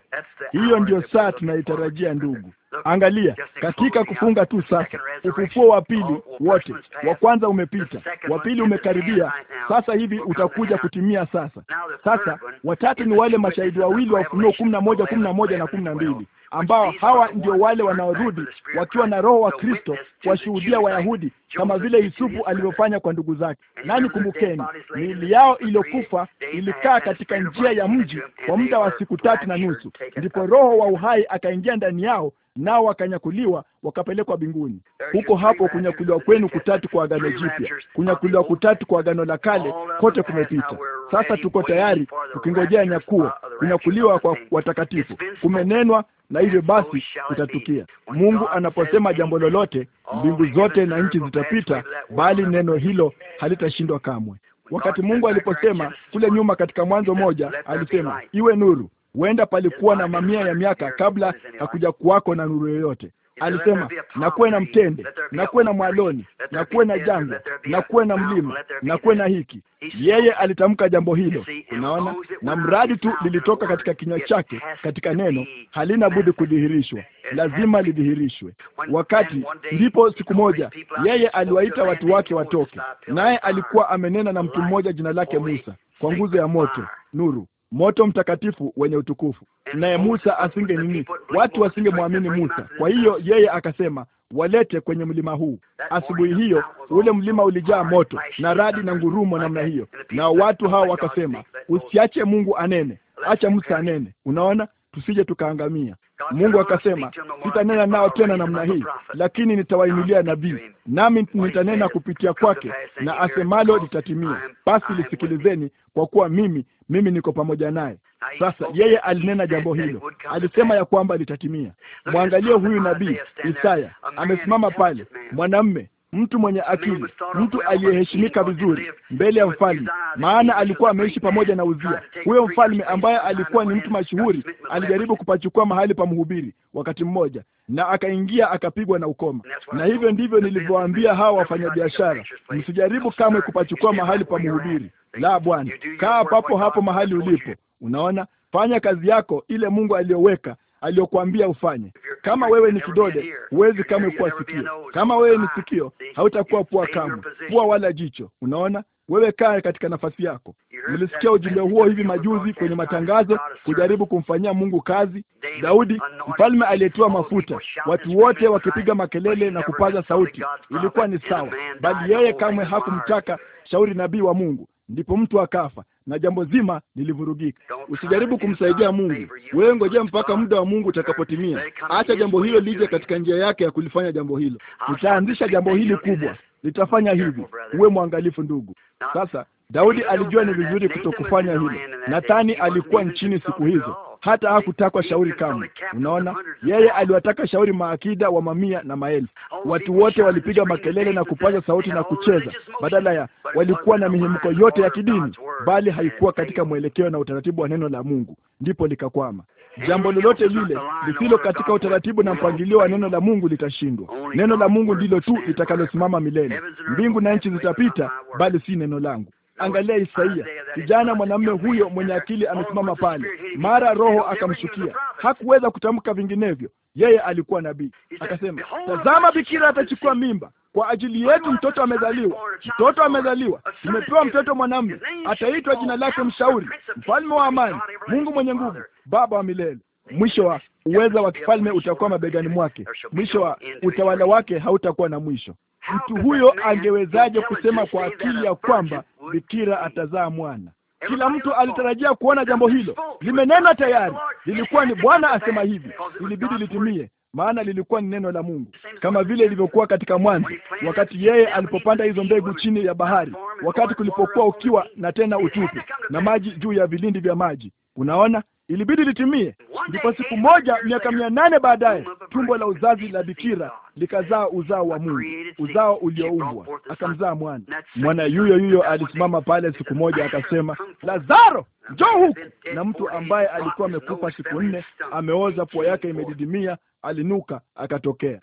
Speaker 2: Hiyo ndiyo saa tunaitarajia, ndugu. Angalia, katika kufunga tu sasa, ufufuo wa pili oh, oh, wote, wa kwanza umepita, wa pili umekaribia, sasa hivi utakuja kutimia sasa. Sasa watatu ni wale mashahidi wawili wa Ufunuo kumi na moja kumi na moja na kumi na mbili ambao hawa ndio wale wanaorudi wakiwa na roho wa Kristo kuwashuhudia Wayahudi kama vile Yusufu alivyofanya kwa ndugu zake. Nani, kumbukeni, miili yao iliyokufa ilikaa katika njia ya mji kwa muda wa siku tatu na nusu, ndipo roho wa uhai akaingia ndani yao nao wakanyakuliwa wakapelekwa binguni Huko hapo kunyakuliwa kwenu kutatu kwa agano jipya, kunyakuliwa kutatu kwa agano la kale, kote kumepita. Sasa tuko tayari tukingojea nyakuo, kunyakuliwa kwa watakatifu. Kumenenwa na hivyo basi itatukia. Mungu anaposema jambo lolote, mbingu zote na nchi zitapita, bali neno hilo halitashindwa kamwe. Wakati Mungu aliposema kule nyuma katika Mwanzo moja, alisema iwe nuru Huenda palikuwa na mamia ya miaka kabla hakuja kuwako na nuru yoyote. Alisema, nakuwe na mtende, na kuwe na mwaloni, na kuwe na jangwa, kuwe na mlima, na kuwe na hiki. Yeye alitamka jambo hilo, unaona, na mradi tu lilitoka katika kinywa chake, katika neno, halina budi kudhihirishwa, lazima lidhihirishwe. Wakati ndipo siku moja yeye aliwaita watu wake watoke, naye alikuwa amenena na mtu mmoja, jina lake Musa, kwa nguzo ya moto, nuru moto mtakatifu wenye utukufu, naye Musa asinge nini, watu wasingemwamini Musa. Kwa hiyo yeye akasema walete kwenye mlima huu. Asubuhi hiyo ule mlima ulijaa moto na radi na ngurumo namna hiyo, na watu hao wakasema, usiache Mungu anene, acha Musa anene. Unaona, tusije tukaangamia. Mungu akasema, sitanena nao tena namna hii, lakini nitawainulia nabii, nami nitanena kupitia kwake, na asemalo litatimia. Basi lisikilizeni, kwa kuwa mimi mimi niko pamoja naye. Sasa yeye alinena jambo hilo, alisema ya kwamba litatimia. Mwangalie huyu nabii Isaya amesimama pale, mwanamme mtu mwenye akili, mtu aliyeheshimika vizuri mbele ya mfalme, maana alikuwa ameishi pamoja na Uzia. Huyo mfalme ambaye alikuwa ni mtu mashuhuri alijaribu kupachukua mahali pa mhubiri wakati mmoja, na akaingia akapigwa na ukoma. Na hivyo ndivyo nilivyoambia hawa wafanyabiashara, msijaribu kamwe kupachukua mahali pa mhubiri. La, Bwana, kaa papo hapo mahali ulipo. Unaona, fanya kazi yako ile Mungu aliyoweka aliyokuambia ufanye. Kama wewe ni ah, kidode huwezi kamwe kuwa sikio. Kama wewe ni sikio, hautakuwa pua kamwe, pua wala jicho. Unaona, wewe kaa katika nafasi yako. Mlisikia ujumbe huo hivi majuzi kwenye matangazo, kujaribu kumfanyia Mungu kazi. Daudi mfalme aliyetiwa mafuta, watu wote wakipiga makelele na kupaza sauti, ilikuwa ni sawa, bali yeye kamwe hakumtaka shauri nabii wa Mungu, ndipo mtu akafa na jambo zima lilivurugika.
Speaker 1: Usijaribu kumsaidia
Speaker 2: Mungu, wewe ngojea mpaka muda wa Mungu utakapotimia. Acha jambo hilo lije katika njia yake ya kulifanya jambo hilo. Nitaanzisha jambo hili kubwa, litafanya hivi. Uwe mwangalifu ndugu. Sasa Daudi alijua ni vizuri kutokufanya hilo. Nathani alikuwa nchini siku hizo hata hakutakwa shauri kamwe. Unaona, yeye aliwataka shauri maakida wa mamia na maelfu. Watu wote walipiga makelele na kupaza sauti na kucheza, badala ya walikuwa na mihemko yote ya kidini, bali haikuwa katika mwelekeo na utaratibu wa neno la Mungu, ndipo likakwama. Jambo lolote lile lisilo katika utaratibu na mpangilio wa neno la Mungu litashindwa. Neno la Mungu ndilo tu litakalosimama milele. Mbingu na nchi zitapita, bali si neno langu angalia Isaia, ah, kijana mwanamume huyo mwenye akili amesimama pale, mara Roho akamshukia. Hakuweza kutamka vinginevyo, yeye alikuwa nabii. Akasema, tazama, bikira atachukua mimba kwa ajili yetu mtoto amezaliwa, mtoto amezaliwa, tumepewa mtoto mwanamume, ataitwa jina lake Mshauri, Mfalme wa Amani, Mungu mwenye nguvu, Baba wa milele. Mwisho wa uweza wa kifalme utakuwa mabegani mwake, mwisho wa utawala wake hautakuwa na mwisho. Mtu huyo angewezaje kusema kwa akili ya kwamba bikira atazaa mwana? Kila mtu alitarajia kuona jambo hilo, limenena tayari. Lilikuwa ni Bwana asema hivi, ilibidi litimie, maana lilikuwa ni neno la Mungu, kama vile ilivyokuwa katika mwanzo, wakati yeye alipopanda hizo mbegu chini ya bahari, wakati kulipokuwa ukiwa na tena utupu na maji juu ya vilindi vya maji. Unaona, ilibidi litimie. Ndipo siku moja miaka mia nane baadaye tumbo la uzazi la bikira likazaa uzao wa Mungu, uzao ulioumbwa, akamzaa mwana. Mwana yuyo yuyo alisimama pale siku moja akasema, Lazaro, njoo huku. Na mtu ambaye alikuwa amekufa siku nne, ameoza, pua yake imedidimia, alinuka akatokea.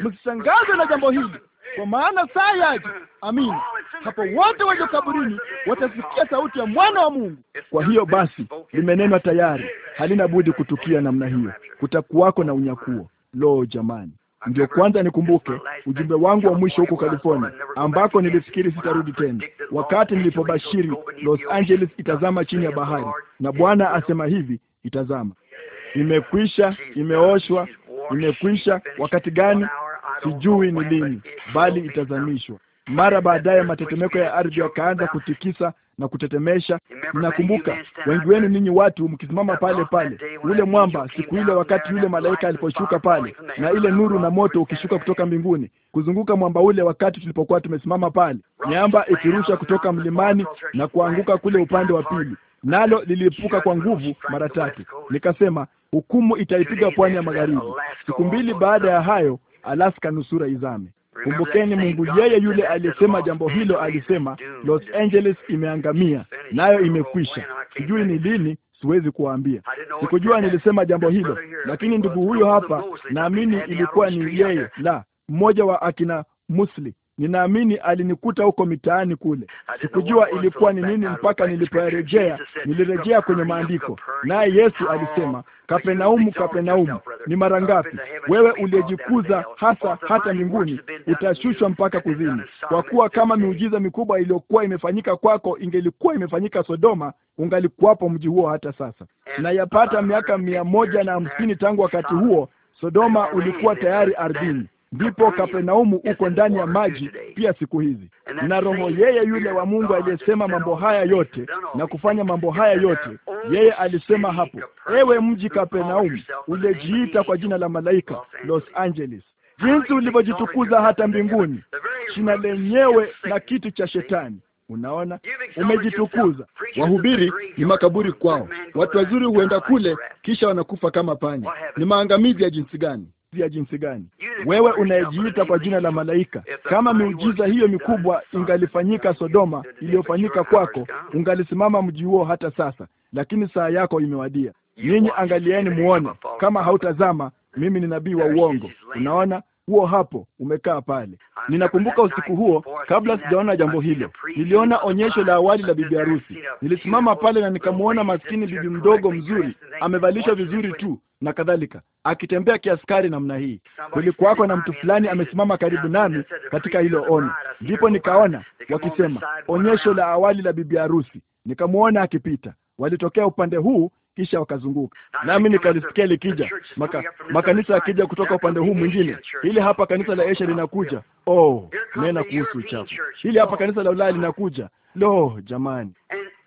Speaker 2: Msishangazwe na jambo hili, kwa maana saa yaje, amina, hapo wote walio kaburini watasikia sauti ya mwana wa Mungu. Kwa hiyo basi, limenenwa tayari, halina budi kutukia namna hiyo. Kutakuwako na unyakuo. Lo, jamani! Ndio kwanza nikumbuke ujumbe wangu wa mwisho huko California, ambako nilifikiri sitarudi tena, wakati nilipobashiri Los Angeles itazama chini ya bahari, na Bwana asema hivi, itazama imekwisha, imeoshwa, imekwisha. Wakati gani? sijui ni lini, bali itazamishwa. Mara baadaye matetemeko ya ardhi yakaanza kutikisa na kutetemesha. Ninakumbuka wengi wenu ninyi watu mkisimama pale pale ule mwamba siku ile, wakati yule malaika aliposhuka pale na ile nuru na moto ukishuka kutoka mbinguni kuzunguka mwamba ule, wakati tulipokuwa tumesimama pale, miamba ikirusha kutoka mlimani na kuanguka kule upande wa pili, nalo lilipuka kwa nguvu mara tatu. Nikasema hukumu itaipiga pwani ya magharibi. Siku mbili baada ya hayo Alaska nusura izame. Kumbukeni, Mungu yeye yule aliyesema jambo hilo alisema, Los Angeles imeangamia, nayo imekwisha. Sijui ni lini, siwezi kuwaambia. Sikujua nilisema jambo hilo, lakini ndugu huyo hapa, naamini ilikuwa ni yeye, la mmoja wa akina Musli Ninaamini alinikuta huko mitaani kule. Sikujua ilikuwa ni nini mpaka niliporejea. Nilirejea kwenye maandiko, naye Yesu oh, alisema, Kapenaumu, Kapenaumu, ni mara ngapi wewe uliyejikuza hasa hata mbinguni utashushwa mpaka kuzini Kwa kuwa kama miujiza mikubwa iliyokuwa imefanyika kwako ingelikuwa imefanyika Sodoma, ungalikuwapo mji huo hata sasa. Na yapata miaka mia moja na hamsini tangu wakati huo, Sodoma ulikuwa tayari ardhini. Ndipo Kapernaumu uko ndani ya maji pia siku hizi, na Roho yeye yule wa Mungu aliyesema mambo haya yote na kufanya mambo haya yote, yeye alisema hapo, ewe mji Kapernaumu uliyejiita kwa jina la malaika Los Angeles, jinsi ulivyojitukuza hata mbinguni, china lenyewe na kiti cha Shetani. Unaona, umejitukuza. Wahubiri ni makaburi kwao, watu wazuri huenda kule, kisha wanakufa kama panya. Ni maangamizi ya jinsi gani! ya jinsi gani. Wewe unayejiita kwa jina la malaika, kama miujiza hiyo mikubwa ingalifanyika Sodoma iliyofanyika kwako, ungalisimama mji huo hata sasa, lakini saa yako imewadia. Ninyi angalieni muone, kama hautazama, mimi ni nabii wa uongo. Unaona huo hapo umekaa pale. Ninakumbuka usiku huo, kabla sijaona jambo hilo, niliona onyesho la awali la bibi harusi. Nilisimama pale na nikamwona maskini bibi mdogo mzuri, amevalishwa vizuri tu, na kadhalika, akitembea kiaskari namna hii. Kulikuwako na mtu fulani amesimama karibu nami katika hilo ono, ndipo nikaona wakisema onyesho la awali la bibi harusi. Nikamwona akipita, walitokea upande huu kisha wakazunguka nami nikalisikia likija maka, makanisa yakija kutoka upande huu mwingine. Hili hapa kanisa la Asia linakuja. Oh, nena kuhusu uchafu. Hili hapa oh. kanisa la Ulaya linakuja. Lo, jamani!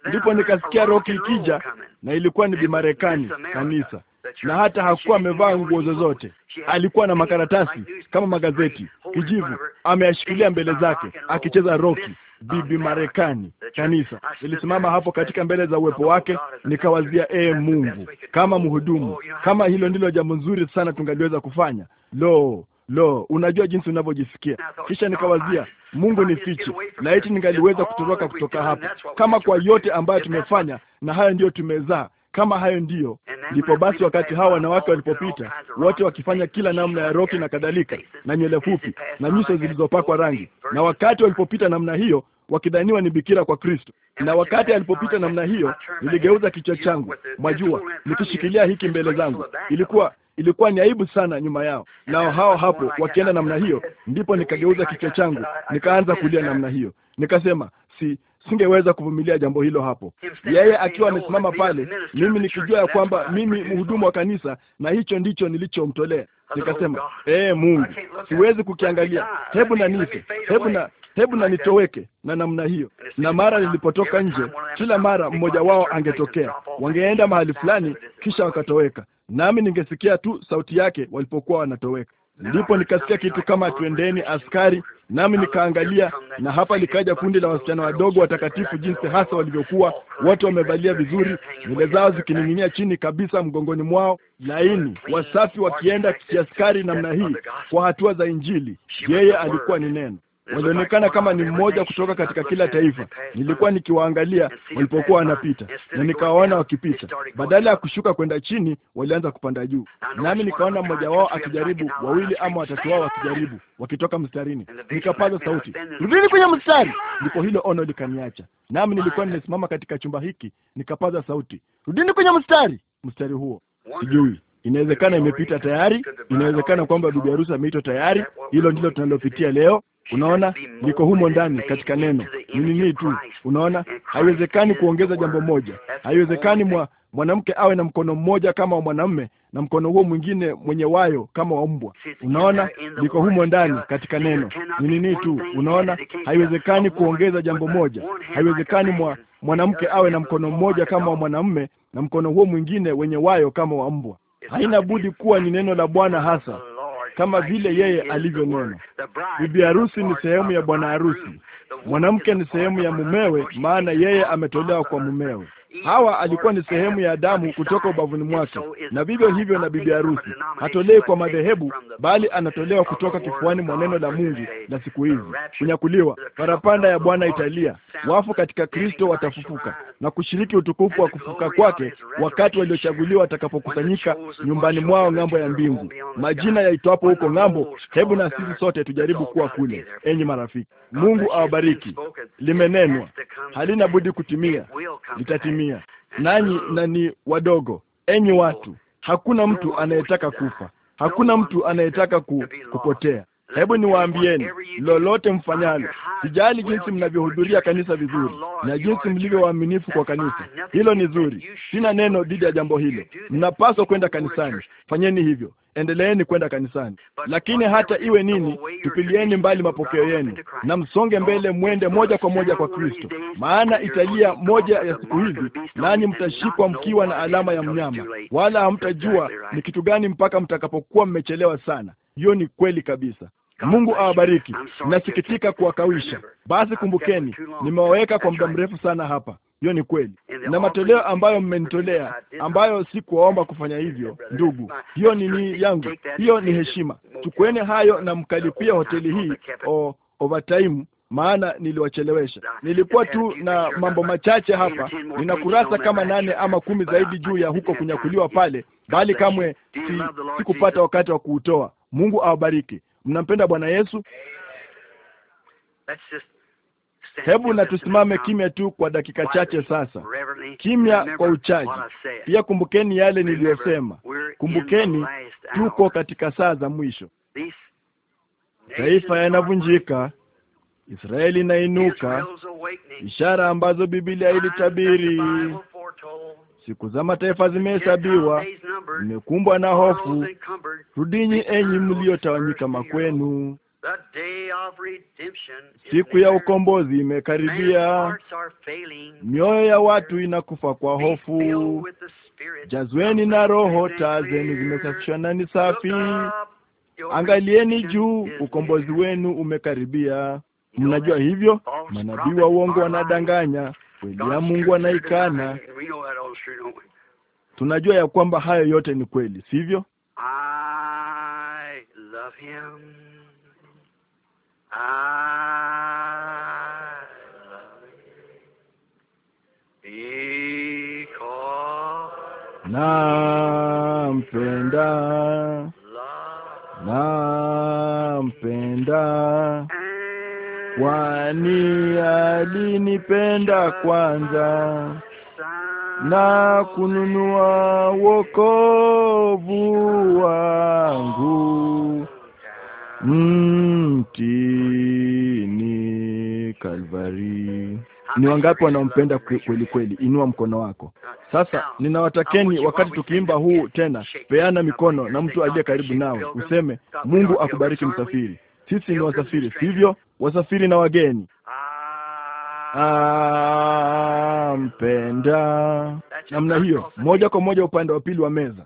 Speaker 1: Ndipo nikasikia roki
Speaker 2: ikija, na ilikuwa ni Bimarekani kanisa na hata hakuwa amevaa nguo zozote. Alikuwa na makaratasi kama magazeti, kijivu, ameyashikilia mbele zake, akicheza roki. Bibi Marekani, kanisa. Nilisimama hapo katika mbele za uwepo wake, nikawazia, ee Mungu, kama mhudumu, kama hilo ndilo jambo nzuri sana tungaliweza kufanya. Lo, lo, unajua jinsi unavyojisikia. Kisha nikawazia, Mungu ni fiche, laiti ningaliweza kutoroka kutoka hapa, kama kwa yote ambayo tumefanya na haya ndiyo tumezaa kama hayo ndiyo, ndipo basi wakati hawa wanawake walipopita, wote wakifanya kila namna ya roki na kadhalika, na nywele fupi na nyuso zilizopakwa rangi, na wakati walipopita namna hiyo wakidhaniwa ni bikira kwa Kristo. Na wakati alipopita namna hiyo, niligeuza kichwa changu, mwajua, nikishikilia hiki mbele zangu. Ilikuwa ilikuwa ni aibu sana nyuma yao, nao hao hapo wakienda namna hiyo, ndipo nikageuza kichwa changu, nikaanza kulia namna hiyo, nikasema si singeweza kuvumilia jambo hilo hapo, yeye akiwa amesimama pale, mimi nikijua ya kwamba mimi mhudumu wa kanisa, na hicho ndicho nilichomtolea. Nikasema, ee Mungu, siwezi kukiangalia, hebu na nife, hebu na hebu na nitoweke na namna hiyo. Na mara nilipotoka nje, kila mara mmoja wao angetokea, wangeenda mahali fulani, kisha wakatoweka, nami ningesikia tu sauti yake walipokuwa wanatoweka. Ndipo nikasikia kitu kama twendeni askari, nami nikaangalia, na hapa likaja kundi la wasichana wadogo watakatifu, jinsi hasa walivyokuwa wote wamevalia vizuri, nywele zao zikining'inia chini kabisa mgongoni mwao, laini wasafi, wakienda kiaskari namna hii kwa hatua za Injili. Yeye alikuwa ni neno walionekana kama ni mmoja kutoka katika kila taifa. Nilikuwa nikiwaangalia walipokuwa wanapita na nikawaona wakipita, badala ya kushuka kwenda chini walianza kupanda juu, nami nikaona mmoja wao akijaribu, wawili ama watatu wao wakijaribu, wakitoka mstarini. Nikapaza sauti, rudini kwenye mstari. Ndipo hilo ono likaniacha, nami nilikuwa nimesimama katika chumba hiki, nikapaza sauti, rudini kwenye mstari. Mstari huo sijui Inawezekana imepita tayari, inawezekana kwamba bibi harusi ameitwa tayari. Hilo ndilo tunalopitia leo. Unaona, niko humo ndani katika neno, ni nini tu. Unaona, haiwezekani kuongeza jambo moja, haiwezekani mwa mwanamke awe na mkono mmoja kama wa mwanamume na mkono huo mwingine mwenye wayo kama wa mbwa. Unaona, niko humo ndani katika neno, ni nini tu. Unaona, haiwezekani kuongeza jambo moja, haiwezekani mwa mwanamke awe na mkono mmoja kama wa mwanamume na mkono huo mwingine wenye wayo kama wa mbwa. Haina budi kuwa ni neno la Bwana hasa, kama vile yeye alivyonena. Bibi harusi ni sehemu ya bwana harusi, mwanamke ni sehemu ya mumewe, maana yeye ametolewa kwa mumewe. Hawa alikuwa ni sehemu ya damu kutoka ubavuni mwake, na vivyo hivyo na bibi harusi hatolewi kwa madhehebu, bali anatolewa kutoka kifuani mwa neno la Mungu la siku hizi. Kunyakuliwa, parapanda ya Bwana italia, wafu katika Kristo watafufuka na kushiriki utukufu wa kufufuka kwake, wakati waliochaguliwa watakapokusanyika nyumbani mwao ng'ambo ya mbingu. Majina yaitwapo huko ng'ambo, hebu na sisi sote tujaribu kuwa kule. Enyi marafiki, Mungu awabariki.
Speaker 1: Limenenwa, halina
Speaker 2: budi kutimia, litatimia mia, nanyi na ni wadogo. Enyi watu, hakuna mtu anayetaka kufa, hakuna mtu anayetaka ku, kupotea. Hebu niwaambieni, lolote mfanyalo, sijali jinsi mnavyohudhuria kanisa vizuri na jinsi mlivyo waaminifu kwa kanisa, hilo ni zuri. Sina neno dhidi ya jambo hilo. Mnapaswa kwenda kanisani, fanyeni hivyo endeleeni kwenda kanisani, lakini hata iwe nini, tupilieni mbali mapokeo yenu na msonge mbele, mwende moja kwa moja kwa Kristo, maana italia moja ya siku hizi, nanyi mtashikwa mkiwa na alama ya mnyama, wala hamtajua ni kitu gani mpaka mtakapokuwa mmechelewa sana. Hiyo ni kweli kabisa. Mungu awabariki. Nasikitika kuwakawisha. Basi kumbukeni, nimewaweka kwa muda mrefu sana hapa hiyo ni kweli, na matoleo ambayo mmenitolea, ambayo sikuwaomba kufanya hivyo, ndugu, hiyo ni ni yangu, hiyo ni heshima. Chukueni hayo na mkalipia hoteli hii o oh, overtime maana niliwachelewesha. Nilikuwa tu na mambo machache hapa, nina kurasa kama nane ama kumi zaidi juu ya huko kunyakuliwa pale, bali kamwe si, sikupata wakati wa kuutoa. Mungu awabariki. Mnampenda Bwana Yesu?
Speaker 1: Hebu na tusimame kimya tu kwa dakika chache sasa, kimya kwa uchaji. Pia
Speaker 2: kumbukeni yale niliyosema,
Speaker 1: kumbukeni tuko
Speaker 2: katika saa za mwisho. Taifa yanavunjika, Israeli inainuka, ishara ambazo Biblia ilitabiri. Siku za mataifa zimehesabiwa, zimekumbwa na hofu. Rudini enyi mliotawanyika makwenu Siku ya ukombozi imekaribia. Mioyo ya watu inakufa kwa hofu. Jazweni na Roho, taa zenu zimesafishwa na ni safi. Angalieni juu, ukombozi wenu umekaribia. Mnajua hivyo,
Speaker 1: manabii wa uongo
Speaker 2: wanadanganya,
Speaker 1: kweli ya Mungu anaikana.
Speaker 2: Tunajua ya kwamba hayo yote ni kweli, sivyo?
Speaker 1: I love him
Speaker 2: nampenda nampenda
Speaker 3: kwani
Speaker 2: alinipenda kwanza na kununua
Speaker 1: wokovu wangu
Speaker 2: mtini Kalvari. Ni wangapi wanaompenda kweli kweli? Inua mkono wako sasa. Ninawatakeni wakati tukiimba huu tena, peana mikono na mtu aliye karibu nawe, useme Mungu akubariki msafiri. Sisi ni wasafiri, sivyo? Wasafiri na wageni. Ampenda namna hiyo, moja kwa moja upande wa pili wa meza.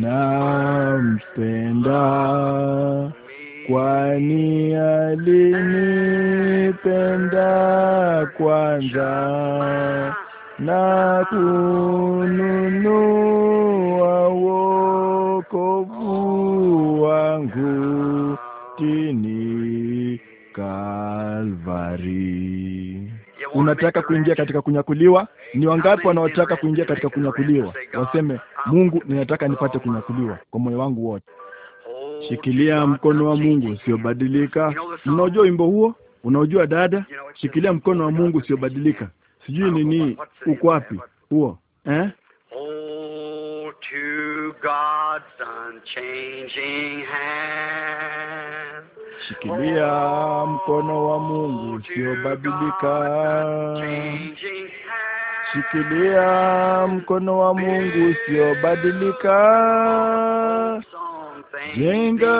Speaker 1: nampenda, kwani
Speaker 2: alinipenda kwanza na kununua wokovu wangu chini Kalvari. unataka kuingia katika kunyakuliwa? Ni wangapi wanaotaka kuingia katika kunyakuliwa? Waseme, Mungu, ninataka nipate kunyakuliwa kwa moyo wangu wote. Oh, shikilia mkono wa Mungu usiobadilika. Unaojua wimbo huo? Unaojua dada, shikilia mkono wa Mungu usiobadilika. Sijui nini, uko wapi huo eh? Oh, to God's unchanging hand. Shikilia mkono wa Mungu usiobadilika. Shikilia mkono wa Mungu usiobadilika. Jenga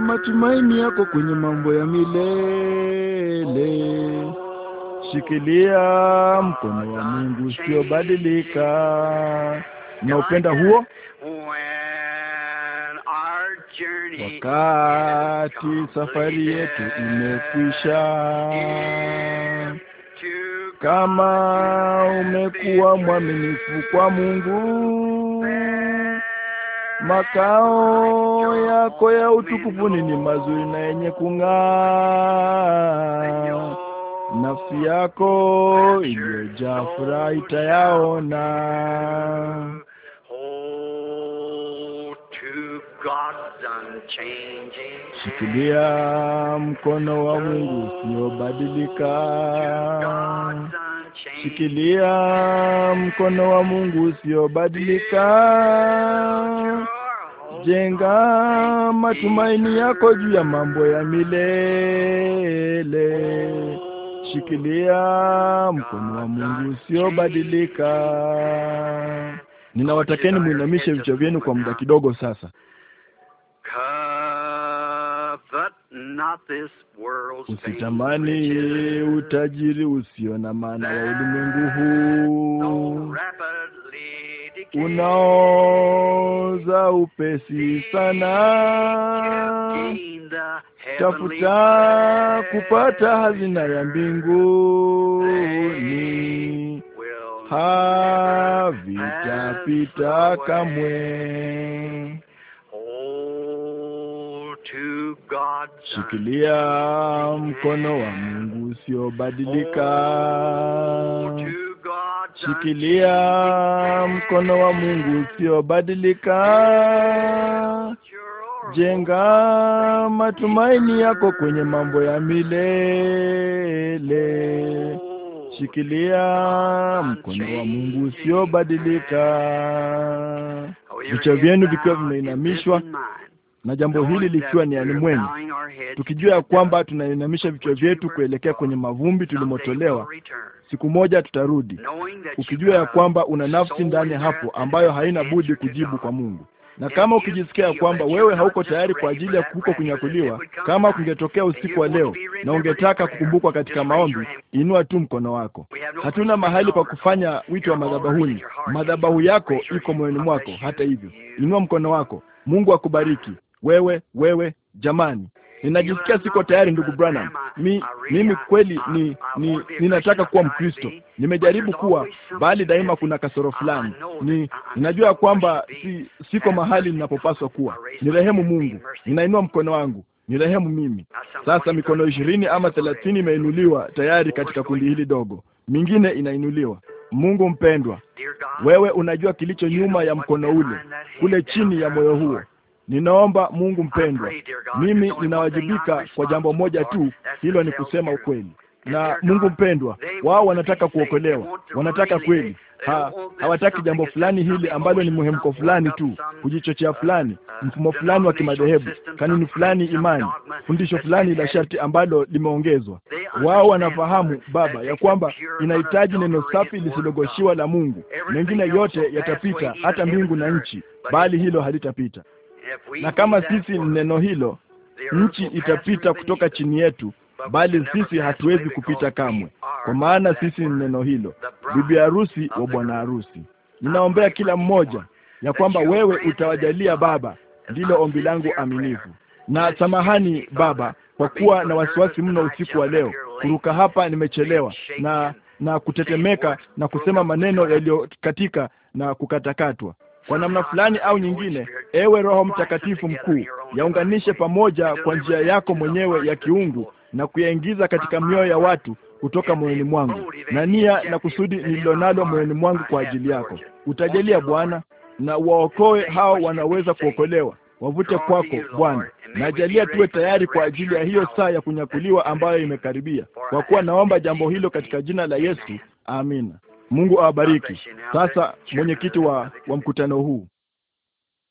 Speaker 2: matumaini yako kwenye mambo ya milele. Shikilia mkono wa Mungu usiobadilika. Na upenda huo wakati safari yetu imekwisha. Kama umekuwa mwaminifu kwa Mungu, makao yako ya utukufuni ni mazuri na yenye kung'aa. Nafsi yako iliyojaa furaha itayaona.
Speaker 1: shikilia
Speaker 2: mkono wa Mungu usiobadilika, shikilia mkono wa Mungu usiobadilika. Jenga matumaini yako juu ya mambo ya milele. Shikilia mkono wa Mungu usiobadilika. Ninawatakeni mwinamishe vichwa vyenu kwa muda kidogo sasa. Usitamani utajiri usio na maana wa ulimwengu huu unaoza upesi sana. Tafuta kupata hazina ya mbinguni, havitapita kamwe. shikilia mkono wa Mungu usiobadilika, shikilia mkono wa Mungu usiobadilika. Jenga matumaini yako kwenye mambo ya milele. Shikilia mkono wa Mungu usiobadilika, vichwa vyenu vikiwa vimeinamishwa na jambo hili likiwa ni mwenu tukijua ya kwamba tunainamisha vichwa vyetu kuelekea kwenye mavumbi tulimotolewa, siku moja tutarudi, ukijua ya kwamba una nafsi ndani hapo ambayo haina budi kujibu kwa Mungu na kama ukijisikia ya kwamba wewe hauko tayari kwa ajili ya kuko kunyakuliwa, kama kungetokea usiku wa leo na ungetaka kukumbukwa katika maombi, inua tu mkono wako. Hatuna mahali pa kufanya wito wa madhabahuni. Madhabahu yako iko moyoni mwako. Hata hivyo, inua mkono wako. Mungu akubariki wewe, wewe, jamani, ninajisikia siko tayari, ndugu Branham. Mi, mimi kweli ni, ni ninataka kuwa Mkristo, nimejaribu kuwa, bali daima kuna kasoro fulani. Ni ninajua kwamba si, siko mahali ninapopaswa kuwa. Nirehemu Mungu, ninainua mkono wangu nirehemu mimi. Sasa mikono ishirini ama thelathini imeinuliwa tayari katika kundi hili dogo, mingine inainuliwa. Mungu mpendwa, wewe unajua kilicho nyuma ya mkono ule, kule chini ya moyo huo. Ninaomba Mungu mpendwa, mimi ninawajibika kwa jambo moja tu, hilo ni kusema ukweli. Na Mungu mpendwa, wao wanataka kuokolewa, wanataka kweli ha, hawataki jambo fulani hili ambalo ni muhemko fulani tu, kujichochea uh, fulani, uh, mfumo fulani wa kimadhehebu, kanuni fulani, imani, fundisho fulani la sharti ambalo limeongezwa. Wao wanafahamu uh, Baba ya kwamba inahitaji neno safi lisilogoshiwa la Mungu. Mengine yote yatapita, hata mbingu na nchi, bali hilo halitapita
Speaker 1: na kama sisi
Speaker 2: neno hilo, nchi itapita kutoka chini yetu, bali sisi hatuwezi kupita kamwe, kwa maana sisi ni neno hilo, bibi harusi wa bwana harusi. Ninaombea kila mmoja ya kwamba wewe utawajalia Baba, ndilo ombi langu aminifu. Na samahani Baba kwa kuwa na wasiwasi mno usiku wa leo, kuruka hapa nimechelewa na na kutetemeka na kusema maneno yaliyokatika na kukatakatwa kwa namna fulani au nyingine, ewe Roho Mtakatifu mkuu, yaunganishe pamoja kwa njia yako mwenyewe ya kiungu na kuyaingiza katika mioyo ya watu kutoka moyoni mwangu na nia na kusudi nililonalo moyoni mwangu kwa ajili yako. Utajalia Bwana, na uwaokoe hao wanaweza kuokolewa, wavute kwako Bwana, na jalia tuwe tayari kwa ajili ya hiyo saa ya kunyakuliwa ambayo imekaribia, kwa kuwa naomba jambo hilo katika jina la Yesu, amina.
Speaker 1: Mungu awabariki. Sasa mwenyekiti wa, wa mkutano huu